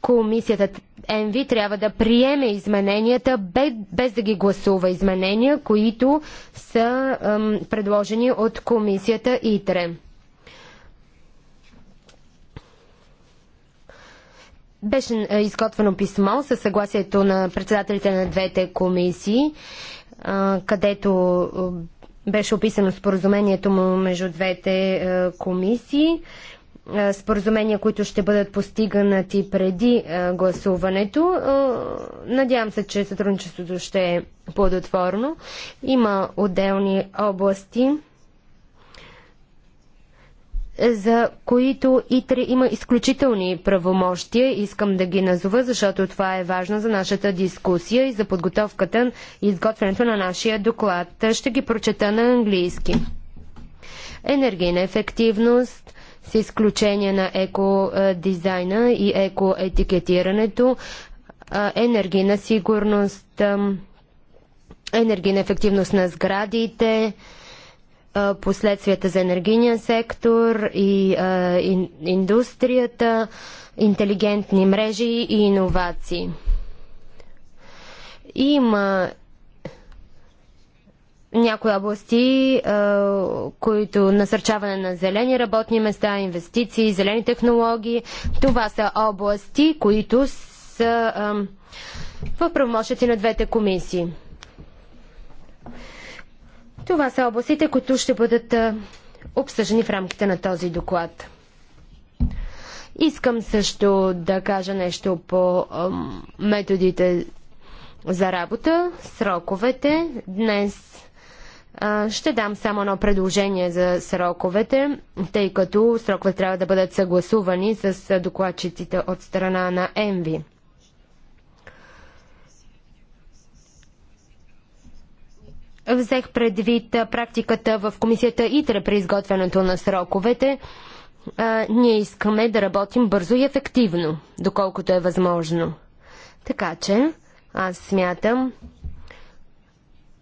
комисията ЕНВИ трябва да приеме измененията, без да ги гласува изменения, които са ем, предложени от комисията ИТРЕ. Беше е, изготвено писмо със съгласието на председателите на двете комисии, където е, беше описано споразумението му между двете е, комисии. Е, споразумения, които ще бъдат постигнати преди е, гласуването. Е, надявам се, че сътрудничеството ще е плодотворно. Има отделни области, за които три има изключителни правомощия. Искам да ги назова, защото това е важно за нашата дискусия и за подготовката и изготвянето на нашия доклад. Ще ги прочета на английски. Енергийна ефективност, с изключение на екодизайна и екоетикетирането, енергийна сигурност, енергийна ефективност на сградите, последствията за енергийния сектор и индустрията, интелигентни мрежи и иновации. Има някои области, които насърчаване на зелени работни места, инвестиции, зелени технологии. Това са области, които са в правомощите на двете комисии. Това са областите, които ще бъдат обсъждани в рамките на този доклад. Искам също да кажа нещо по методите за работа, сроковете. Днес ще дам само едно предложение за сроковете, тъй като сроковете трябва да бъдат съгласувани с докладчиците от страна на ЕМВИ. Взех предвид практиката в комисията ИТРА при изготвянето на сроковете. Ние искаме да работим бързо и ефективно, доколкото е възможно. Така че, аз смятам,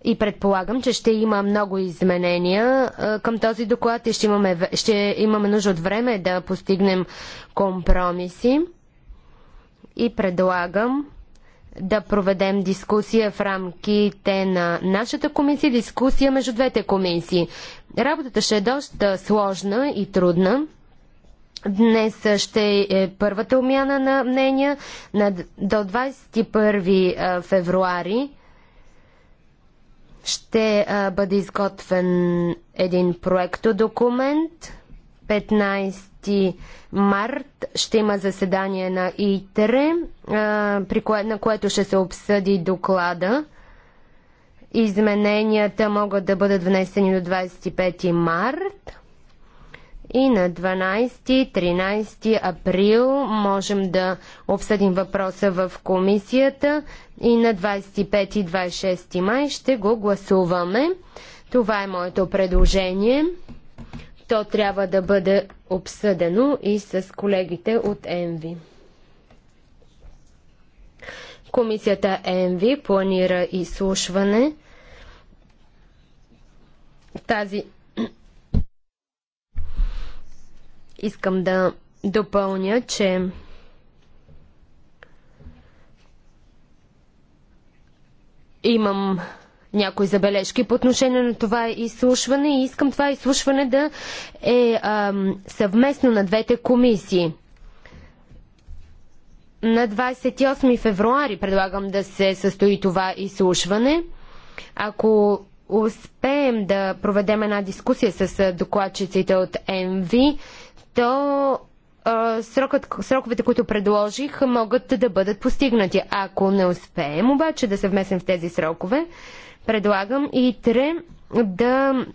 и предполагам, че ще има много изменения към този доклад и ще имаме, ще имаме нужда от време да постигнем компромиси. И предлагам да проведем дискусия в рамките на нашата комисия, дискусия между двете комисии. Работата ще е доста сложна и трудна. Днес ще е първата умяна на мнения на, до 21 февруари ще а, бъде изготвен един проектодокумент. 15 март ще има заседание на ИТРЕ, а, при кое, на което ще се обсъди доклада. Измененията могат да бъдат внесени до 25 март. И на 12-13 април можем да обсъдим въпроса в комисията и на 25 и 26 май ще го гласуваме. Това е моето предложение. То трябва да бъде обсъдено и с колегите от ЕНВИ. Комисията ЕНВИ планира изслушване тази Искам да допълня, че имам някои забележки по отношение на това изслушване и искам това изслушване да е а, съвместно на двете комисии. На 28 февруари предлагам да се състои това изслушване. Ако успеем да проведем една дискусия с докладчиците от МВ, то срокът, сроковете, които предложих, могат да бъдат постигнати. Ако не успеем обаче да се вмесим в тези срокове, предлагам и ТРЕ да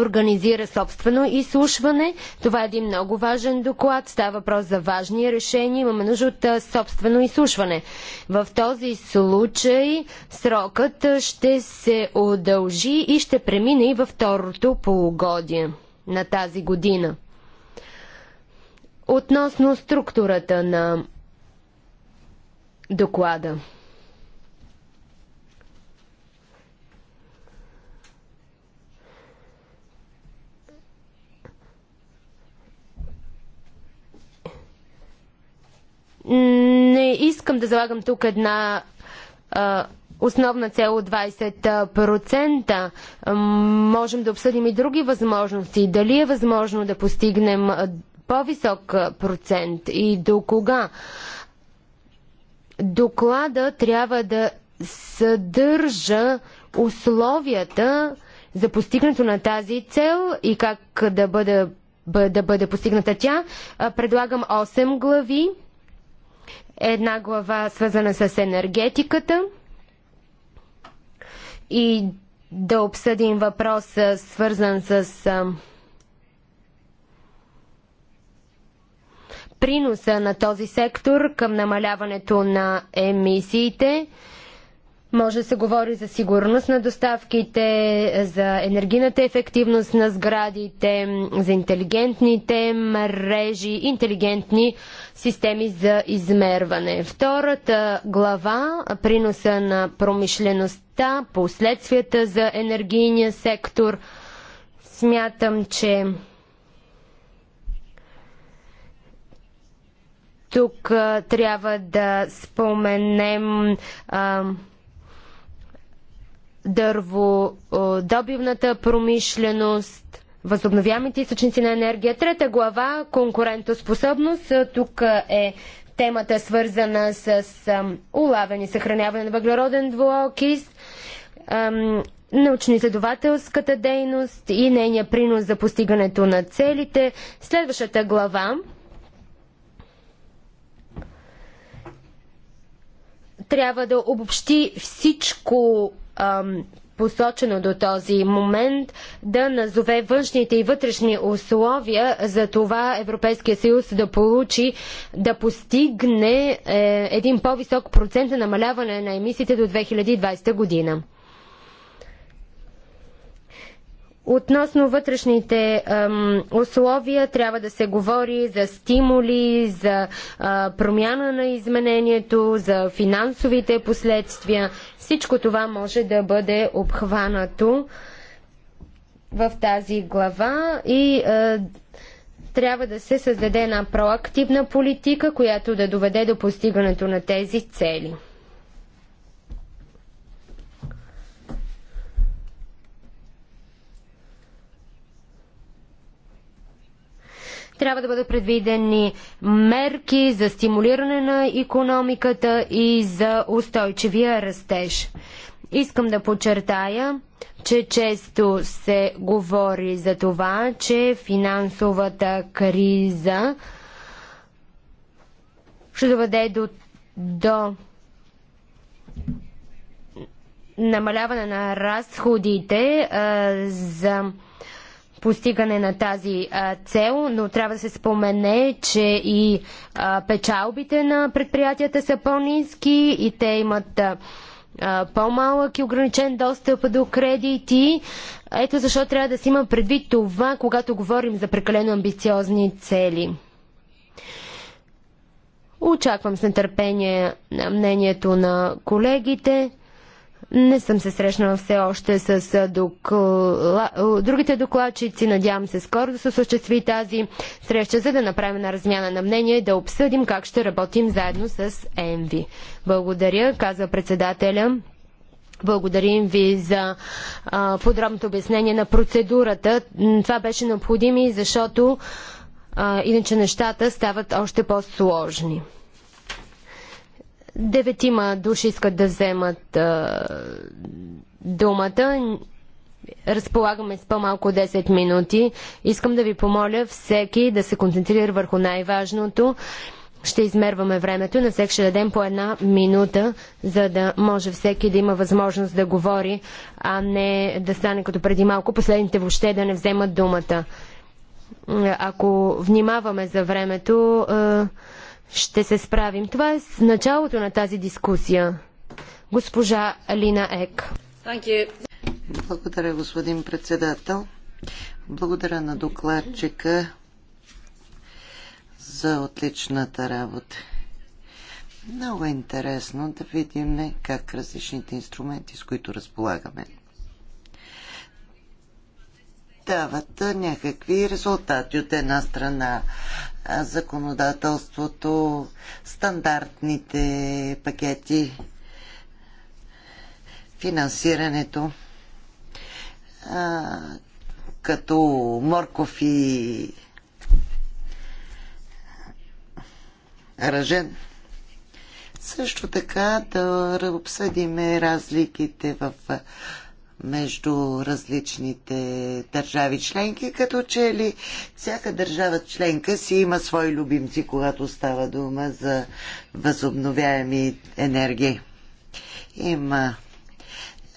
организира собствено изслушване. Това е един много важен доклад. Става въпрос за важни решения. Имаме нужда от собствено изслушване. В този случай срокът ще се удължи и ще премине и във второто полугодие на тази година. Относно структурата на доклада. не искам да залагам тук една а, основна цел от 20%. Можем да обсъдим и други възможности. Дали е възможно да постигнем по-висок процент и до кога? Доклада трябва да съдържа условията за постигнато на тази цел и как да бъде, да бъде постигната тя. Предлагам 8 глави. Една глава свързана с енергетиката и да обсъдим въпроса, свързан с приноса на този сектор към намаляването на емисиите. Може да се говори за сигурност на доставките, за енергийната ефективност на сградите, за интелигентните мрежи, интелигентни системи за измерване. Втората глава приноса на промишлеността, последствията за енергийния сектор. Смятам, че Тук а, трябва да споменем а, добивната промишленост, възобновяемите източници на енергия. Трета глава конкурентоспособност. Тук е темата свързана с улавяне и съхраняване на въглероден двуокис, научно-изследователската дейност и нейния принос за постигането на целите. Следващата глава трябва да обобщи всичко ам, посочено до този момент, да назове външните и вътрешни условия за това Европейския съюз да получи, да постигне е, един по-висок процент на намаляване на емисиите до 2020 година. Относно вътрешните ем, условия, трябва да се говори за стимули, за е, промяна на изменението, за финансовите последствия. Всичко това може да бъде обхванато в тази глава и е, трябва да се създаде една проактивна политика, която да доведе до постигането на тези цели. Трябва да бъдат предвидени мерки за стимулиране на економиката и за устойчивия растеж. Искам да подчертая, че често се говори за това, че финансовата криза ще доведе до, до намаляване на разходите а, за постигане на тази а, цел, но трябва да се спомене, че и а, печалбите на предприятията са по-низки и те имат по-малък и ограничен достъп до кредити. Ето защо трябва да си има предвид това, когато говорим за прекалено амбициозни цели. Очаквам с нетърпение мнението на колегите. Не съм се срещнала все още с докла... другите докладчици. Надявам се скоро да се осъществи тази среща, за да направим на размяна на мнение и да обсъдим как ще работим заедно с ЕМВИ. Благодаря, казва председателя. Благодарим ви за а, подробното обяснение на процедурата. Това беше необходимо, защото а, иначе нещата стават още по-сложни. Деветима души искат да вземат а, думата. Разполагаме с по-малко 10 минути. Искам да ви помоля всеки да се концентрира върху най-важното. Ще измерваме времето на всеки ще дадем по една минута, за да може всеки да има възможност да говори, а не да стане като преди малко. Последните въобще да не вземат думата. Ако внимаваме за времето, ще се справим. Това е с началото на тази дискусия. Госпожа Лина Ек. Благодаря, господин председател. Благодаря на докладчика за отличната работа. Много е интересно да видим как различните инструменти, с които разполагаме, дават някакви резултати от една страна законодателството, стандартните пакети, финансирането, като морков и ръжен. Също така да обсъдиме разликите в между различните държави членки, като че ли всяка държава членка си има свои любимци, когато става дума за възобновяеми енергии. Има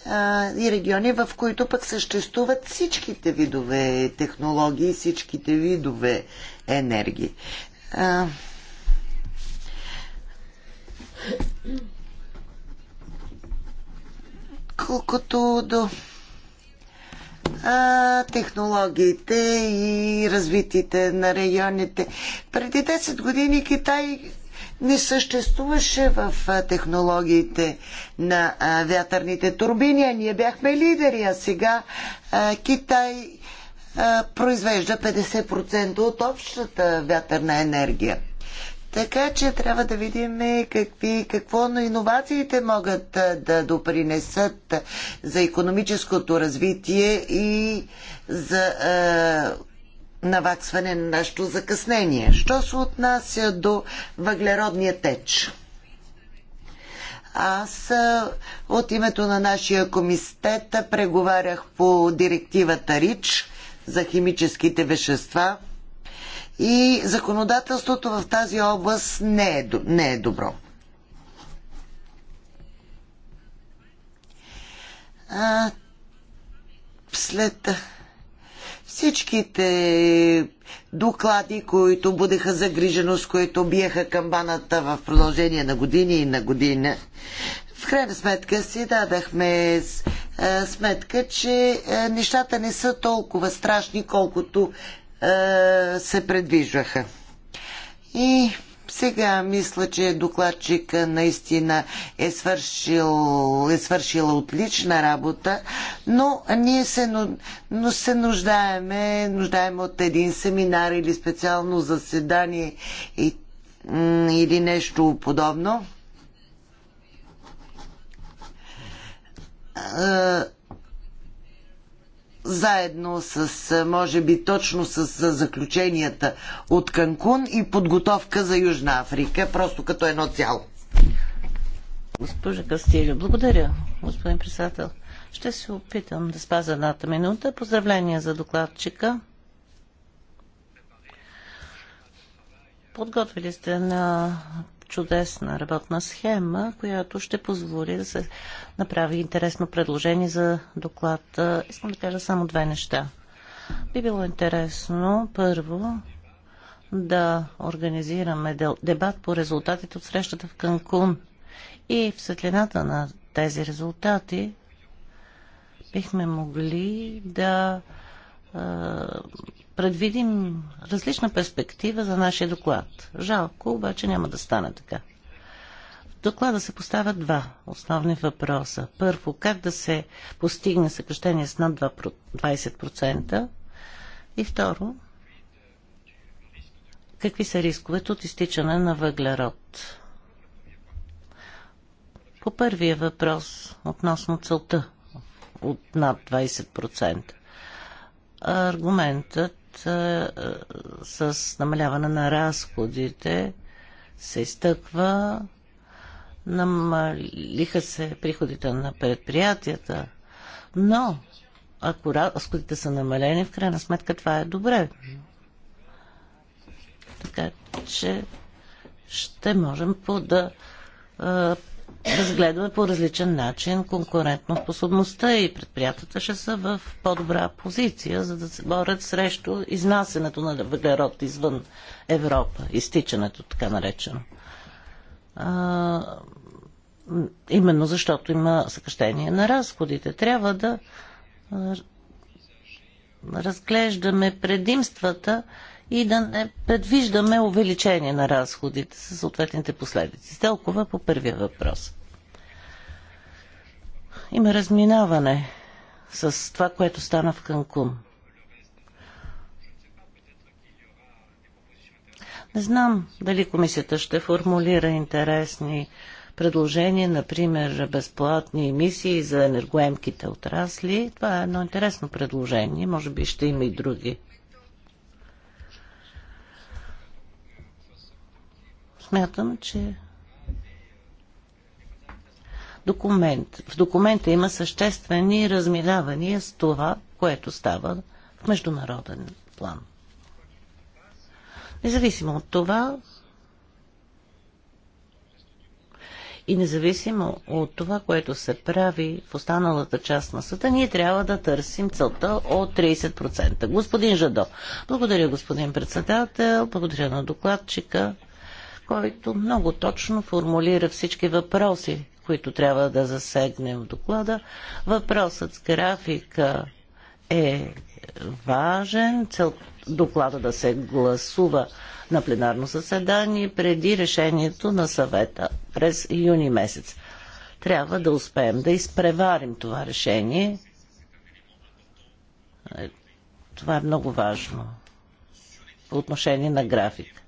а, и региони, в които пък съществуват всичките видове технологии, всичките видове енергии. А, Колкото до а, технологиите и развитите на районите. Преди 10 години Китай не съществуваше в технологиите на вятърните турбини, а ние бяхме лидери, а сега Китай произвежда 50% от общата вятърна енергия. Така че трябва да видим е, какви, какво на иновациите могат да допринесат за економическото развитие и за е, наваксване на нашето закъснение. Що се отнася до въглеродния теч? Аз от името на нашия комитет преговарях по директивата РИЧ за химическите вещества – и законодателството в тази област не е, не е добро. А, след всичките доклади, които будеха загриженост, които биеха камбаната в продължение на години и на година, в крайна сметка си дадахме сметка, че нещата не са толкова страшни, колкото е, се предвижваха. И сега мисля, че докладчика наистина е, свършил, е свършила отлична работа, но ние се, но се нуждаеме, нуждаем от един семинар или специално заседание и, или нещо подобно. Е, заедно с, може би, точно с, заключенията от Канкун и подготовка за Южна Африка, просто като едно цяло. Госпожа Кастилио, благодаря, господин председател. Ще се опитам да спазя едната минута. Поздравления за докладчика. Подготвили сте на чудесна работна схема, която ще позволи да се направи интересно предложение за доклад. Искам да кажа само две неща. Би било интересно, първо, да организираме дебат по резултатите от срещата в Канкун. И в светлината на тези резултати бихме могли да предвидим различна перспектива за нашия доклад. Жалко, обаче няма да стане така. В доклада се поставят два основни въпроса. Първо, как да се постигне съкръщение с над 20% и второ, какви са рисковете от изтичане на въглерод. По първия въпрос относно целта от над 20%. Аргументът с намаляване на разходите се изтъква. Намалиха се приходите на предприятията, но ако разходите са намалени, в крайна сметка това е добре. Така че ще можем по да разгледаме по различен начин конкурентно способността и предприятията ще са в по-добра позиция, за да се борят срещу изнасенето на въглерод извън Европа, изтичането, така наречено. А, именно защото има съкъщение на разходите. Трябва да разглеждаме предимствата и да не предвиждаме увеличение на разходите със съответните последици. Стелкова по първия въпрос. Има разминаване с това, което стана в Канкун. Не знам дали комисията ще формулира интересни предложения, например безплатни емисии за енергоемките отрасли. Това е едно интересно предложение. Може би ще има и други Смятам, че документ. В документа има съществени разминавания с това, което става в международен план. Независимо от това и независимо от това, което се прави в останалата част на света, ние трябва да търсим целта от 30%. Господин Жадо, благодаря господин председател, благодаря на докладчика който много точно формулира всички въпроси, които трябва да засегнем в доклада. Въпросът с графика е важен. Цел доклада да се гласува на пленарно заседание преди решението на съвета през юни месец. Трябва да успеем да изпреварим това решение. Е, това е много важно по отношение на графика.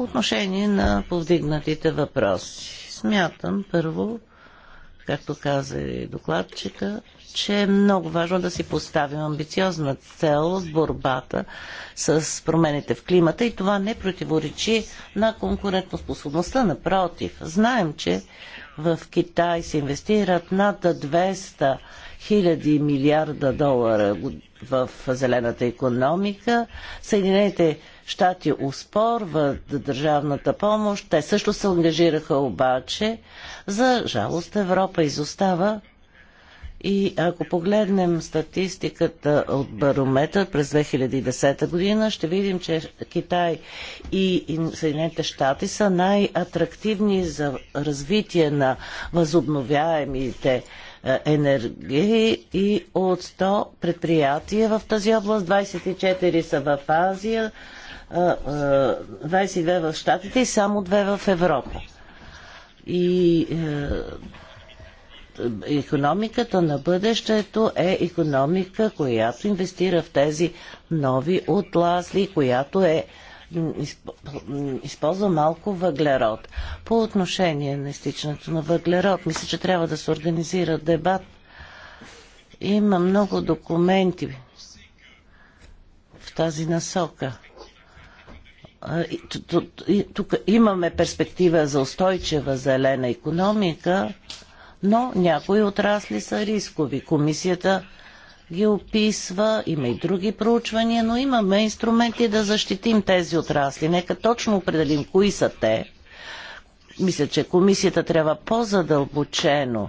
По отношение на повдигнатите въпроси. Смятам първо, както каза и докладчика, че е много важно да си поставим амбициозна цел в борбата с промените в климата и това не противоречи на конкурентоспособността. Напротив, знаем, че в Китай се инвестират над 200 хиляди милиарда долара в зелената економика. Съединените щати успорват държавната помощ. Те също се ангажираха обаче. За жалост Европа изостава и ако погледнем статистиката от барометър през 2010 година, ще видим, че Китай и Съединените щати са най-атрактивни за развитие на възобновяемите е, енергии и от 100 предприятия в тази област, 24 са в Азия, 22 в Штатите и само 2 в Европа. И е, економиката на бъдещето е економика, която инвестира в тези нови отласли, която е използва малко въглерод. По отношение на изтичането на въглерод, мисля, че трябва да се организира дебат. Има много документи в тази насока тук имаме перспектива за устойчива зелена економика, но някои отрасли са рискови. Комисията ги описва, има и други проучвания, но имаме инструменти да защитим тези отрасли. Нека точно определим кои са те. Мисля, че комисията трябва по-задълбочено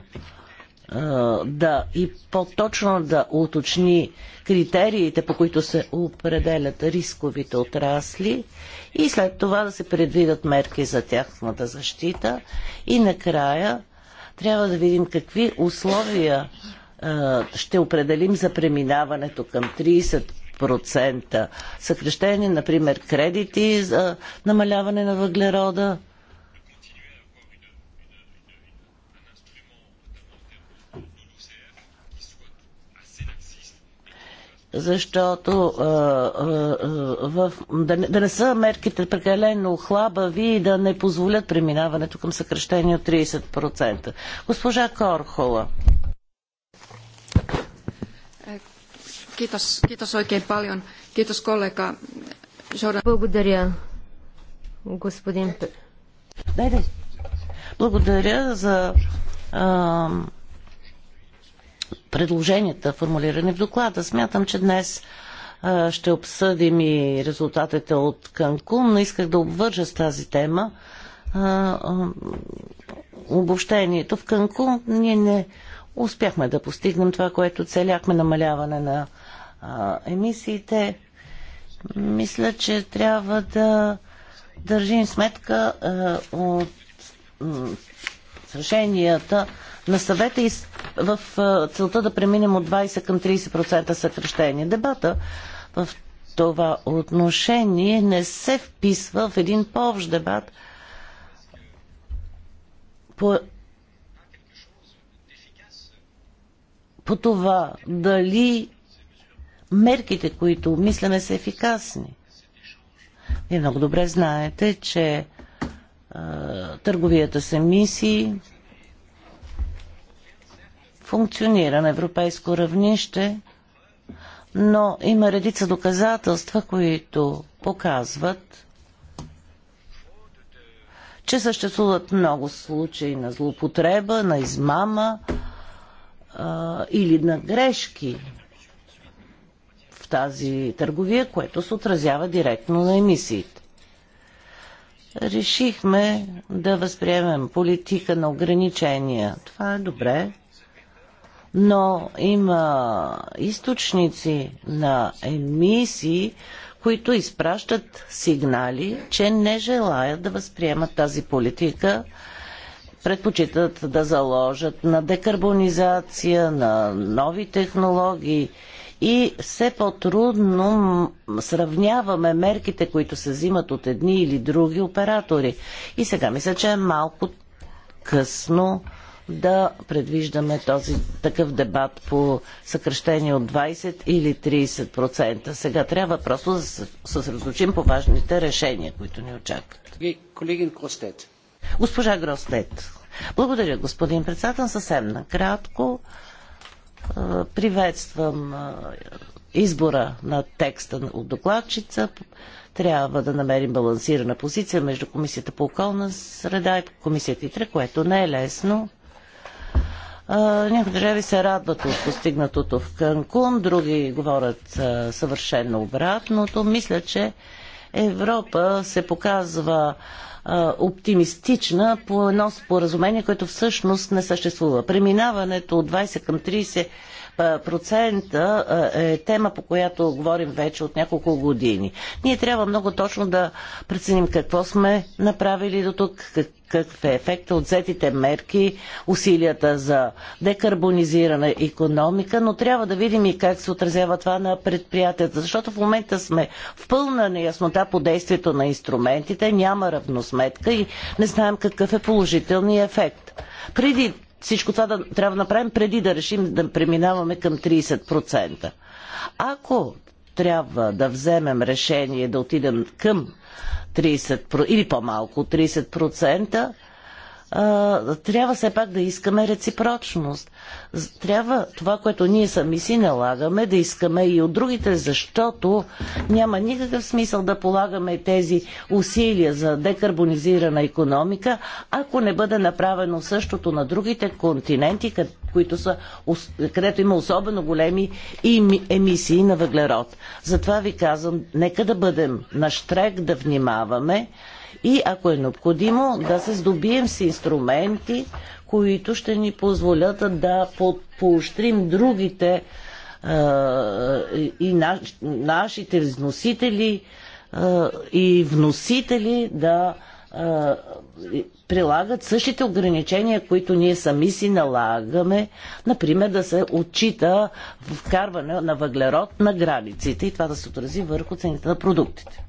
да и по-точно да уточни критериите, по които се определят рисковите отрасли и след това да се предвидят мерки за тяхната защита. И накрая трябва да видим какви условия ще определим за преминаването към 30% съкрещение, например кредити за намаляване на въглерода защото а, а, в, да, не, да не са мерките прекалено хлабави и да не позволят преминаването към съкрещение от 30%. Госпожа Корхола. Благодаря, господин. Благодаря за а, предложенията, формулирани в доклада. Смятам, че днес ще обсъдим и резултатите от Канкун, но исках да обвържа с тази тема обобщението. В Канкун ние не успяхме да постигнем това, което целяхме намаляване на емисиите. Мисля, че трябва да държим сметка от решенията на съвета и в целта да преминем от 20 към 30% съкръщение. Дебата в това отношение не се вписва в един по-общ дебат по, по това дали мерките, които мисляме са ефикасни. Вие много добре знаете, че а, търговията с емисии функционира на европейско равнище, но има редица доказателства, които показват, че съществуват много случаи на злоупотреба, на измама а, или на грешки в тази търговия, което се отразява директно на емисиите. Решихме да възприемем политика на ограничения. Това е добре но има източници на емисии, които изпращат сигнали, че не желаят да възприемат тази политика, предпочитат да заложат на декарбонизация, на нови технологии и все по-трудно сравняваме мерките, които се взимат от едни или други оператори. И сега мисля, че е малко късно да предвиждаме този такъв дебат по съкръщение от 20 или 30%. Сега трябва просто да се съсредоточим по важните решения, които ни очакват. Колегин Кростет. Госпожа Гростет. Благодаря, господин председател. Съвсем накратко приветствам избора на текста от докладчица. Трябва да намерим балансирана позиция между Комисията по околна среда и Комисията ИТРА, което не е лесно. Някои държави се радват от постигнатото в Канкун, други говорят съвършено обратното. Мисля, че Европа се показва оптимистична по едно споразумение, което всъщност не съществува. Преминаването от 20 към 30 процента е, е тема, по която говорим вече от няколко години. Ние трябва много точно да преценим какво сме направили до тук, какъв е ефекта от взетите мерки, усилията за декарбонизирана економика, но трябва да видим и как се отразява това на предприятията, защото в момента сме в пълна неяснота по действието на инструментите, няма равносметка и не знаем какъв е положителният ефект. Преди всичко това да, трябва да направим преди да решим да преминаваме към 30%. Ако трябва да вземем решение да отидем към 30% или по-малко 30%, трябва все пак да искаме реципрочност. Трябва това, което ние сами си налагаме, да искаме и от другите, защото няма никакъв смисъл да полагаме тези усилия за декарбонизирана економика, ако не бъде направено същото на другите континенти, които са, където има особено големи емисии на въглерод. Затова ви казвам, нека да бъдем на штрек, да внимаваме, и ако е необходимо да се здобием с инструменти, които ще ни позволят да поощрим другите е, и на, нашите износители е, и вносители да е, прилагат същите ограничения, които ние сами си налагаме, например да се отчита вкарване на въглерод на границите и това да се отрази върху цените на продуктите.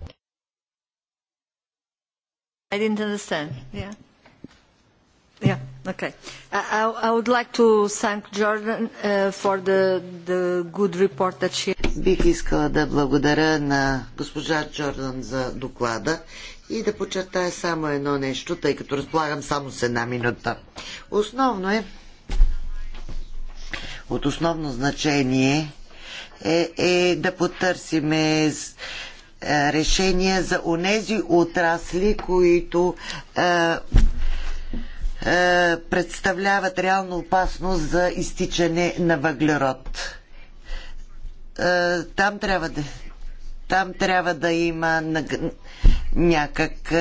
I didn't understand. Yeah. Yeah, okay. I, I would like to thank Jordan uh, for the, the good report that she... Бих искала да благодаря на госпожа Джордан за доклада и да подчертая само едно нещо, тъй като разполагам само с една минута. Основно е от основно значение е, е да потърсиме е, решения за онези отрасли, които е, е, представляват реална опасност за изтичане на въглерод. Там трябва да, там трябва да има някак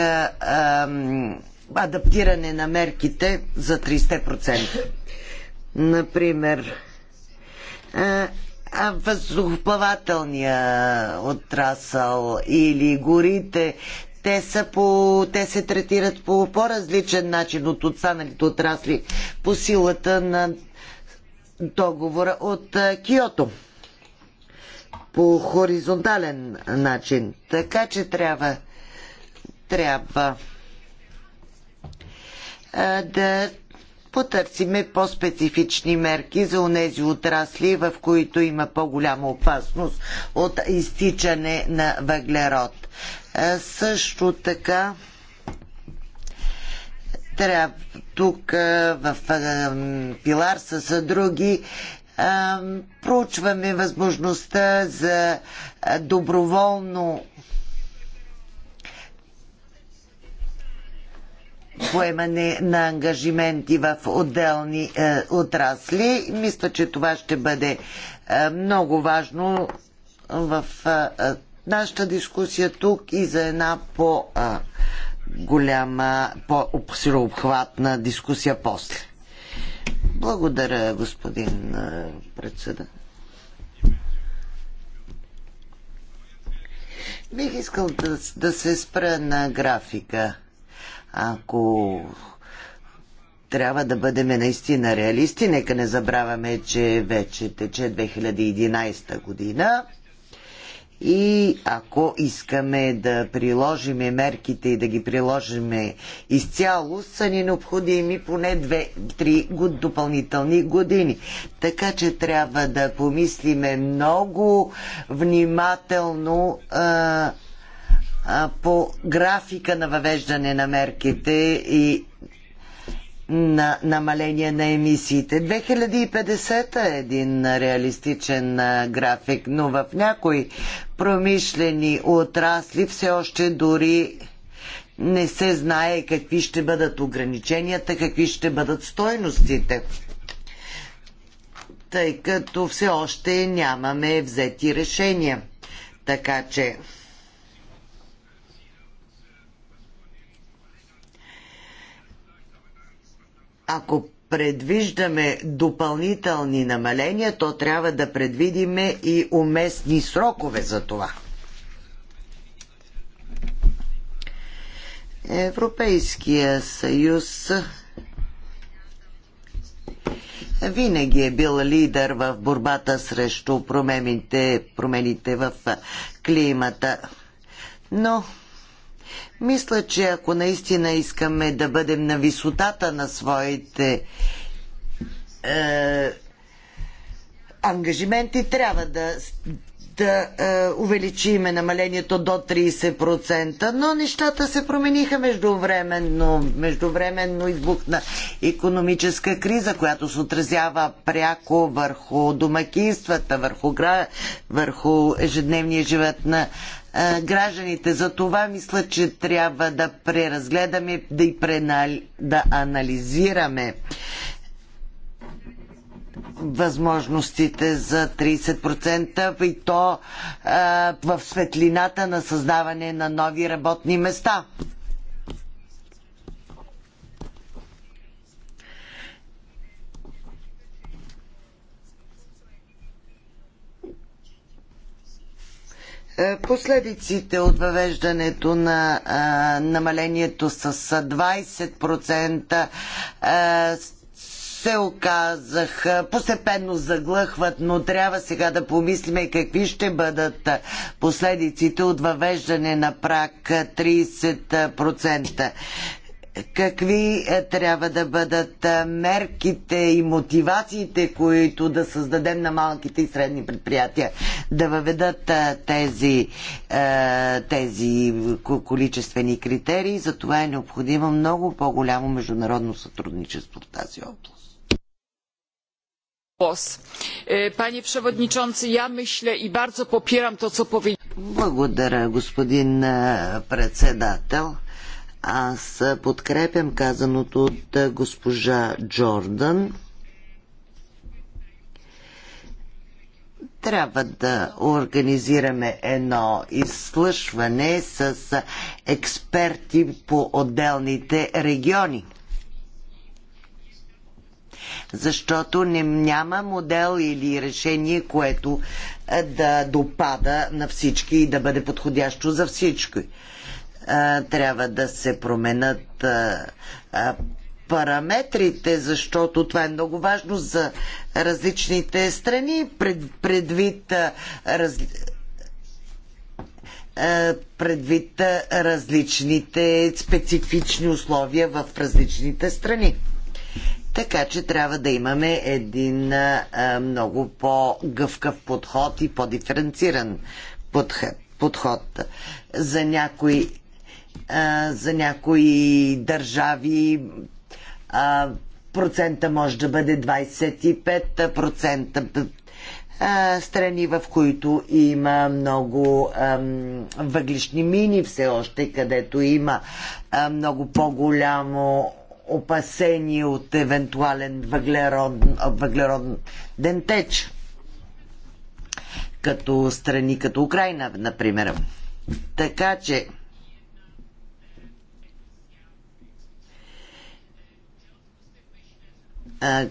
адаптиране на мерките за 30%. Например, въздухоплавателния отрасъл или горите, те, са по, те се третират по по-различен начин от останалите отрасли по силата на договора от Киото по хоризонтален начин. Така че трябва трябва да потърсиме по-специфични мерки за онези отрасли, в които има по-голяма опасност от изтичане на въглерод. Също така трябва тук в Пилар са други проучваме възможността за доброволно поемане на ангажименти в отделни е, отрасли. Мисля, че това ще бъде е, много важно в е, е нашата дискусия тук и за една по е, голяма, по-обхватна дискусия после. Благодаря, господин е, председател. Бих искал да, да се спра на графика. Ако трябва да бъдем наистина реалисти, нека не забравяме, че вече тече 2011 година. И ако искаме да приложиме мерките и да ги приложиме изцяло, са ни необходими поне 2-3 год, допълнителни години. Така че трябва да помислиме много внимателно а, по графика на въвеждане на мерките и на намаление на емисиите. 2050 е един реалистичен график, но в някои промишлени отрасли все още дори не се знае какви ще бъдат ограниченията, какви ще бъдат стойностите. Тъй като все още нямаме взети решения. Така че ако предвиждаме допълнителни намаления, то трябва да предвидим и уместни срокове за това. Европейския съюз винаги е бил лидер в борбата срещу промените, промените в климата. Но мисля, че ако наистина искаме да бъдем на висотата на своите е, ангажименти, трябва да, да е, увеличиме намалението до 30%, но нещата се промениха междувременно. Междувременно избухна економическа криза, която се отразява пряко върху домакинствата, върху, гра, върху ежедневния живот на гражданите. За това мисля, че трябва да преразгледаме, да, и пренал... да анализираме възможностите за 30% и то а, в светлината на създаване на нови работни места. Е, последиците от въвеждането на а, намалението с 20% а, се оказаха, постепенно заглъхват, но трябва сега да помислим какви ще бъдат последиците от въвеждане на прак 30% какви е, трябва да бъдат е, мерките и мотивациите, които да създадем на малките и средни предприятия да въведат е, тези, тези количествени критерии. За това е необходимо много по-голямо международно сътрудничество в тази област. Panie przewodniczący, ja myślę i bardzo popieram to, co powiedział. Благодаря, господин председател. Аз подкрепям казаното от госпожа Джордан. трябва да организираме едно изслушване с експерти по отделните региони. Защото не, няма модел или решение, което да допада на всички и да бъде подходящо за всички трябва да се променят параметрите, защото това е много важно за различните страни, пред, предвид, раз, предвид различните специфични условия в различните страни. Така че трябва да имаме един а, много по-гъвкав подход и по-диференциран подход. За някои а, за някои държави а, процента може да бъде 25%. процента страни, в които има много ам, въглишни мини все още, където има ам, много по-голямо опасение от евентуален въглерод, въглероден теч. Като страни, като Украина, например. Така че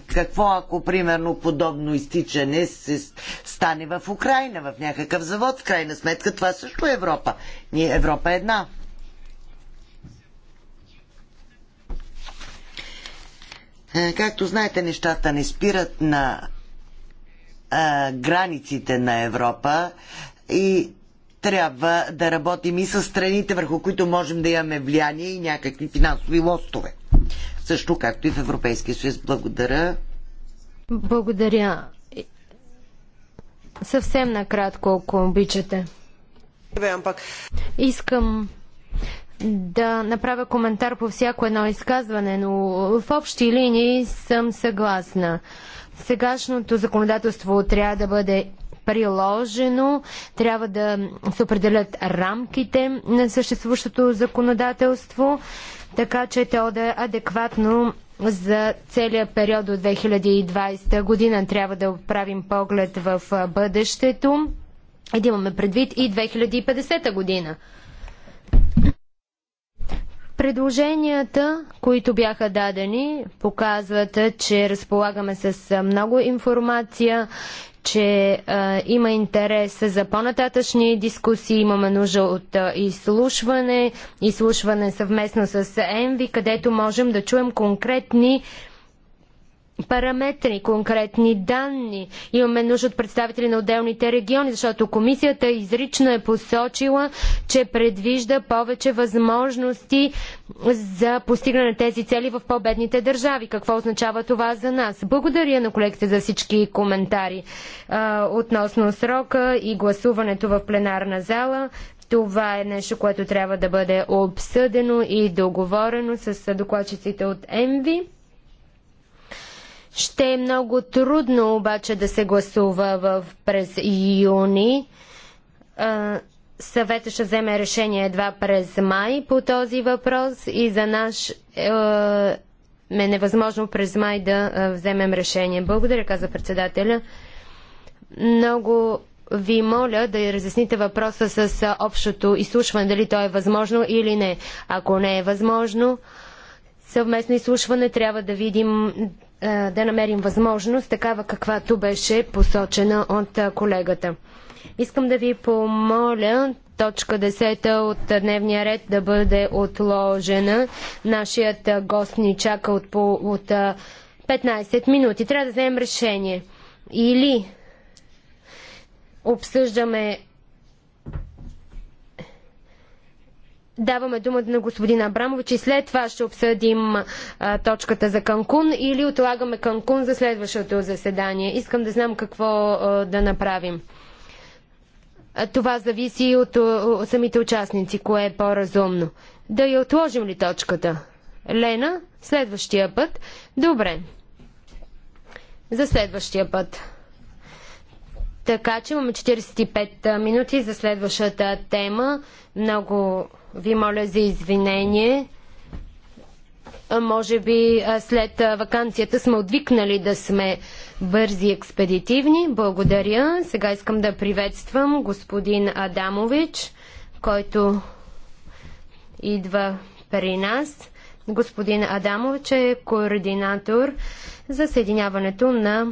какво ако, примерно, подобно изтичане се стане в Украина, в някакъв завод? В крайна сметка това също е Европа. Ние Европа е една. Както знаете, нещата не спират на а, границите на Европа и трябва да работим и с страните, върху които можем да имаме влияние и някакви финансови лостове също както и в Европейския съюз. Благодаря. Благодаря. Съвсем накратко, ако обичате. Искам да направя коментар по всяко едно изказване, но в общи линии съм съгласна. Сегашното законодателство трябва да бъде приложено, трябва да се определят рамките на съществуващото законодателство, така че то да е адекватно за целия период от 2020 година. Трябва да правим поглед в бъдещето и да имаме предвид и 2050 година. Предложенията, които бяха дадени, показват, че разполагаме с много информация че а, има интерес за по-нататъчни дискусии. Имаме нужда от а, изслушване, изслушване съвместно с ЕНВИ, където можем да чуем конкретни параметри, конкретни данни. Имаме нужда от представители на отделните региони, защото комисията изрично е посочила, че предвижда повече възможности за постигане на тези цели в по-бедните държави. Какво означава това за нас? Благодаря на колегите за всички коментари а, относно срока и гласуването в пленарна зала. Това е нещо, което трябва да бъде обсъдено и договорено с докладчиците от ЕМВИ. Ще е много трудно обаче да се гласува в, през юни. Съветът съвета ще вземе решение едва през май по този въпрос и за наш е, е невъзможно през май да е, вземем решение. Благодаря, каза председателя. Много ви моля да разясните въпроса с е, общото изслушване, дали то е възможно или не. Ако не е възможно, съвместно изслушване трябва да видим е, да намерим възможност, такава каквато беше посочена от е, колегата. Искам да ви помоля точка 10 от е, дневния ред да бъде отложена. Нашият гост ни чака от, по, от 15 минути. Трябва да вземем решение. Или обсъждаме Даваме думата на господин Абрамович и след това ще обсъдим а, точката за Канкун или отлагаме Канкун за следващото заседание. Искам да знам какво а, да направим. А, това зависи от, от самите участници, кое е по-разумно. Да я отложим ли точката? Лена, следващия път. Добре. За следващия път. Така че имаме 45 минути за следващата тема. Много ви моля за извинение. Може би след вакансията сме отвикнали да сме бързи и експедитивни. Благодаря. Сега искам да приветствам господин Адамович, който идва при нас. Господин Адамович е координатор за съединяването на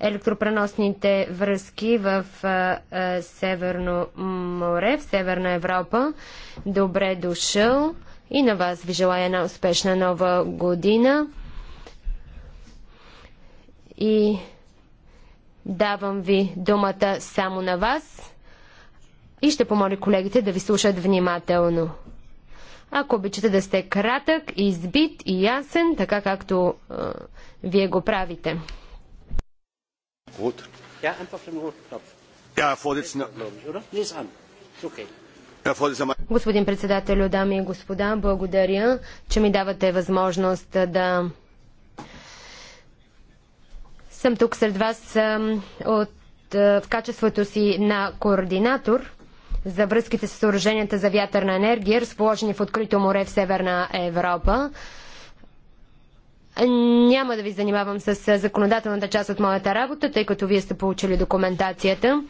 електропреносните връзки в а, а, Северно море, в Северна Европа. Добре дошъл и на вас ви желая една успешна нова година. И давам ви думата само на вас и ще помоля колегите да ви слушат внимателно. Ако обичате да сте кратък, избит и ясен, така както а, вие го правите. Rot. Ja, einfach den roten Knopf. Ja, Vorsitzender. Er, an. Okay. Господин председател, дами и господа, благодаря, че ми давате възможност да съм тук сред вас от, в качеството си на координатор за връзките с съоръженията за вятърна енергия, разположени в открито море в Северна Европа. Няма да ви занимавам с законодателната част от моята работа, тъй като вие сте получили документацията.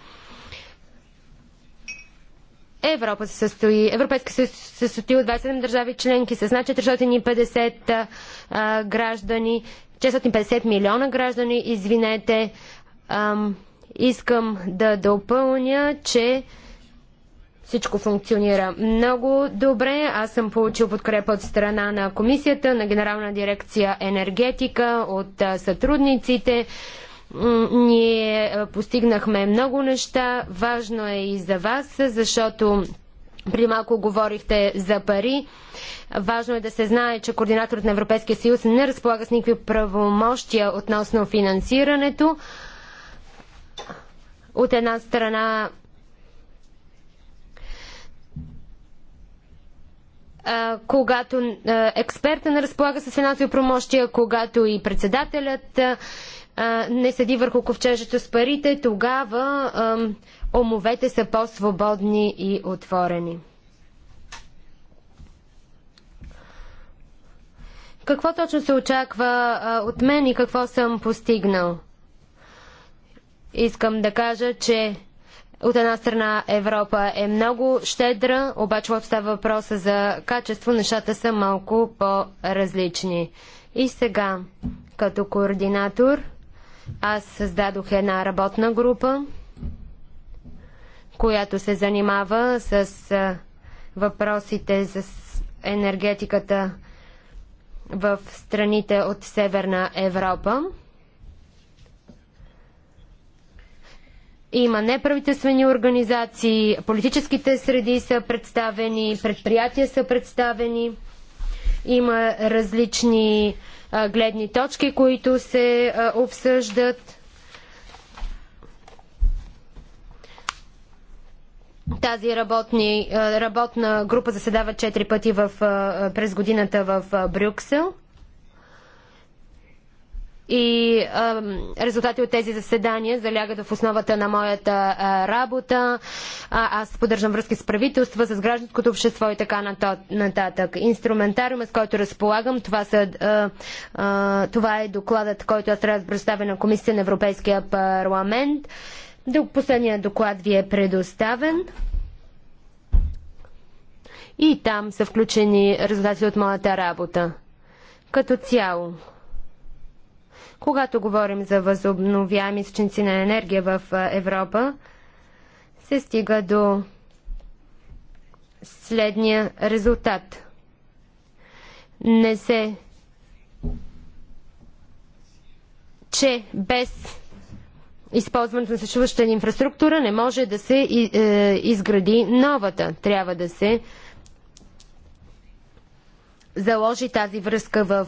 Европа се състои, Европейска съюз се състои от 27 държави членки с над 450 а, граждани, 450 милиона граждани, извинете. искам да допълня, че всичко функционира много добре. Аз съм получил подкрепа от страна на комисията, на Генерална дирекция енергетика, от сътрудниците. Ние постигнахме много неща. Важно е и за вас, защото при малко говорихте за пари. Важно е да се знае, че координаторът на Европейския съюз не разполага с никакви правомощия относно финансирането. От една страна когато експерта не разполага с финансови промощия, когато и председателят не седи върху ковчежето с парите, тогава умовете са по-свободни и отворени. Какво точно се очаква от мен и какво съм постигнал? Искам да кажа, че от една страна Европа е много щедра, обаче когато става въпроса за качество, нещата са малко по-различни. И сега, като координатор, аз създадох една работна група, която се занимава с въпросите с енергетиката в страните от Северна Европа. Има неправителствени организации, политическите среди са представени, предприятия са представени, има различни а, гледни точки, които се а, обсъждат. Тази работни, работна група заседава 4 пъти в, през годината в Брюксел и а, резултати от тези заседания залягат в основата на моята а, работа. А, аз поддържам връзки с правителства, с гражданското общество и така нататък. Инструментариумът, с който разполагам, това, са, а, а, това е докладът, който аз трябва да представя на Комисия на Европейския парламент. Друг последният доклад ви е предоставен. И там са включени резултати от моята работа. Като цяло. Когато говорим за възобновяеми източници на енергия в Европа, се стига до следния резултат. Не се че без използването на съществуващата инфраструктура не може да се е, изгради новата. Трябва да се заложи тази връзка в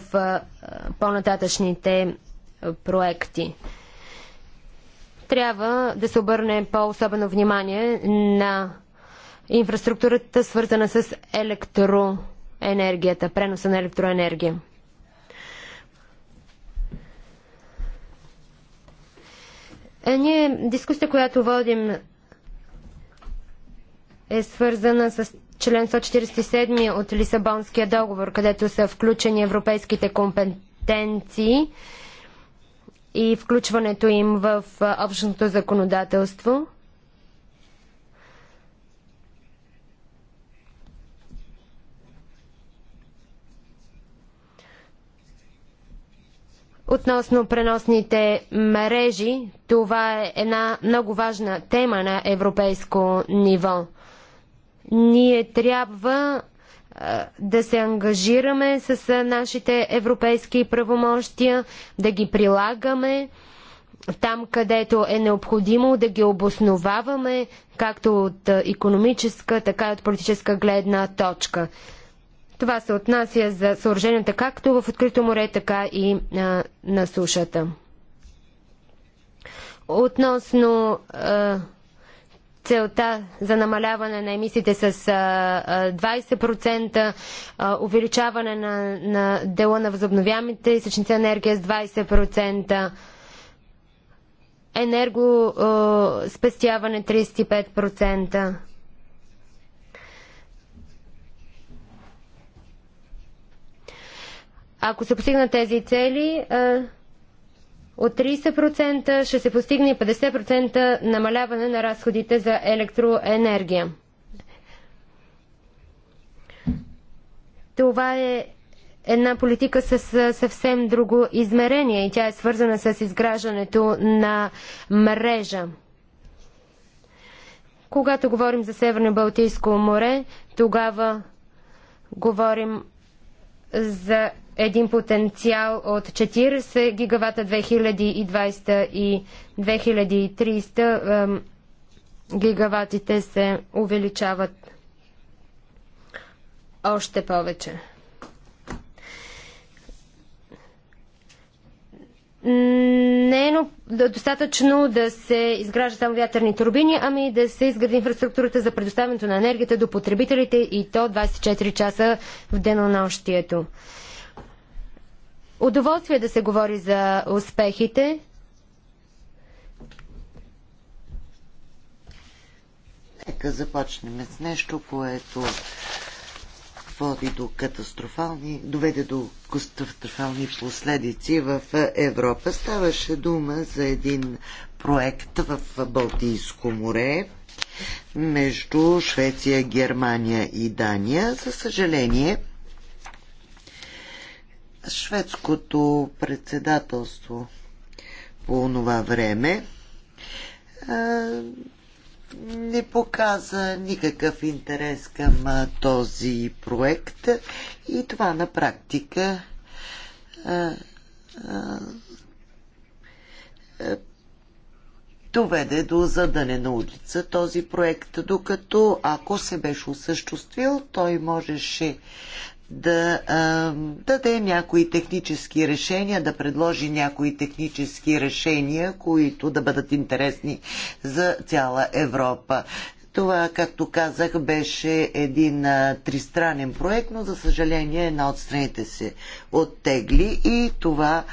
по-нататъчните проекти. Трябва да се обърне по-особено внимание на инфраструктурата, свързана с електроенергията, преноса на електроенергия. Е, ние, дискусията, която водим, е свързана с член 147 от Лисабонския договор, където са включени европейските компетенции и включването им в общото законодателство. Относно преносните мрежи, това е една много важна тема на европейско ниво. Ние трябва да се ангажираме с нашите европейски правомощия, да ги прилагаме там, където е необходимо, да ги обосноваваме, както от економическа, така и от политическа гледна точка. Това се отнася за съоръженията както в открито море, така и на сушата. Относно а, целта за намаляване на емисиите с 20%, увеличаване на, на дела на възобновяемите източници енергия с 20%, енергоспестяване 35%. Ако се постигнат тези цели, от 30% ще се постигне 50% намаляване на разходите за електроенергия. Това е една политика с съвсем друго измерение и тя е свързана с изграждането на мрежа. Когато говорим за Северно-Балтийско море, тогава говорим за един потенциал от 40 гигавата 2020 и 2300 гигаватите се увеличават още повече. Не е достатъчно да се изграждат само вятърни турбини, ами да се изгради инфраструктурата за предоставянето на енергията до потребителите и то 24 часа в денонощието. нощието удоволствие да се говори за успехите. Нека започнем с нещо, което води до катастрофални, доведе до катастрофални последици в Европа. Ставаше дума за един проект в Балтийско море между Швеция, Германия и Дания. За съжаление, шведското председателство по това време не показа никакъв интерес към този проект и това на практика доведе до задане на улица този проект, докато ако се беше осъществил, той можеше да а, даде някои технически решения, да предложи някои технически решения, които да бъдат интересни за цяла Европа. Това, както казах, беше един а, тристранен проект, но за съжаление една от страните се оттегли и това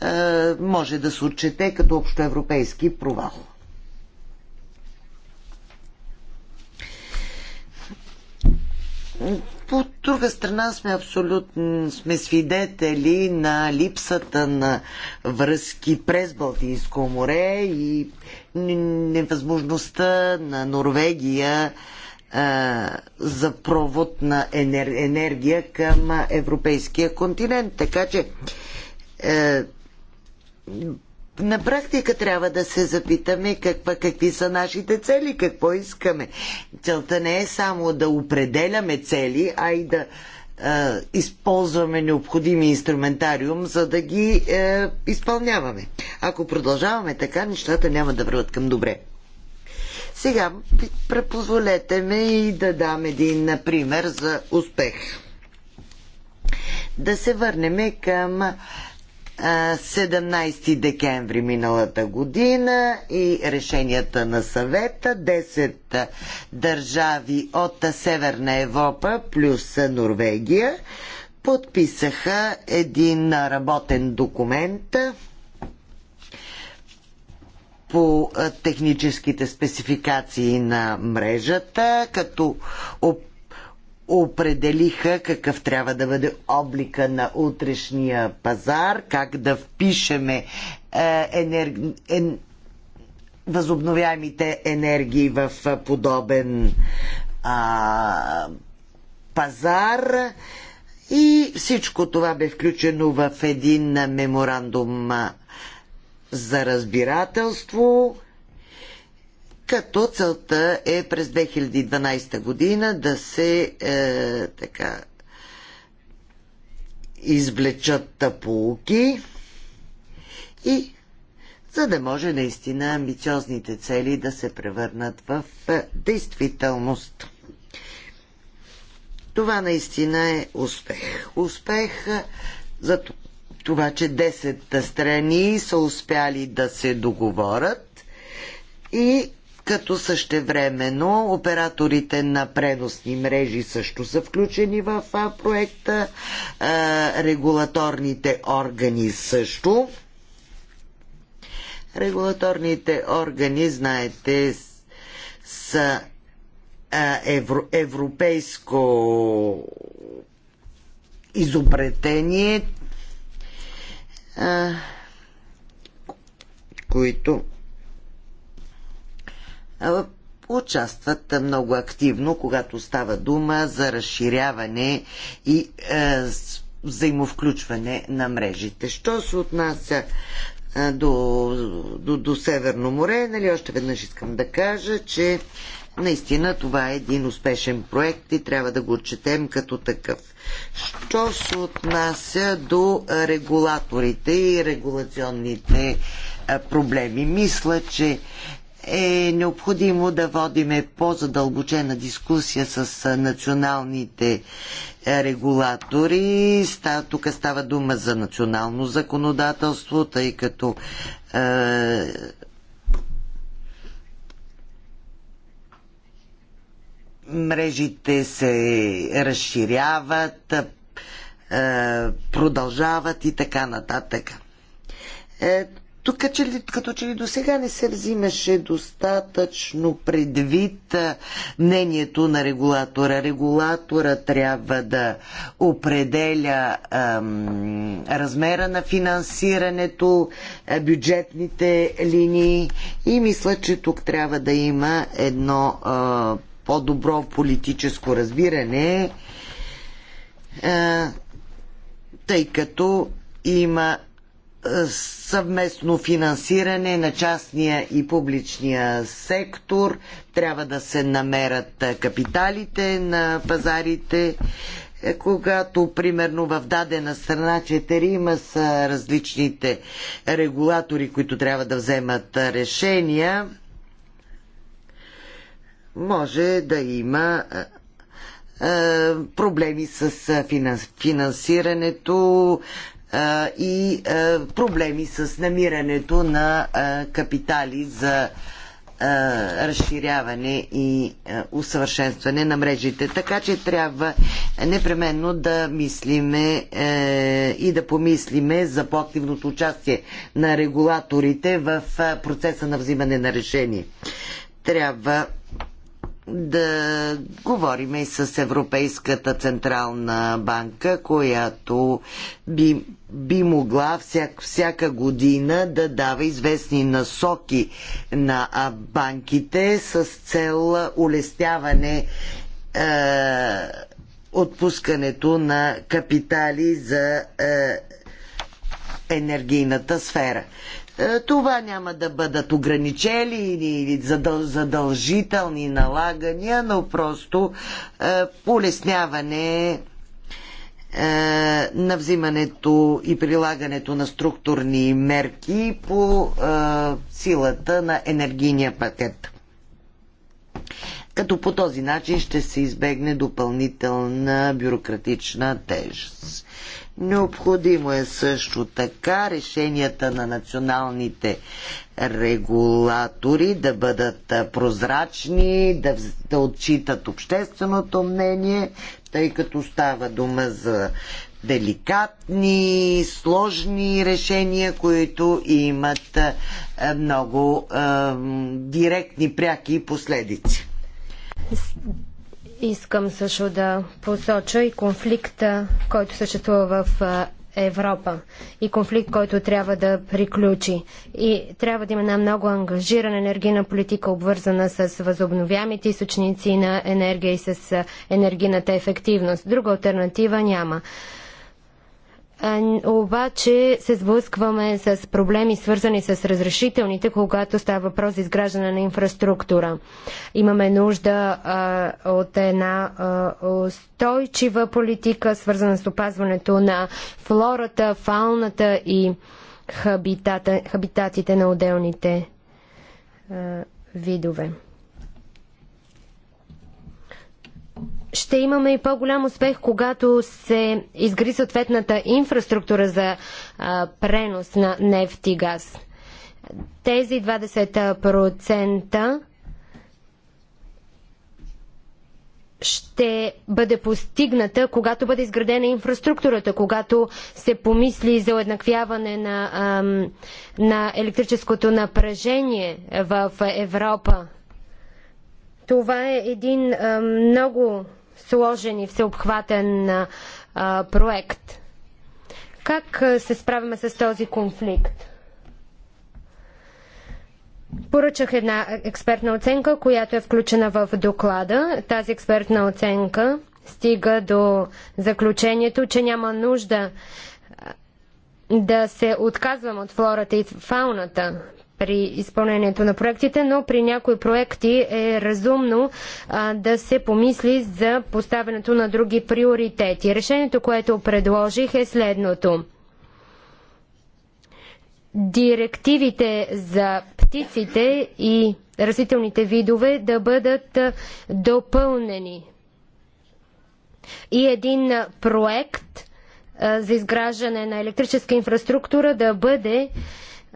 а, може да се отчете като общоевропейски провал. От друга страна сме абсолютно сме свидетели на липсата на връзки през Балтийско море и невъзможността на Норвегия а, за провод на енер, енергия към европейския континент. Така че е, на практика трябва да се запитаме каква, какви са нашите цели, какво искаме. Целта не е само да определяме цели, а и да е, използваме необходими инструментариум, за да ги е, изпълняваме. Ако продължаваме така, нещата няма да върват към добре. Сега, препозволете ме и да дам един пример за успех. Да се върнем към 17 декември миналата година и решенията на съвета 10 държави от Северна Европа плюс Норвегия подписаха един работен документ по техническите спецификации на мрежата, като определиха какъв трябва да бъде облика на утрешния пазар, как да впишеме е, енер... е, възобновяемите енергии в подобен а... пазар. И всичко това бе включено в един меморандум за разбирателство като целта е през 2012 година да се е, така извлечат тъпулки и за да може наистина амбициозните цели да се превърнат в е, действителност. Това наистина е успех. Успех е, за това, че 10 страни са успяли да се договорят и като същевременно операторите на преносни мрежи също са включени в проекта, регулаторните органи също. Регулаторните органи, знаете, са евро, европейско изобретение, които участват много активно, когато става дума за разширяване и е, взаимовключване на мрежите. Що се отнася е, до, до, до Северно море, нали, още веднъж искам да кажа, че наистина това е един успешен проект и трябва да го отчетем като такъв. Що се отнася до регулаторите и регулационните е, проблеми? Мисля, че е необходимо да водиме по-задълбочена дискусия с националните е, регулатори. Тук става дума за национално законодателство, тъй като е, мрежите се разширяват, е, продължават и така нататък. Е, тук че ли, като че ли до сега не се взимаше достатъчно предвид мнението на регулатора. Регулатора трябва да определя ам, размера на финансирането, бюджетните линии и мисля, че тук трябва да има едно а, по-добро политическо разбиране, а, тъй като има съвместно финансиране на частния и публичния сектор, трябва да се намерят капиталите на пазарите, е, когато примерно в дадена страна има са различните регулатори, които трябва да вземат решения, може да има е, е, проблеми с финансирането, и проблеми с намирането на капитали за разширяване и усъвършенстване на мрежите. Така че трябва непременно да мислиме е, и да помислиме за по-активното участие на регулаторите в процеса на взимане на решение. Трябва да говорим и с Европейската централна банка, която би, би могла вся, всяка година да дава известни насоки на банките с цел улесняване е, отпускането на капитали за е, енергийната сфера. Е, това няма да бъдат ограничели или задължителни налагания, но просто полесняване улесняване е, на взимането и прилагането на структурни мерки по е, силата на енергийния пакет. Като по този начин ще се избегне допълнителна бюрократична тежест. Необходимо е също така решенията на националните регулатори да бъдат прозрачни, да, да отчитат общественото мнение, тъй като става дума за деликатни, сложни решения, които имат много е, директни, пряки последици. Искам също да посоча и конфликта, който съществува в Европа и конфликт, който трябва да приключи. И трябва да има една много ангажирана енергийна политика, обвързана с възобновяемите източници на енергия и с енергийната ефективност. Друга альтернатива няма обаче се сблъскваме с проблеми, свързани с разрешителните, когато става въпрос за изграждане на инфраструктура. Имаме нужда а, от една а, устойчива политика, свързана с опазването на флората, фауната и хабитата, хабитатите на отделните а, видове. ще имаме и по-голям успех, когато се изгри съответната инфраструктура за а, пренос на нефт и газ. Тези 20% ще бъде постигната, когато бъде изградена инфраструктурата, когато се помисли за уеднаквяване на, ам, на електрическото напрежение в Европа. Това е един ам, много сложен и всеобхватен а, проект. Как се справяме с този конфликт? Поръчах една експертна оценка, която е включена в доклада. Тази експертна оценка стига до заключението, че няма нужда да се отказвам от флората и фауната при изпълнението на проектите, но при някои проекти е разумно а, да се помисли за поставянето на други приоритети. Решението, което предложих е следното. Директивите за птиците и растителните видове да бъдат допълнени. И един проект за изграждане на електрическа инфраструктура да бъде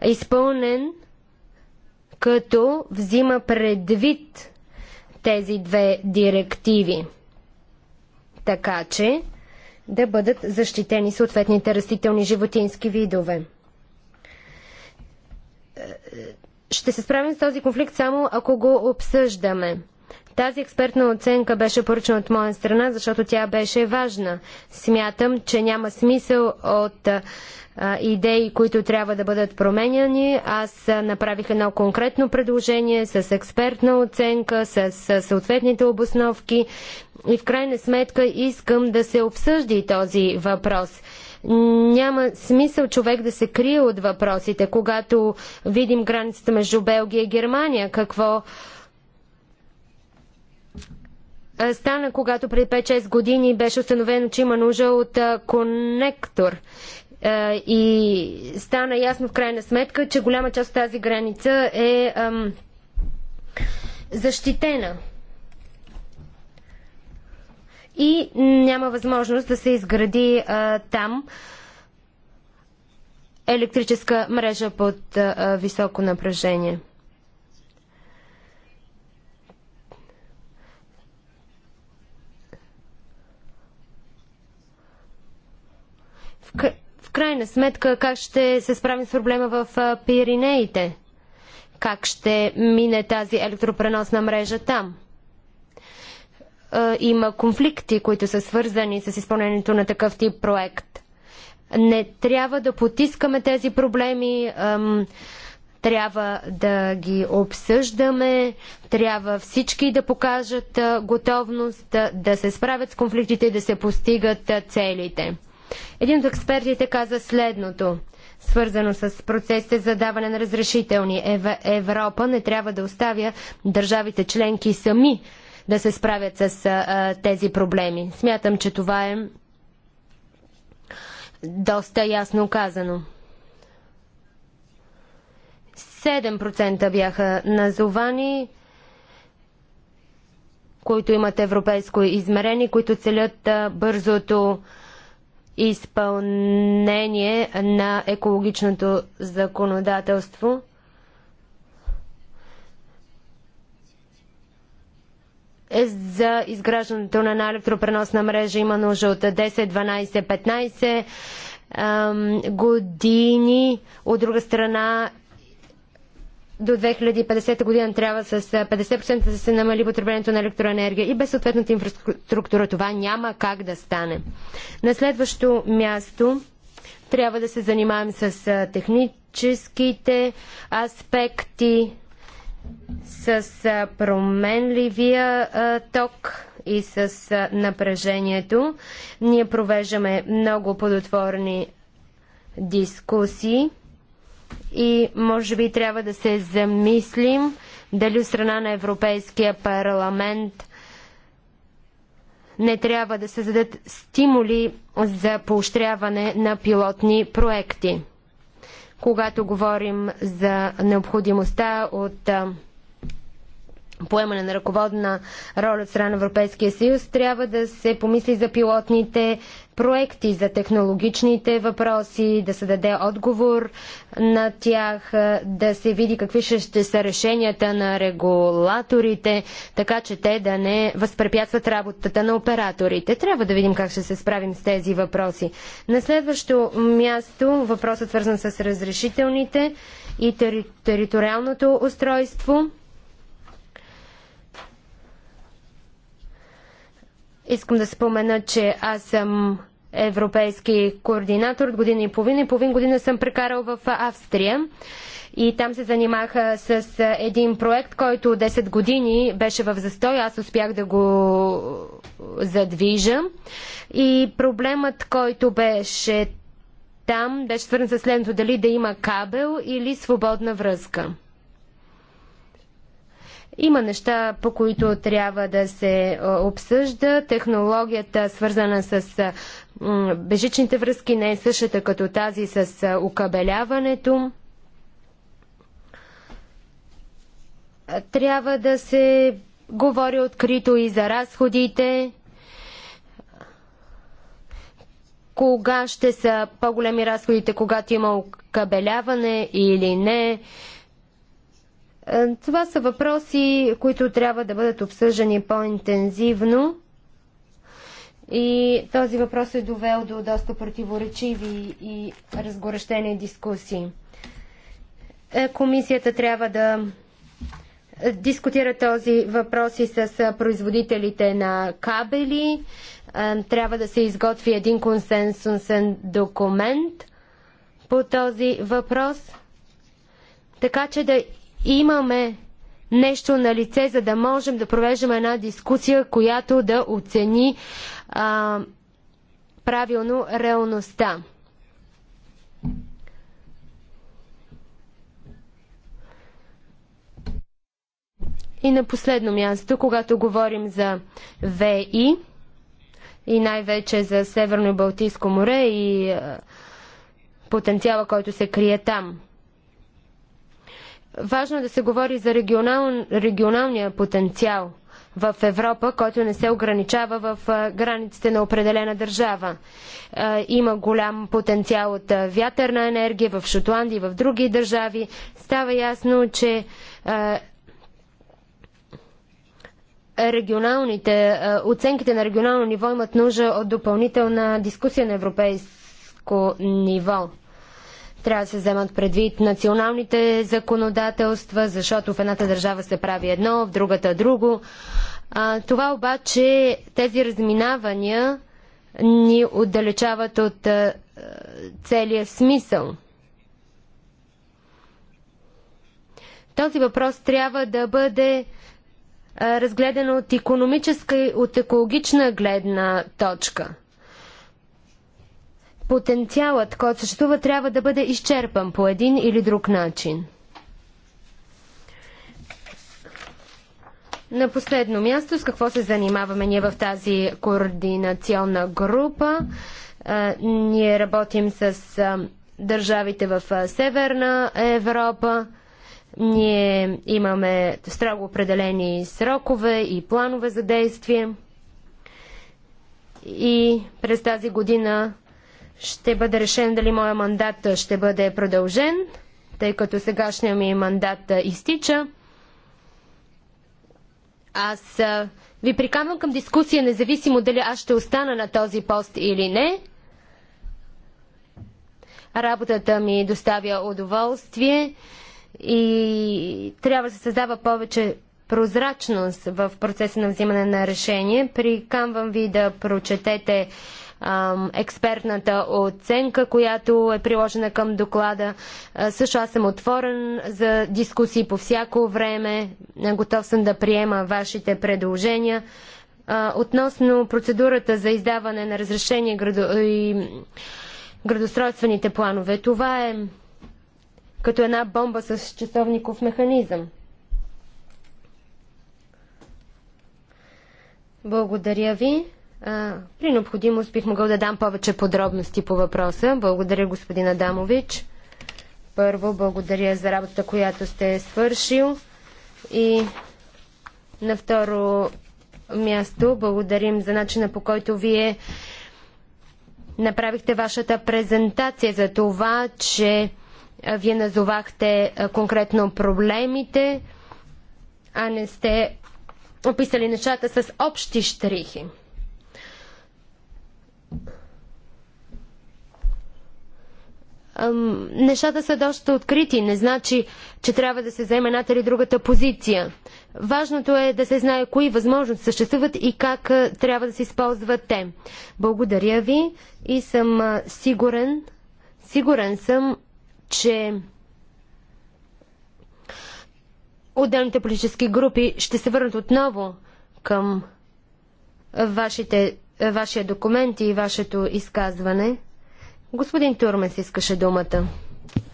изпълнен като взима предвид тези две директиви, така че да бъдат защитени съответните растителни животински видове. Е, ще се справим с този конфликт само ако го обсъждаме. Тази експертна оценка беше поръчена от моя страна, защото тя беше важна. Смятам, че няма смисъл от идеи, които трябва да бъдат променяни. Аз направих едно конкретно предложение с експертна оценка, с съответните обосновки и в крайна сметка искам да се обсъжди този въпрос. Няма смисъл човек да се крие от въпросите, когато видим границата между Белгия и Германия, какво стана, когато преди 5-6 години беше установено, че има нужда от конектор. И стана ясно в крайна сметка, че голяма част от тази граница е ам, защитена. И няма възможност да се изгради а, там електрическа мрежа под а, високо напрежение. в крайна сметка как ще се справим с проблема в Пиринеите? Как ще мине тази електропреносна мрежа там? Има конфликти, които са свързани с изпълнението на такъв тип проект. Не трябва да потискаме тези проблеми трябва да ги обсъждаме, трябва всички да покажат готовност да се справят с конфликтите и да се постигат целите. Един от експертите каза следното, свързано с процесите за даване на разрешителни. Ев... Европа не трябва да оставя държавите членки сами да се справят с а, тези проблеми. Смятам, че това е доста ясно казано. 7% бяха назовани, които имат европейско измерение, които целят бързото изпълнение на екологичното законодателство. Е, за изграждането на една електропреносна мрежа има нужда от 10, 12, 15 години. От друга страна до 2050 година трябва с 50% да се намали потреблението на електроенергия и без съответната инфраструктура това няма как да стане. На следващо място трябва да се занимаем с техническите аспекти, с променливия ток и с напрежението. Ние провеждаме много подотворни дискусии и може би трябва да се замислим дали от страна на Европейския парламент не трябва да се зададат стимули за поощряване на пилотни проекти. Когато говорим за необходимостта от поемане на ръководна роля от страна на Европейския съюз, трябва да се помисли за пилотните проекти, за технологичните въпроси, да се даде отговор на тях, да се види какви ще са решенията на регулаторите, така че те да не възпрепятстват работата на операторите. Трябва да видим как ще се справим с тези въпроси. На следващо място въпросът свързан с разрешителните и тери- териториалното устройство – Искам да спомена, че аз съм европейски координатор от година и половина и половин година съм прекарал в Австрия и там се занимаха с един проект, който 10 години беше в застой. Аз успях да го задвижа. И проблемът, който беше там, беше свързан с следното дали да има кабел или свободна връзка. Има неща, по които трябва да се обсъжда. Технологията, свързана с бежичните връзки, не е същата като тази с окабеляването. Трябва да се говори открито и за разходите. Кога ще са по-големи разходите, когато има окабеляване или не? Е, това са въпроси, които трябва да бъдат обсъждани по-интензивно. И този въпрос е довел до доста противоречиви и разгорещени дискусии. Е, комисията трябва да дискутира този въпрос и с е, производителите на кабели. Трябва да се изготви един консенсусен документ по този въпрос, така че да имаме нещо на лице, за да можем да провеждаме една дискусия, която да оцени а, правилно реалността. И на последно място, когато говорим за ВИ и най-вече за Северно-Балтийско море и потенциала, който се крие там. Важно е да се говори за регионал, регионалния потенциал в Европа, който не се ограничава в границите на определена държава. Има голям потенциал от вятърна енергия в Шотландия и в други държави. Става ясно, че регионалните, оценките на регионално ниво имат нужда от допълнителна дискусия на европейско ниво. Трябва да се вземат предвид националните законодателства, защото в едната държава се прави едно, в другата друго. А, това обаче, тези разминавания ни отдалечават от а, целия смисъл. Този въпрос трябва да бъде разгледан от економическа и от екологична гледна точка – потенциалът, който съществува, трябва да бъде изчерпан по един или друг начин. На последно място, с какво се занимаваме ние в тази координационна група? Ние работим с държавите в Северна Европа. Ние имаме строго определени срокове и планове за действие. И през тази година ще бъде решен дали моя мандат ще бъде продължен, тъй като сегашния ми мандат изтича. Аз ви приканвам към дискусия, независимо дали аз ще остана на този пост или не. Работата ми доставя удоволствие и трябва да се създава повече прозрачност в процеса на взимане на решение. Приканвам ви да прочетете експертната оценка, която е приложена към доклада. Също аз съм отворен за дискусии по всяко време. Готов съм да приема вашите предложения. Относно процедурата за издаване на разрешение и градостройствените планове, това е като една бомба с часовников механизъм. Благодаря ви. При необходимост бих могъл да дам повече подробности по въпроса. Благодаря, господин Адамович. Първо, благодаря за работата, която сте свършил. И на второ място, благодарим за начина по който вие направихте вашата презентация за това, че вие назовахте конкретно проблемите, а не сте описали нещата с общи штрихи нещата са доста открити. Не значи, че трябва да се вземе едната или другата позиция. Важното е да се знае кои възможности съществуват и как трябва да се използват те. Благодаря ви и съм сигурен, сигурен съм, че отделните политически групи ще се върнат отново към вашите вашия документ и вашето изказване. Господин Турмес искаше думата.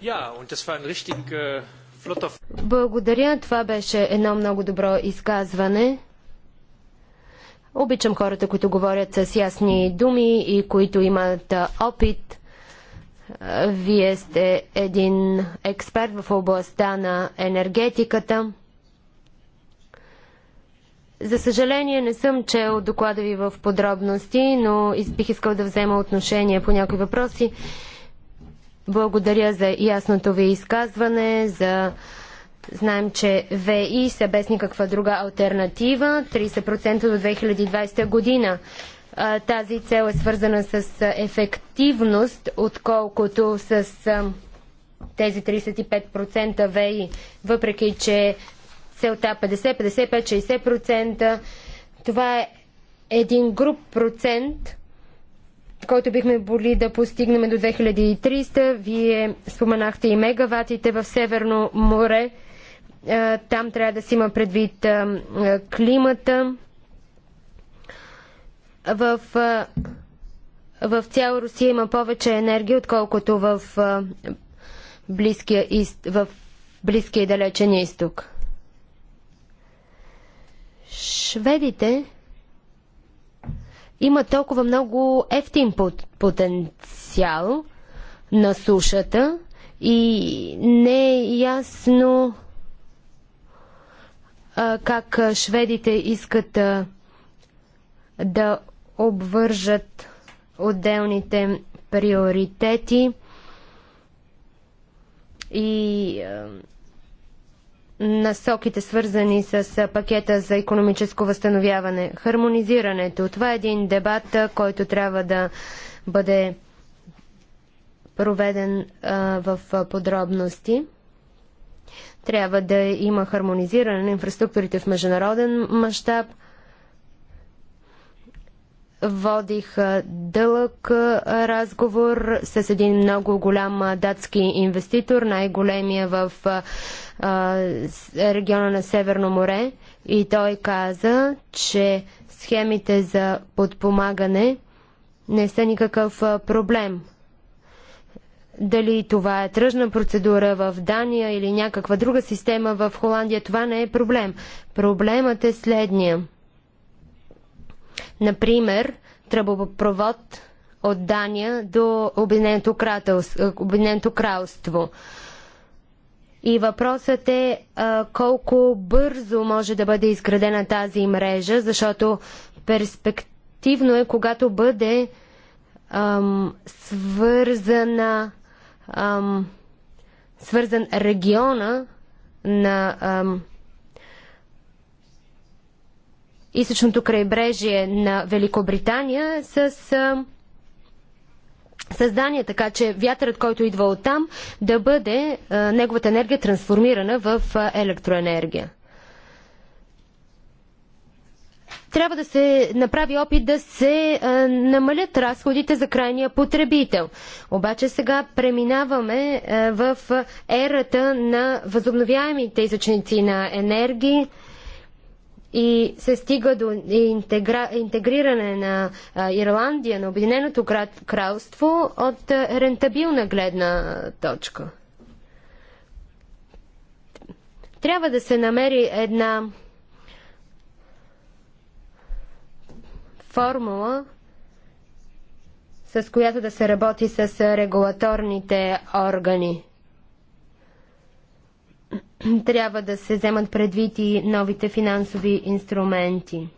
Äh, Благодаря, това беше едно много добро изказване. Обичам хората, които говорят с ясни думи и които имат опит. Вие сте един експерт в областта на енергетиката. За съжаление не съм чел доклада ви в подробности, но бих искал да взема отношение по някои въпроси. Благодаря за ясното ви изказване, за Знаем, че ВИ са без никаква друга альтернатива. 30% до 2020 година. Тази цел е свързана с ефективност, отколкото с тези 35% ВИ, въпреки че целта 50-55-60%. Е Това е един груп процент, който бихме боли да постигнем до 2300. Вие споменахте и мегаватите в Северно море. Там трябва да си има предвид климата. В, в цяла Русия има повече енергия, отколкото в Близкия, в близкия и далечен изток. Шведите има толкова много ефтин потенциал на сушата и не е ясно а, как шведите искат а, да обвържат отделните приоритети и а, насоките, свързани с пакета за економическо възстановяване. Хармонизирането. Това е един дебат, който трябва да бъде проведен в подробности. Трябва да има хармонизиране на инфраструктурите в международен мащаб – водих дълъг разговор с един много голям датски инвеститор, най-големия в региона на Северно море. И той каза, че схемите за подпомагане не са никакъв проблем. Дали това е тръжна процедура в Дания или някаква друга система в Холандия, това не е проблем. Проблемът е следния – Например, тръбопровод от Дания до Обединеното кралство. Е, Обединеното кралство. И въпросът е а, колко бързо може да бъде изградена тази мрежа, защото перспективно е, когато бъде ам, свързана ам, свързан региона на ам, източното крайбрежие на Великобритания с създание, така че вятърът, който идва оттам, да бъде а, неговата енергия трансформирана в а, електроенергия. Трябва да се направи опит да се а, намалят разходите за крайния потребител. Обаче сега преминаваме а, в ерата на възобновяемите източници на енергия и се стига до интегра, интегриране на а, Ирландия, на Обединеното кралство от а, рентабилна гледна точка. Трябва да се намери една формула, с която да се работи с регулаторните органи трябва да се вземат предвид и новите финансови инструменти.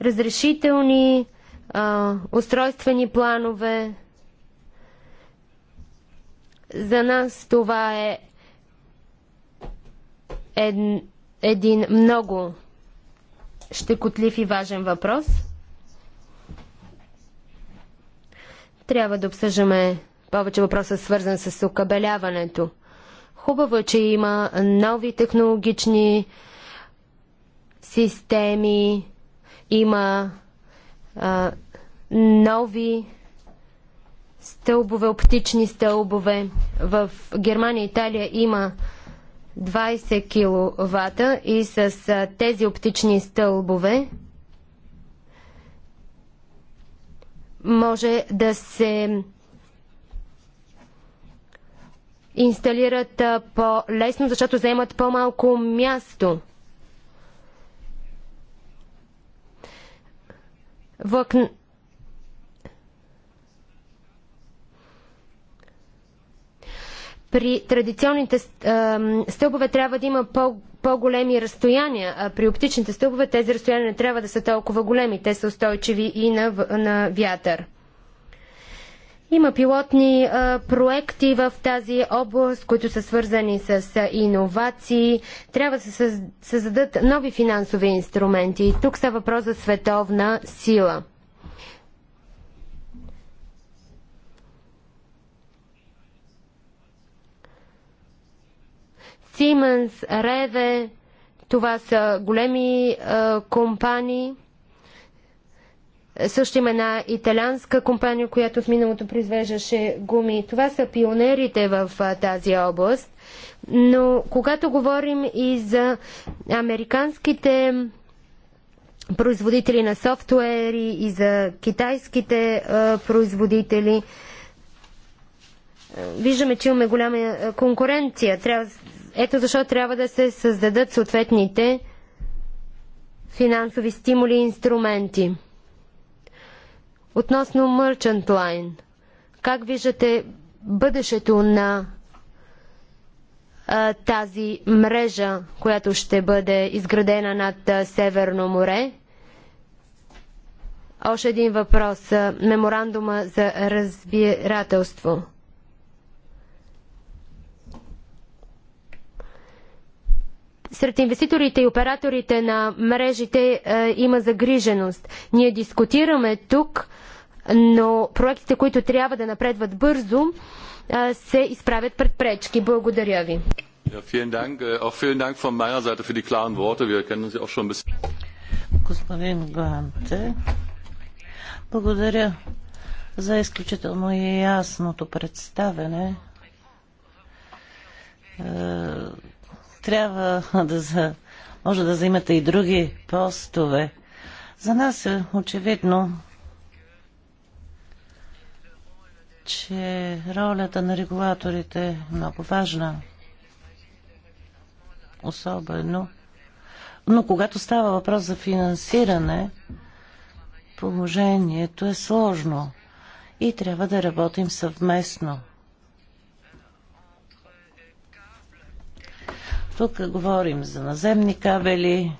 Разрешителни, а, устройствени планове. За нас това е ед, един много щекотлив и важен въпрос. Трябва да обсъждаме повече въпроса, свързан с окабеляването. Хубаво е, че има нови технологични системи, има а, нови стълбове, оптични стълбове. В Германия и Италия има 20 кВт и с а, тези оптични стълбове може да се инсталират по-лесно, защото заемат по-малко място. Влакн... При традиционните стълбове трябва да има по- по-големи разстояния, а при оптичните стълбове тези разстояния не трябва да са толкова големи. Те са устойчиви и на, на вятър. Има пилотни а, проекти в тази област, които са свързани с а, иновации. Трябва да се създадат нови финансови инструменти. Тук са въпрос за световна сила. Siemens, Реве, това са големи а, компании. Също има една италянска компания, която в миналото произвеждаше гуми. Това са пионерите в тази област. Но когато говорим и за американските производители на софтуери и за китайските производители, виждаме, че имаме голяма конкуренция. Трябва, ето защо трябва да се създадат съответните финансови стимули и инструменти. Относно Merchant Line, как виждате бъдещето на а, тази мрежа, която ще бъде изградена над а, Северно море? Още един въпрос. Меморандума за разбирателство. Сред инвеститорите и операторите на мрежите е, има загриженост. Ние дискутираме тук, но проектите, които трябва да напредват бързо, е, се изправят пред пречки. Благодаря ви. Äh, Господин благодаря за изключително ясното представене е, трябва да за... може да заимате и други постове. За нас е очевидно, че ролята на регулаторите е много важна. Особено. Но когато става въпрос за финансиране, положението е сложно и трябва да работим съвместно. Тук говорим за наземни кабели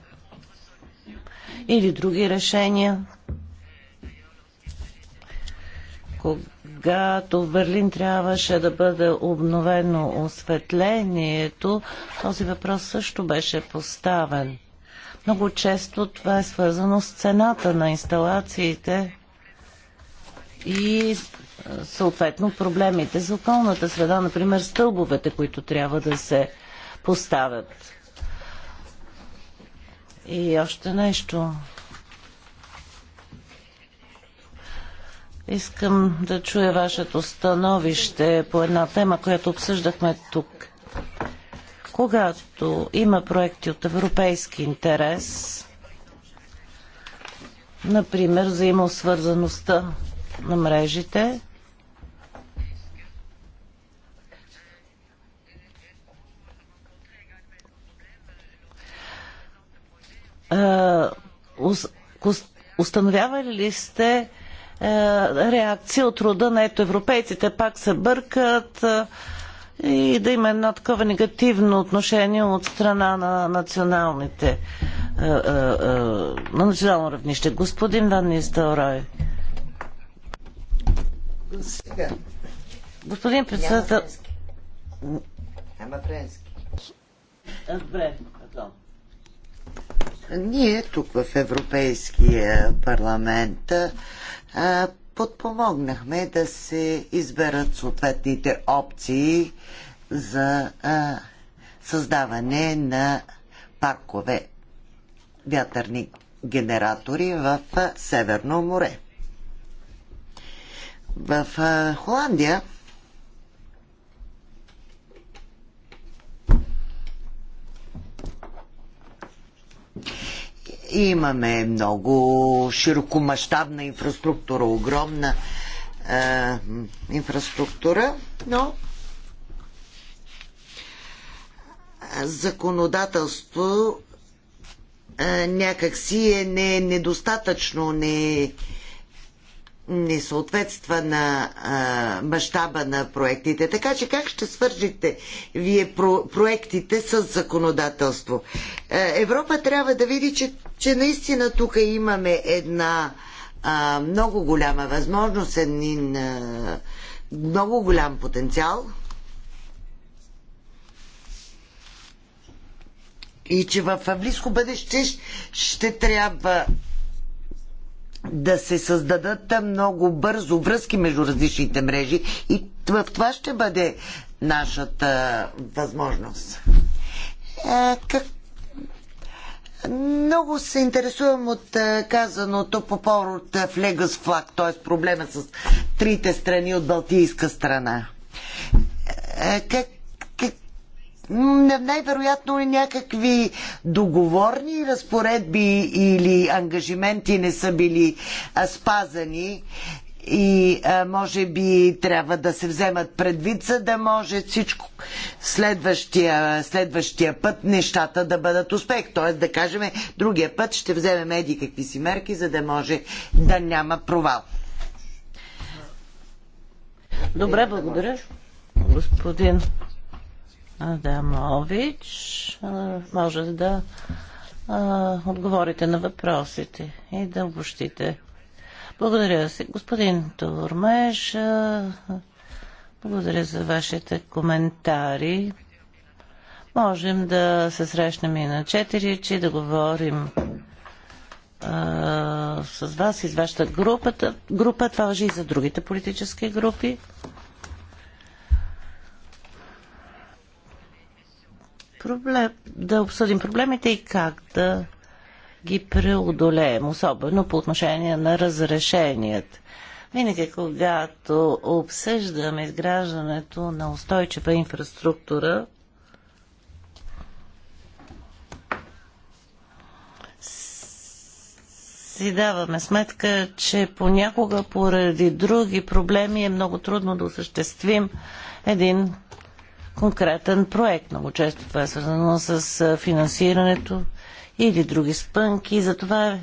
или други решения. Когато в Берлин трябваше да бъде обновено осветлението, този въпрос също беше поставен. Много често това е свързано с цената на инсталациите и съответно проблемите за околната среда, например стълбовете, които трябва да се поставят. И още нещо. Искам да чуя вашето становище по една тема, която обсъждахме тук. Когато има проекти от европейски интерес, например взаимосвързаността на мрежите, Е, установявали ли сте е, реакция от рода на ето европейците пак се бъркат е, и да има едно такова негативно отношение от страна на националните на национално равнище. Господин Ван Нистелрой. Господин председател. Ама френски. Добре, пардон. Ние тук в Европейския парламент подпомогнахме да се изберат съответните опции за а, създаване на паркове вятърни генератори в Северно море. В Холандия Имаме много широкомащабна инфраструктура, огромна е, инфраструктура, но законодателство е, някакси е не, недостатъчно, не, не съответства на а, мащаба на проектите. Така че как ще свържите вие про, проектите с законодателство? Е, Европа трябва да види, че, че наистина тук имаме една а, много голяма възможност, един а, много голям потенциал. И че в близко бъдеще ще трябва да се създадат много бързо връзки между различните мрежи и в това ще бъде нашата възможност. Е, как... Много се интересувам от е, казаното по повод флегъс флаг, т.е. проблема с трите страни от Балтийска страна. Е, как, най-вероятно е някакви договорни разпоредби или ангажименти не са били спазани и може би трябва да се вземат предвид, за да може всичко следващия, следващия път нещата да бъдат успех. Тоест да кажем, другия път ще вземем еди какви си мерки, за да може да няма провал. Добре, благодаря. Господин Адамович. Може да отговорите на въпросите и да обощите. Благодаря си, господин Турмеш. Благодаря за вашите коментари. Можем да се срещнем и на четири че да говорим а, с вас и с вашата група. група. Това въжи и за другите политически групи. проблем, да обсъдим проблемите и как да ги преодолеем, особено по отношение на разрешенията. Винаги, когато обсъждаме изграждането на устойчива инфраструктура, си даваме сметка, че понякога поради други проблеми е много трудно да осъществим един конкретен проект. Много често това е свързано с финансирането или други спънки. Затова е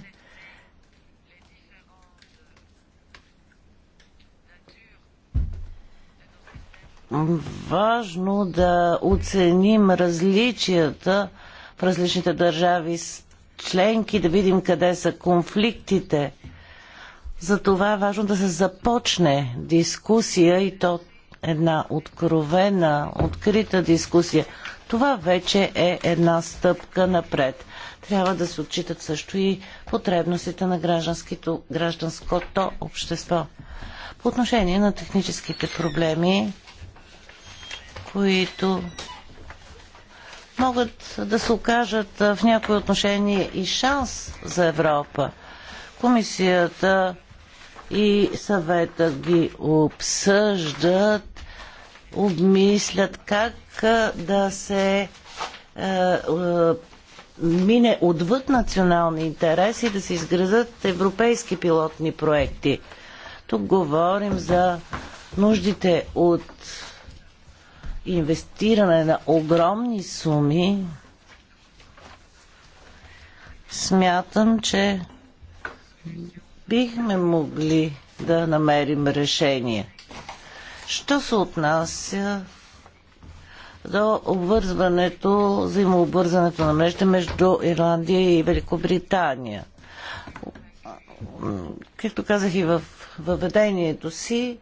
важно да оценим различията в различните държави членки, да видим къде са конфликтите. За това е важно да се започне дискусия и то една откровена, открита дискусия. Това вече е една стъпка напред. Трябва да се отчитат също и потребностите на гражданското общество. По отношение на техническите проблеми, които могат да се окажат в някои отношения и шанс за Европа. Комисията и съвета ги обсъждат обмислят как да се мине отвъд национални интереси да се изградат европейски пилотни проекти. Тук говорим за нуждите от инвестиране на огромни суми. Смятам, че бихме могли да намерим решение. Що се отнася до обвързването, взаимообвързването на мрежите между Ирландия и Великобритания. Както казах и в въведението си,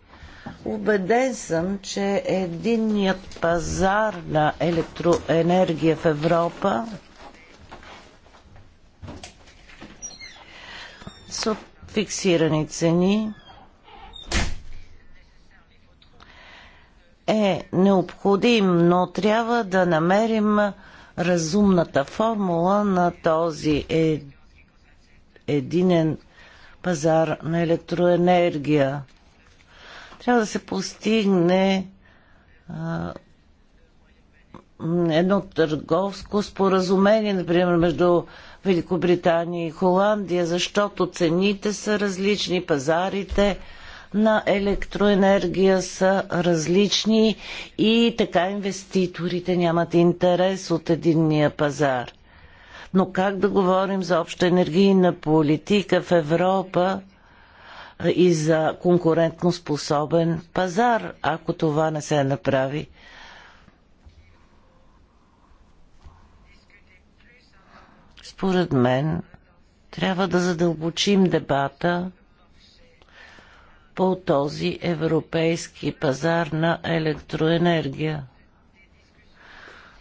убеден съм, че единният пазар на електроенергия в Европа са фиксирани цени – е необходим, но трябва да намерим разумната формула на този е, единен пазар на електроенергия. Трябва да се постигне а, едно търговско споразумение, например, между Великобритания и Холандия, защото цените са различни, пазарите на електроенергия са различни и така инвеститорите нямат интерес от единния пазар. Но как да говорим за обща енергийна политика в Европа и за конкурентноспособен пазар, ако това не се направи? Според мен трябва да задълбочим дебата по този европейски пазар на електроенергия.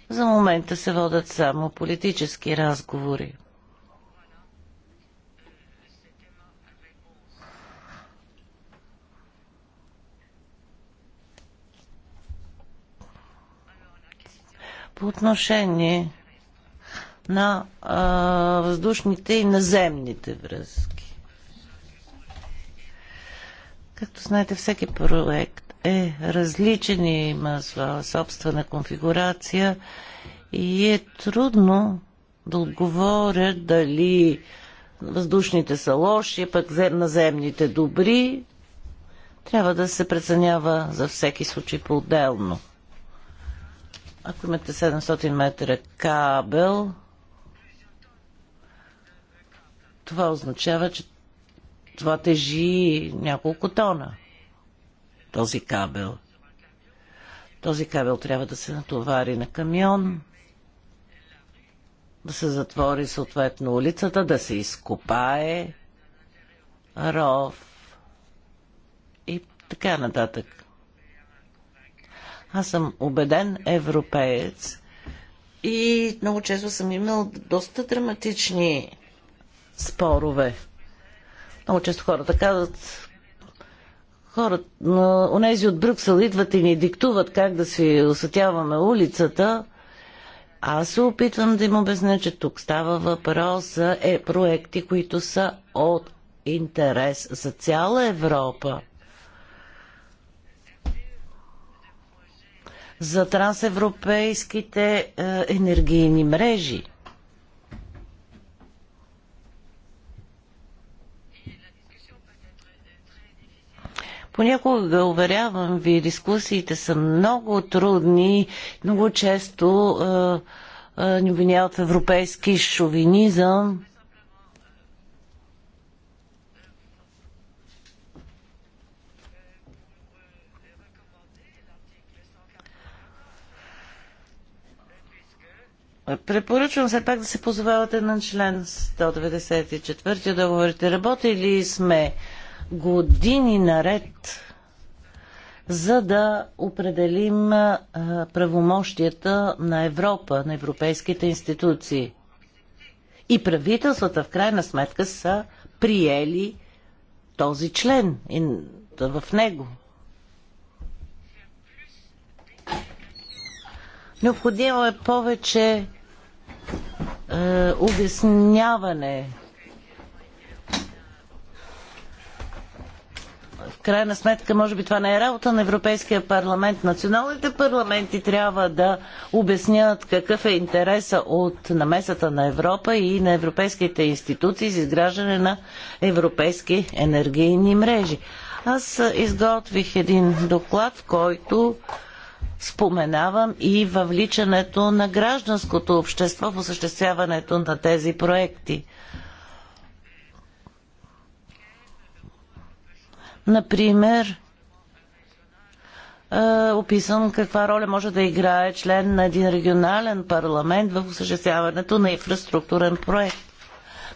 За момента се водят само политически разговори. По отношение на а, въздушните и наземните връзки. Както знаете, всеки проект е различен и има своя собствена конфигурация и е трудно да отговоря дали въздушните са лоши, пък наземните добри. Трябва да се преценява за всеки случай по-отделно. Ако имате 700 метра кабел, това означава, че това тежи няколко тона. Този кабел. Този кабел трябва да се натовари на камион, да се затвори съответно улицата, да се изкопае ров и така нататък. Аз съм убеден европеец и много често съм имал доста драматични спорове много често хората казват, хората, онези от Брюксел идват и ни диктуват как да си осветяваме улицата. Аз се опитвам да им обясня, че тук става въпрос за е, проекти, които са от интерес за цяла Европа. За трансевропейските е, енергийни мрежи – Понякога, уверявам ви, дискусиите са много трудни, много често ни обвиняват в европейски шовинизъм. Препоръчвам все пак да се позовавате на член 194 договорите. Работили сме години наред, за да определим правомощията на Европа, на европейските институции. И правителствата в крайна сметка са приели този член и в него. Необходимо е повече е, обясняване в крайна сметка, може би това не е работа на Европейския парламент. Националните парламенти трябва да обяснят какъв е интереса от намесата на Европа и на европейските институции за изграждане на европейски енергийни мрежи. Аз изготвих един доклад, в който споменавам и въвличането на гражданското общество в осъществяването на тези проекти. Например, е, описан каква роля може да играе член на един регионален парламент в осъществяването на инфраструктурен проект.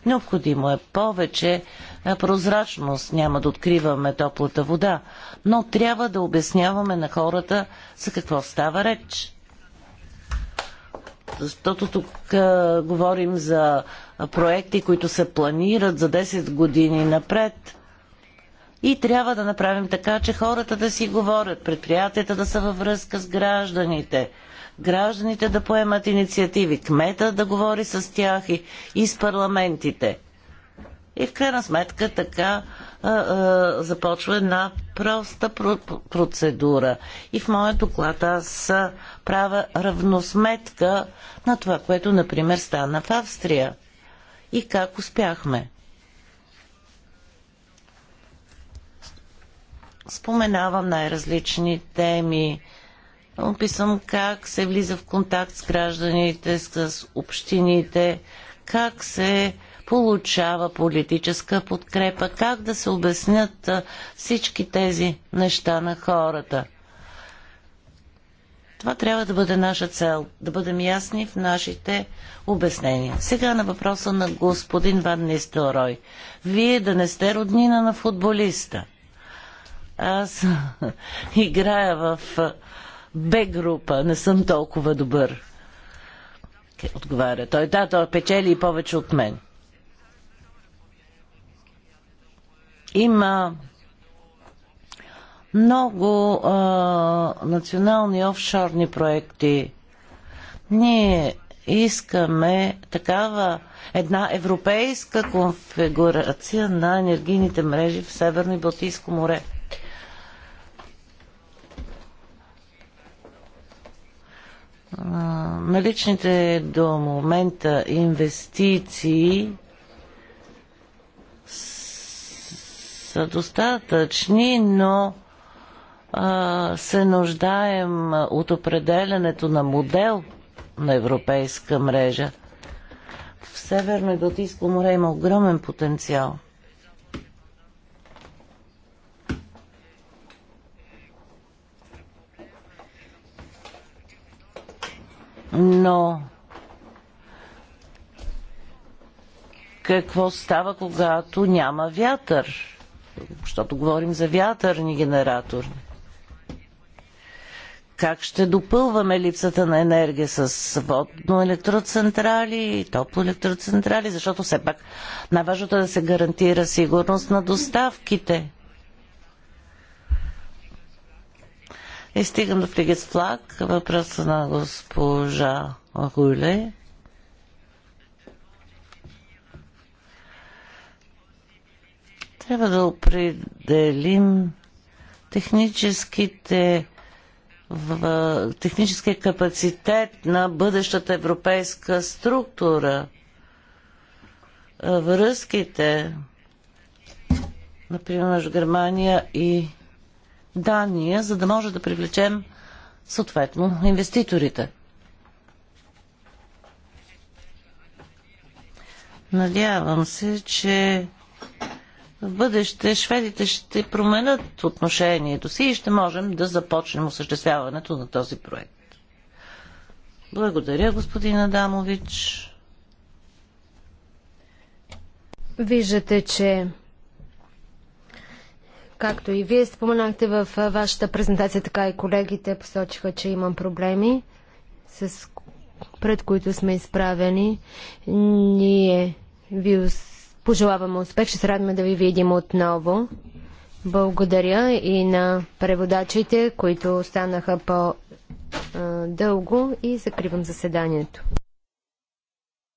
Необходимо е повече е, прозрачност, няма да откриваме топлата вода, но трябва да обясняваме на хората за какво става реч. Защото тук а, е, говорим за проекти, които се планират за 10 години напред – и трябва да направим така, че хората да си говорят, предприятията да са във връзка с гражданите, гражданите да поемат инициативи, кмета да говори с тях и, и с парламентите. И в крайна сметка така а, а, започва една проста про- процедура. И в моят доклад аз правя равносметка на това, което, например, стана в Австрия. И как успяхме. Споменавам най-различни теми. Описвам как се влиза в контакт с гражданите, с общините, как се получава политическа подкрепа, как да се обяснят всички тези неща на хората. Това трябва да бъде наша цел, да бъдем ясни в нашите обяснения. Сега на въпроса на господин Ван Нистелрой. Вие да не сте роднина на футболиста. Аз играя в Б група, не съм толкова добър. Отговаря той. Да, той печели и повече от мен. Има много а, национални офшорни проекти. Ние искаме такава една европейска конфигурация на енергийните мрежи в Северно и Балтийско море. наличните до момента инвестиции са достатъчни, но се нуждаем от определенето на модел на европейска мрежа. В Северно и Балтийско море има огромен потенциал – Но какво става, когато няма вятър? Защото говорим за вятърни генератори. Как ще допълваме липсата на енергия с водно електроцентрали и топлоелектроцентрали, защото все пак най-важното е да се гарантира сигурност на доставките. И стигам до Флигецфлаг, въпроса на госпожа Руле. Трябва да определим техническите в техническия капацитет на бъдещата европейска структура, връзките, например, между Германия и Дания, за да може да привлечем съответно инвеститорите. Надявам се, че в бъдеще шведите ще променят отношението си и ще можем да започнем осъществяването на този проект. Благодаря, господин Адамович. Виждате, че Както и вие споменахте в вашата презентация, така и колегите посочиха, че имам проблеми, с... пред които сме изправени. Ние ви пожелаваме успех. Ще се радваме да ви видим отново. Благодаря и на преводачите, които останаха по-дълго и закривам заседанието.